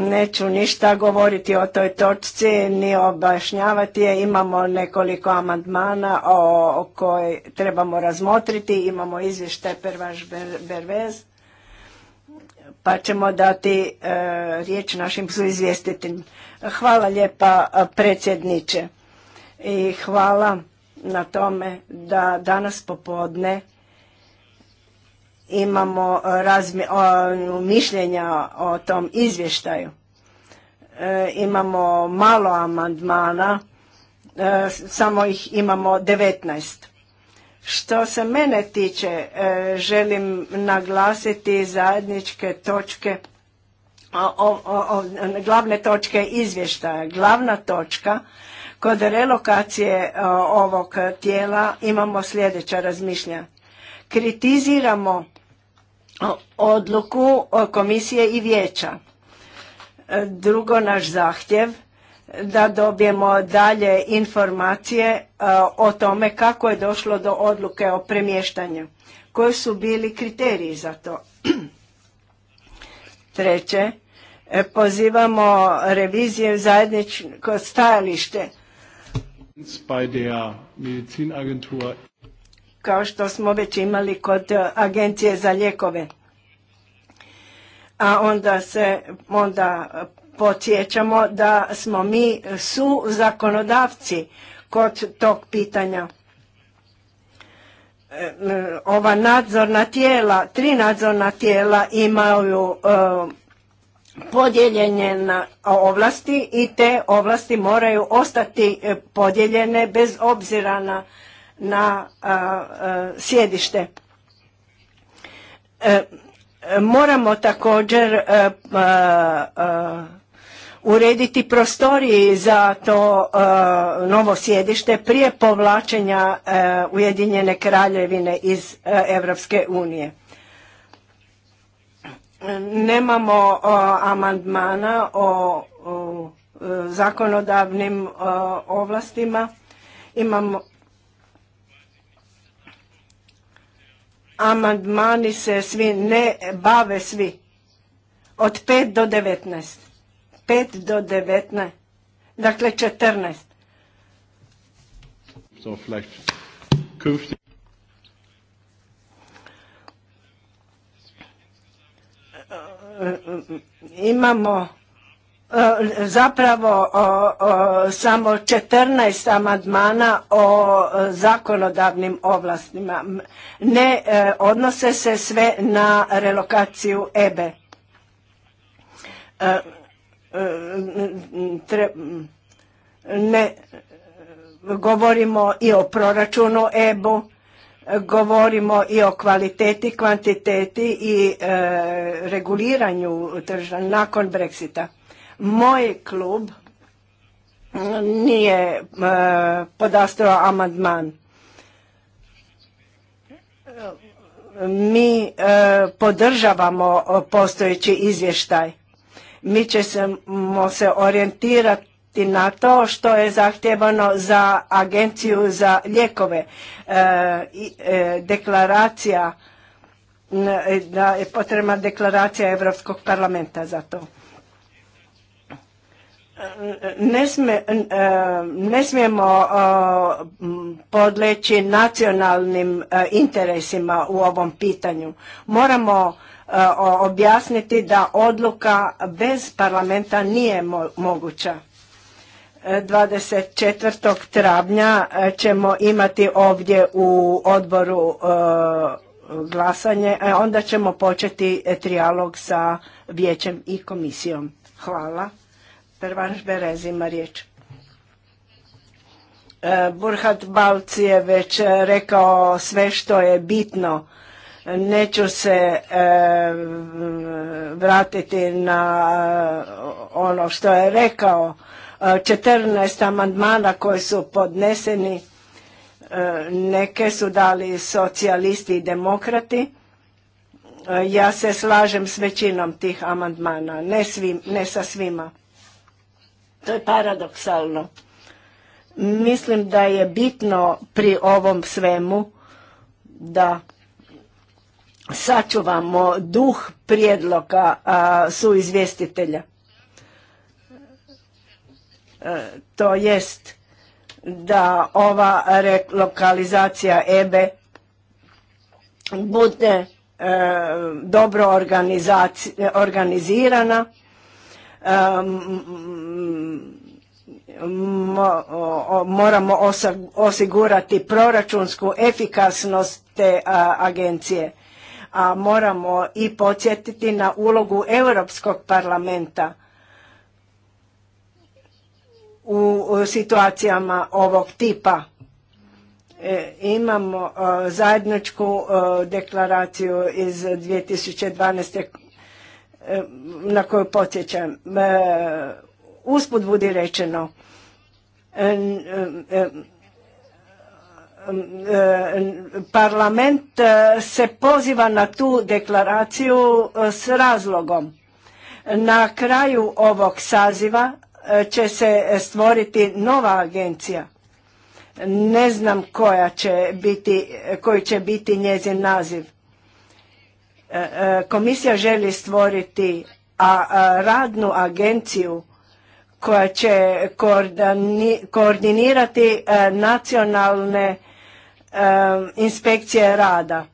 Neću ništa govoriti o toj točci, ni objašnjavati je. Imamo nekoliko amandmana o, koje trebamo razmotriti. Imamo izvještaj Pervaš Bervez pa ćemo dati e, riječ našim suizvjestitim. Hvala lijepa e, predsjedniče i hvala na tome da danas popodne imamo razmi, o, mišljenja o tom izvještaju. E, imamo malo amandmana, samo ih imamo devetnaest. Što se mene tiče, e, želim naglasiti zajedničke točke, o, o, o, glavne točke izvještaja. Glavna točka kod relokacije e, ovog tijela imamo sljedeća razmišlja. Kritiziramo e, odluku komisije i vijeća. Drugo, naš zahtjev da dobijemo dalje informacije e, o tome kako je došlo do odluke o premještanju. Koji su bili kriteriji za to? [clears throat] Treće, e, pozivamo revizije zajedničko stajalište. Kao što smo već imali kod agencije za lijekove. A onda se onda Podsjećamo da smo mi su zakonodavci kod tog pitanja. E, ova nadzorna tijela, tri nadzorna tijela imaju e, podijeljene ovlasti i te ovlasti moraju ostati e, podijeljene bez obzira na, na sjedište. moramo također pa, urediti prostoriji za to e, novo sjedište prije povlačenja e, Ujedinjene kraljevine iz Europske unije. Nemamo e, amandmana o, zakonodavnim ovlastima. Imamo amandmani se svi ne bave svi od 5 do 19. 5 do 19, dakle 14. So, vielleicht künftig. Imamo e, zapravo samo 14 amandmana o e, zakonodavnim ovlastima. Ne e, odnose se sve na relokaciju EBE tre, ne govorimo i o proračunu EBU, govorimo i o kvaliteti, kvantiteti i e, reguliranju nakon Brexita. Moj klub nije e, podastro amandman. Mi e, podržavamo postojeći izvještaj mi ćemo se orijentirati na to što je zahtjevano za agenciju za lijekove. E, e, deklaracija e, da je potrebna deklaracija Europskog parlamenta za to. Ne, ne smijemo podleći nacionalnim interesima u ovom pitanju. Moramo objasniti da odluka bez parlamenta nije moguća. 24. E, travnja e, ćemo imati ovdje u odboru e, glasanje, a onda ćemo početi trijalog sa vijećem i komisijom. Hvala. Pervanš Berez ima riječ. Burhat Balc je već rekao sve što je bitno Neću se e, vratiti na e, ono što je rekao. 14 e, amandmana koji su podneseni, neke su dali socijalisti i demokrati. Ja se slažem s većinom tih amandmana, ne, svim, ne sa svima. To je paradoksalno. Mislim da je bitno pri ovom svemu da sačuvamo duh prijedloga su izvjestitelja. E, to jest da ova relokalizacija EBE e bude e, dobro organizirana, moramo osigurati proračunsku efikasnost te agencije a moramo i podsjetiti na ulogu Europskog parlamenta u situacijama ovog tipa. E, imamo e, zajedničku e, deklaraciju iz 2012. na koju podsjećam. Usput budi rečeno, parlament e, se poziva na tu deklaraciju e, s razlogom. Na kraju ovog saziva e, će se stvoriti nova agencija. Ne znam koja će biti, koji će biti njezin naziv. Komisija želi stvoriti radnu agenciju koja će koordinirati nacionalne inspekcije rada.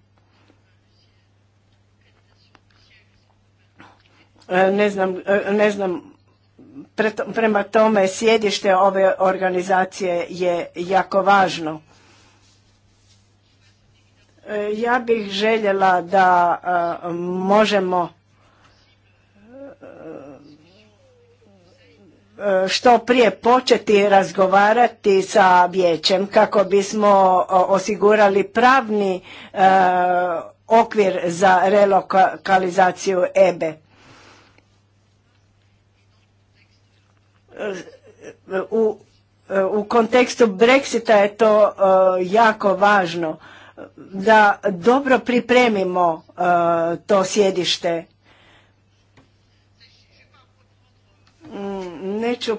Ne znam, ne znam prema tome sjedište ove organizacije je jako važno. Ja bih željela da možemo E, što prije početi razgovarati sa vijećem kako bismo osigurali pravni e, okvir za relokalizaciju EBE. E, u, u kontekstu Brexita je to jako važno da dobro pripremimo to sjedište Mm, neću...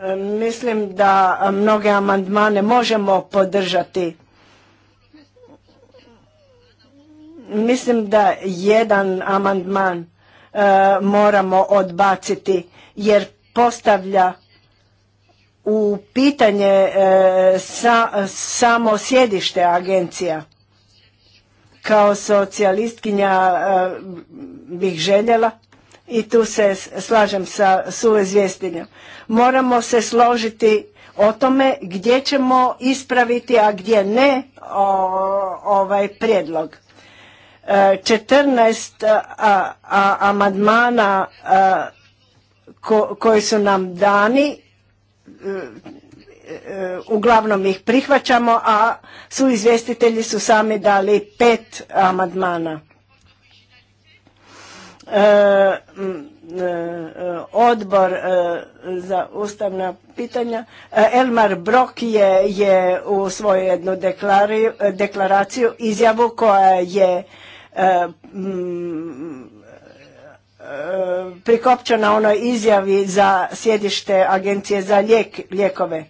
E, mislim da mnoge amandmane možemo podržati. Mislim da jedan amandman e, moramo odbaciti jer postavlja u pitanje e, samo sjedište agencija. Kao socijalistkinja e, bih željela i tu se slažem sa suvezvjestinjem. Moramo se složiti o tome gdje ćemo ispraviti, a gdje ne ovaj prijedlog. 14 e, a, amandmana koji su nam dani e, E, uglavnom ih prihvaćamo, a su izvjestitelji su sami dali pet amandmana. E, e, odbor za ustavna pitanja. Elmar Brok je, je u svoju jednu deklaraciju, izjavu koja je prikopčena onoj izjavi za sjedište Agencije za lijek, lijekove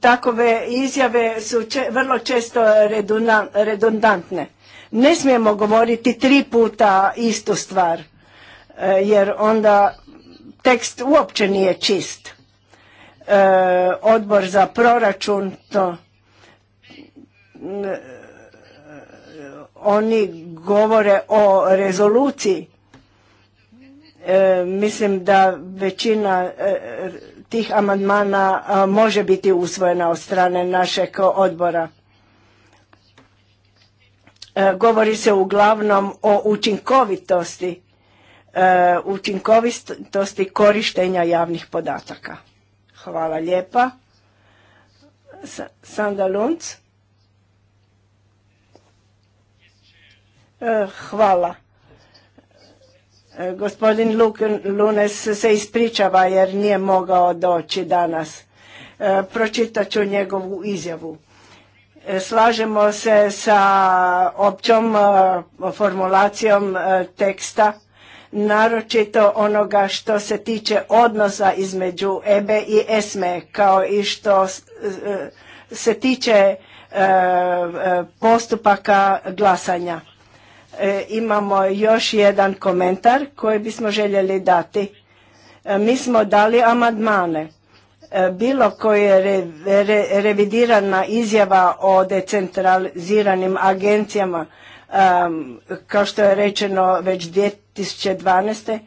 takove izjave su vrlo često redundantne. Ne smijemo govoriti tri puta istu stvar, e, jer onda tekst uopće nije čist. E, Odbor za proračun, to, e, oni govore o rezoluciji, E, mislim da većina e, tih amandmana e, može biti usvojena od strane našeg odbora. Govori se uglavnom o učinkovitosti, učinkovitosti korištenja javnih podataka. Hvala lijepa. Sanda Lunc. Hvala. Gospodin Lunes se ispričava jer nije mogao doći danas. E, pročitat ću njegovu izjavu. E, slažemo se sa općom e, formulacijom teksta, naročito onoga što se tiče odnosa između EBE i ESME, kao i što se tiče postupaka glasanja. E, imamo još jedan komentar koji bismo željeli dati. E, mi smo dali amandmane. E, bilo koje je revidirana izjava o decentraliziranim agencijama, kao što je rečeno već 2012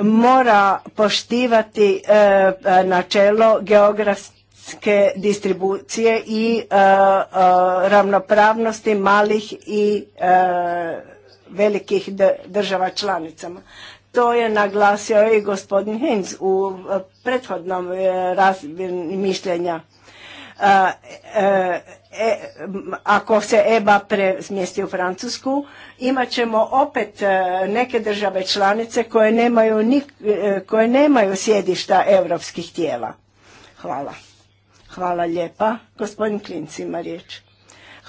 mora poštivati načelo geografske distribucije i ravnopravnosti malih i velikih država članicama. To je naglasio i gospodin Hinz u e, prethodnom e, mišljenja. E, ako se EBA smjesti u Francusku, imat ćemo opet neke države članice koje nemaju, koje nemaju sjedišta europskih tijela. Hvala. Hvala lijepa. Gospodin Klinc ima riječ.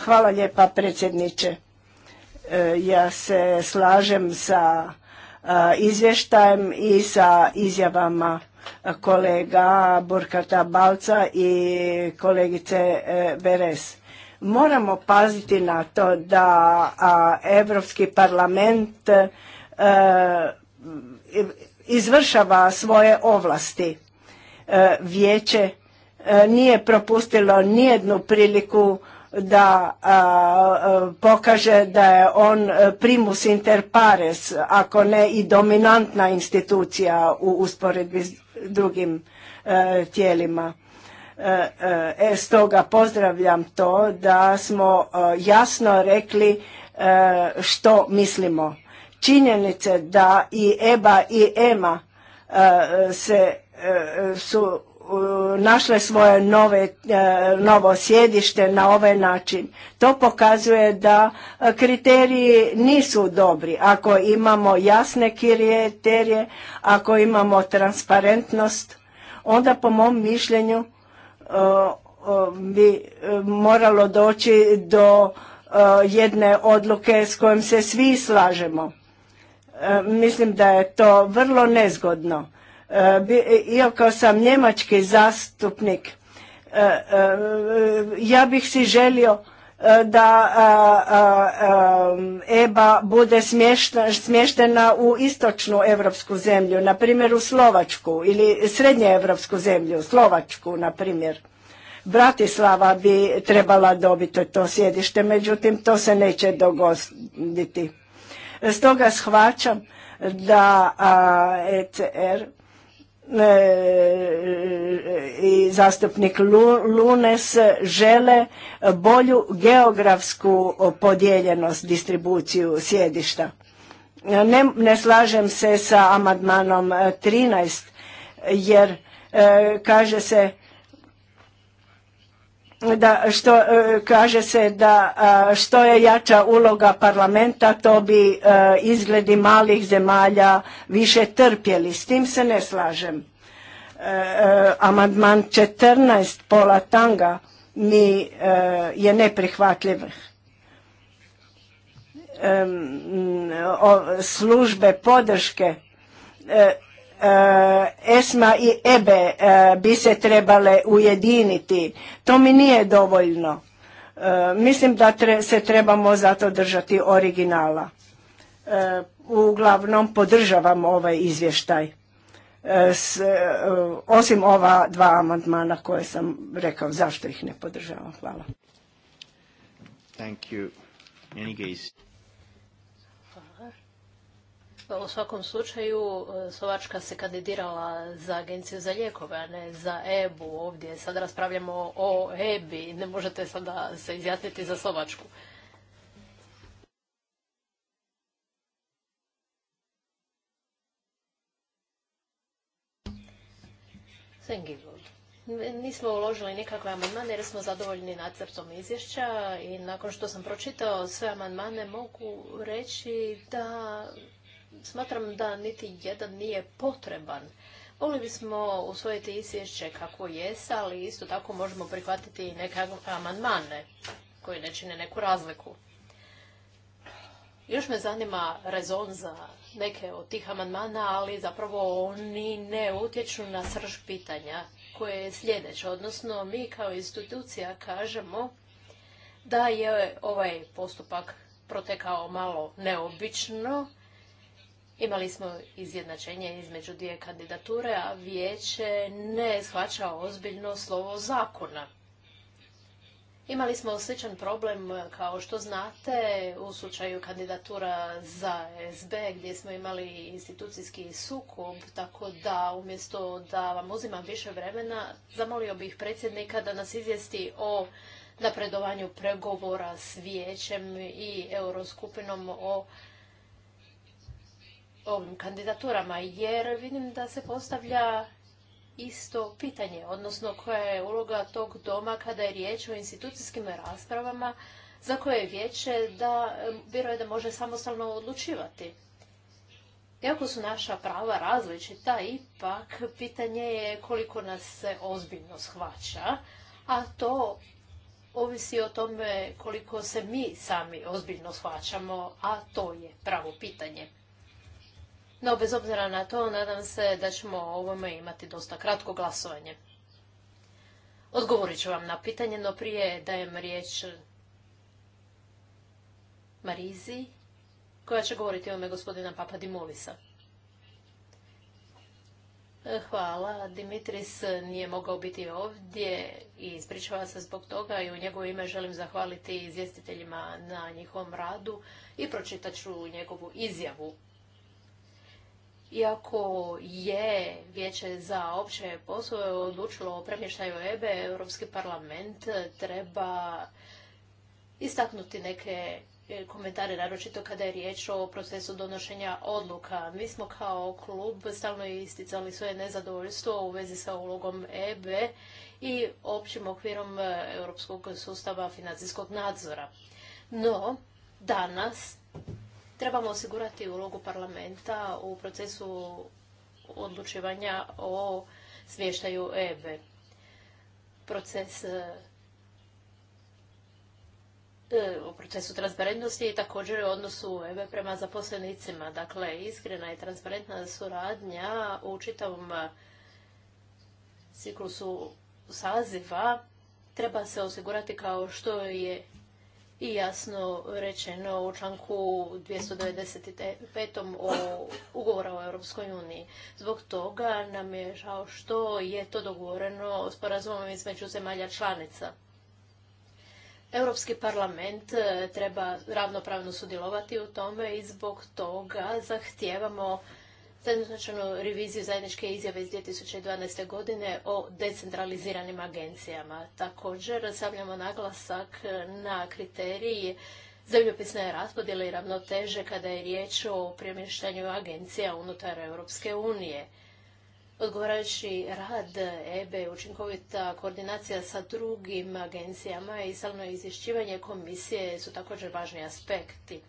Hvala lijepa predsjedniče. E, ja se slažem sa e, izvještajem i sa izjavama e, kolega Burkata Balca i kolegice Beres. Moramo paziti na to da Europski parlament izvršava svoje ovlasti. Vijeće nije propustilo nijednu priliku da pokaže da je on e, primus inter pares, ako ne i dominantna institucija u usporedbi s drugim e, tijelima. E, e, stoga pozdravljam to da smo jasno rekli što mislimo. Činjenice da i EBA i EMA se su našle svoje nove, e, novo sjedište na ovaj način. To pokazuje da kriteriji nisu dobri. Ako imamo jasne kriterije, ako imamo transparentnost, onda po mom mišljenju e, bi e, moralo doći do jedne odluke s kojom se svi slažemo. Mislim da je to vrlo nezgodno E, iako sam njemački zastupnik, e, e, ja bih si želio da EBA bude smještena u istočnu evropsku zemlju, na primjer u Slovačku ili srednje evropsku zemlju, Slovačku na primjer. Bratislava bi trebala dobiti to sjedište, međutim to se neće dogoditi. Stoga shvaćam da ECR E, i zastupnik Lunes žele bolju geografsku podijeljenost distribuciju sjedišta. E, ne, slažem se sa amadmanom 13 e, jer kaže se da što e, kaže se da e, što je jača uloga parlamenta to bi e, izgledi malih zemalja više trpjeli s tim se ne slažem amandman 14 pola tanga mi je neprihvatljiv službe podrške Eh, ESMA i EBE eh, bi se trebale ujediniti. To mi nije dovoljno. Eh, mislim da se trebamo zato držati originala. Uglavnom podržavam ovaj izvještaj. osim ova dva amandmana koje sam rekao zašto ih ne podržavam. Hvala. Pa u svakom slučaju, e, Slovačka se kandidirala za agenciju za lijekove, a ne za EBU. Ovdje sad raspravljamo o EBI, ne možete sada se izjasniti za Slovačku. Nismo uložili nikakve amandmane jer smo zadovoljni nacrtom izvješća i nakon što sam pročitao sve amandmane mogu reći da smatram da niti jedan nije potreban. Mogli bismo usvojiti izvješće kako jes, ali isto tako možemo prihvatiti i neke amandmane koji ne čine neku razliku. Još me zanima rezon za neke od tih amandmana, ali zapravo oni ne utječu na srž pitanja koje je sljedeće. Odnosno, mi kao institucija kažemo da je ovaj postupak protekao malo neobično Imali smo izjednačenje između dvije kandidature, a vijeće ne shvaća ozbiljno slovo zakona. Imali smo sličan problem, kao što znate, u slučaju kandidatura za SB, gdje smo imali institucijski sukob, tako da umjesto da vam uzimam više vremena, zamolio bih predsjednika da nas izvijesti o napredovanju pregovora s vijećem i euroskupinom o ovim kandidaturama, jer vidim da se postavlja isto pitanje, odnosno koja je uloga tog doma kada je riječ o institucijskim raspravama za koje je vijeće da je da može samostalno odlučivati. Iako su naša prava različita, ipak pitanje je koliko nas se ozbiljno shvaća, a to ovisi o tome koliko se mi sami ozbiljno shvaćamo, a to je pravo pitanje. No, bez obzira na to, nadam se da ćemo ovome imati dosta kratko glasovanje. Odgovorit ću vam na pitanje, no prije dajem riječ Marizi, koja će govoriti ome gospodina Papadimulisa. Hvala. Dimitris nije mogao biti ovdje i ispričava se zbog toga i u njegovo ime želim zahvaliti izvjestiteljima na njihovom radu i pročitat njegovu izjavu. Iako je Vijeće za opće poslove odlučilo o premještaju EBE, e, Europski parlament treba istaknuti neke e, komentare, naročito kada je riječ o procesu donošenja odluka. Mi smo kao klub stalno isticali svoje nezadovoljstvo u vezi sa ulogom EBE e i općim okvirom europskog sustava financijskog nadzora. No, danas trebamo osigurati ulogu parlamenta u procesu odlučivanja o smještaju EBE. Proces e, e, u procesu transparentnosti i također u odnosu EBE prema zaposlenicima. Dakle, iskrena i transparentna suradnja u čitavom e, ciklusu saziva treba se osigurati kao što je i jasno rečeno u članku 295. o ugovora o Europskoj uniji. Zbog toga nam je žao što je to dogovoreno sporazumom između zemalja članica. Europski parlament e, treba ravnopravno sudjelovati u tome i zbog toga zahtijevamo trenutačnu reviziju zajedničke izjave iz 2012. godine o decentraliziranim agencijama. Također stavljamo naglasak na kriteriji zemljopisne raspodjele i ravnoteže kada je riječ o premještanju agencija unutar Europske unije. Odgovarajući rad EBE, učinkovita koordinacija sa drugim agencijama i stalno izvješćivanje komisije su također važni aspekti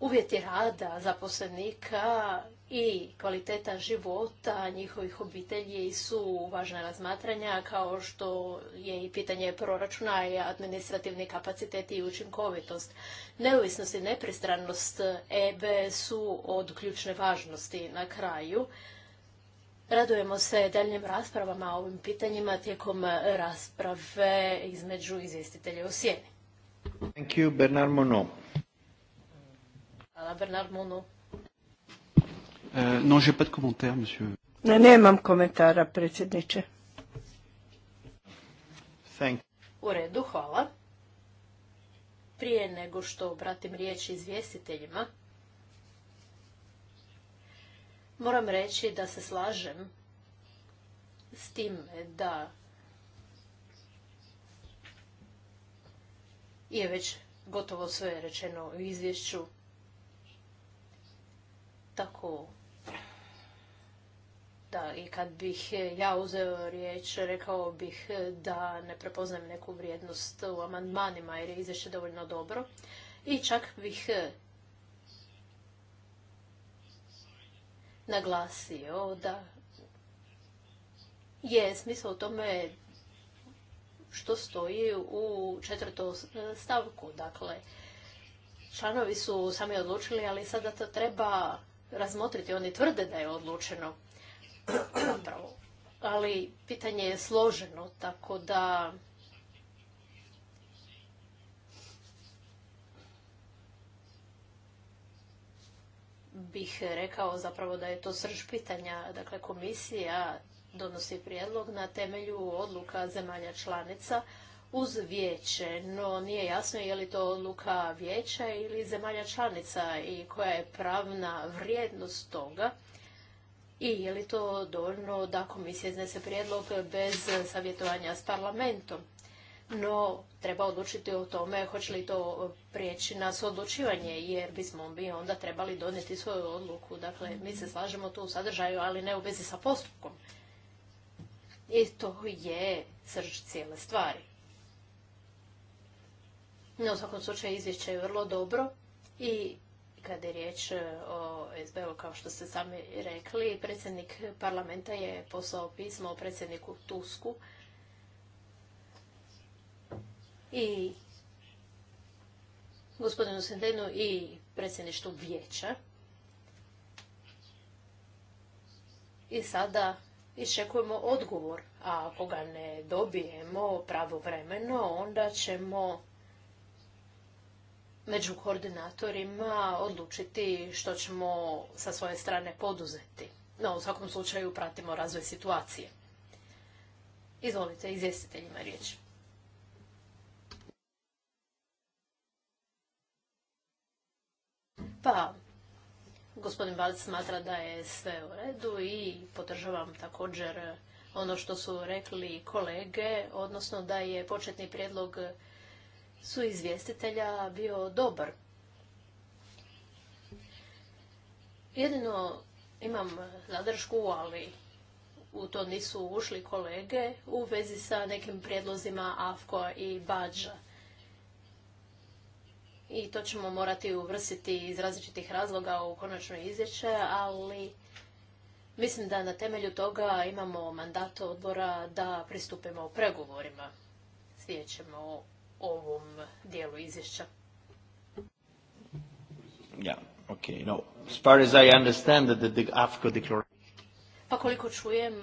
uvjeti rada zaposlenika i kvaliteta života njihovih obitelji su važna razmatranja kao što je i pitanje proračuna i administrativni kapacitet i učinkovitost. Neovisnost i nepristranost EBE su od ključne važnosti na kraju. Radujemo se daljnjim raspravama o ovim pitanjima tijekom rasprave između izvjestitelja u sjeni. Bernard Monod. Hvala Bernard Monod. Euh, non, j'ai pas de commentaire, monsieur. Ne, nemam komentara, predsjedniče. Thank. U redu, hvala. Prije nego što obratim riječ izvjestiteljima, moram reći da se slažem s tim da je već gotovo sve rečeno u izvješću tako da i kad bih ja uzeo riječ, rekao bih da ne prepoznajem neku vrijednost u amandmanima jer je izvješće dovoljno dobro. I čak bih naglasio da je smisao u tome što stoji u četvrtom stavku. Dakle, članovi su sami odlučili, ali sada to treba razmotriti. Oni tvrde da je odlučeno zapravo. Ali pitanje je složeno, tako da bih rekao zapravo da je to srž pitanja. Dakle, komisija donosi prijedlog na temelju odluka zemalja članica, uz vijeće, no nije jasno je li to odluka vijeća ili zemalja članica i koja je pravna vrijednost toga i je li to dovoljno da komisija iznese prijedlog bez savjetovanja s parlamentom. No, treba odlučiti o tome hoće li to prijeći na odlučivanje, jer bismo bi onda trebali donijeti svoju odluku. Dakle, mi se slažemo tu u sadržaju, ali ne u vezi sa postupkom. I to je srž cijele stvari. No, u svakom slučaju izvješće je vrlo dobro i kada je riječ e, o SBO, kao što ste sami rekli, predsjednik parlamenta je poslao pismo o predsjedniku Tusku i gospodinu Sendenu i predsjedništvu vijeća. I sada iščekujemo odgovor, a ako ga ne dobijemo pravovremeno, onda ćemo među koordinatorima odlučiti što ćemo sa svoje strane poduzeti. No, u svakom slučaju pratimo razvoj situacije. Izvolite, izvjestiteljima riječ. Pa, gospodin Balic smatra da je sve u redu i podržavam također ono što su rekli kolege, odnosno da je početni prijedlog su izvjestitelja bio dobar. Jedino imam zadršku, ali u to nisu ušli kolege u vezi sa nekim prijedlozima Afko i Bađa. I to ćemo morati uvrstiti iz različitih razloga u konačno izvješće, ali mislim da na temelju toga imamo mandat odbora da pristupimo pregovorima Svijećemo ovom dijelu izvješća. Pa koliko čujem,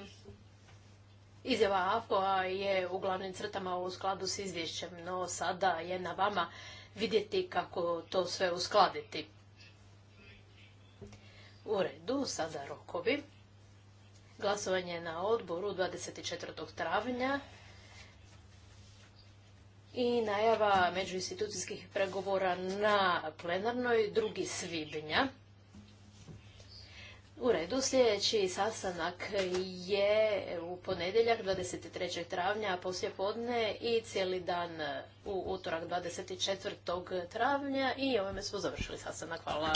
izjava AFCO je u glavnim crtama u skladu s izvješćem, no sada je na vama vidjeti kako to sve uskladiti. U redu, sada rokovi. Glasovanje na odboru 24. travnja i najava međuinstitucijskih pregovora na plenarnoj drugi svibnja. U redu sljedeći sastanak je u ponedjeljak 23. travnja poslje podne i cijeli dan u utorak 24. travnja i ovime smo završili sastanak. Hvala.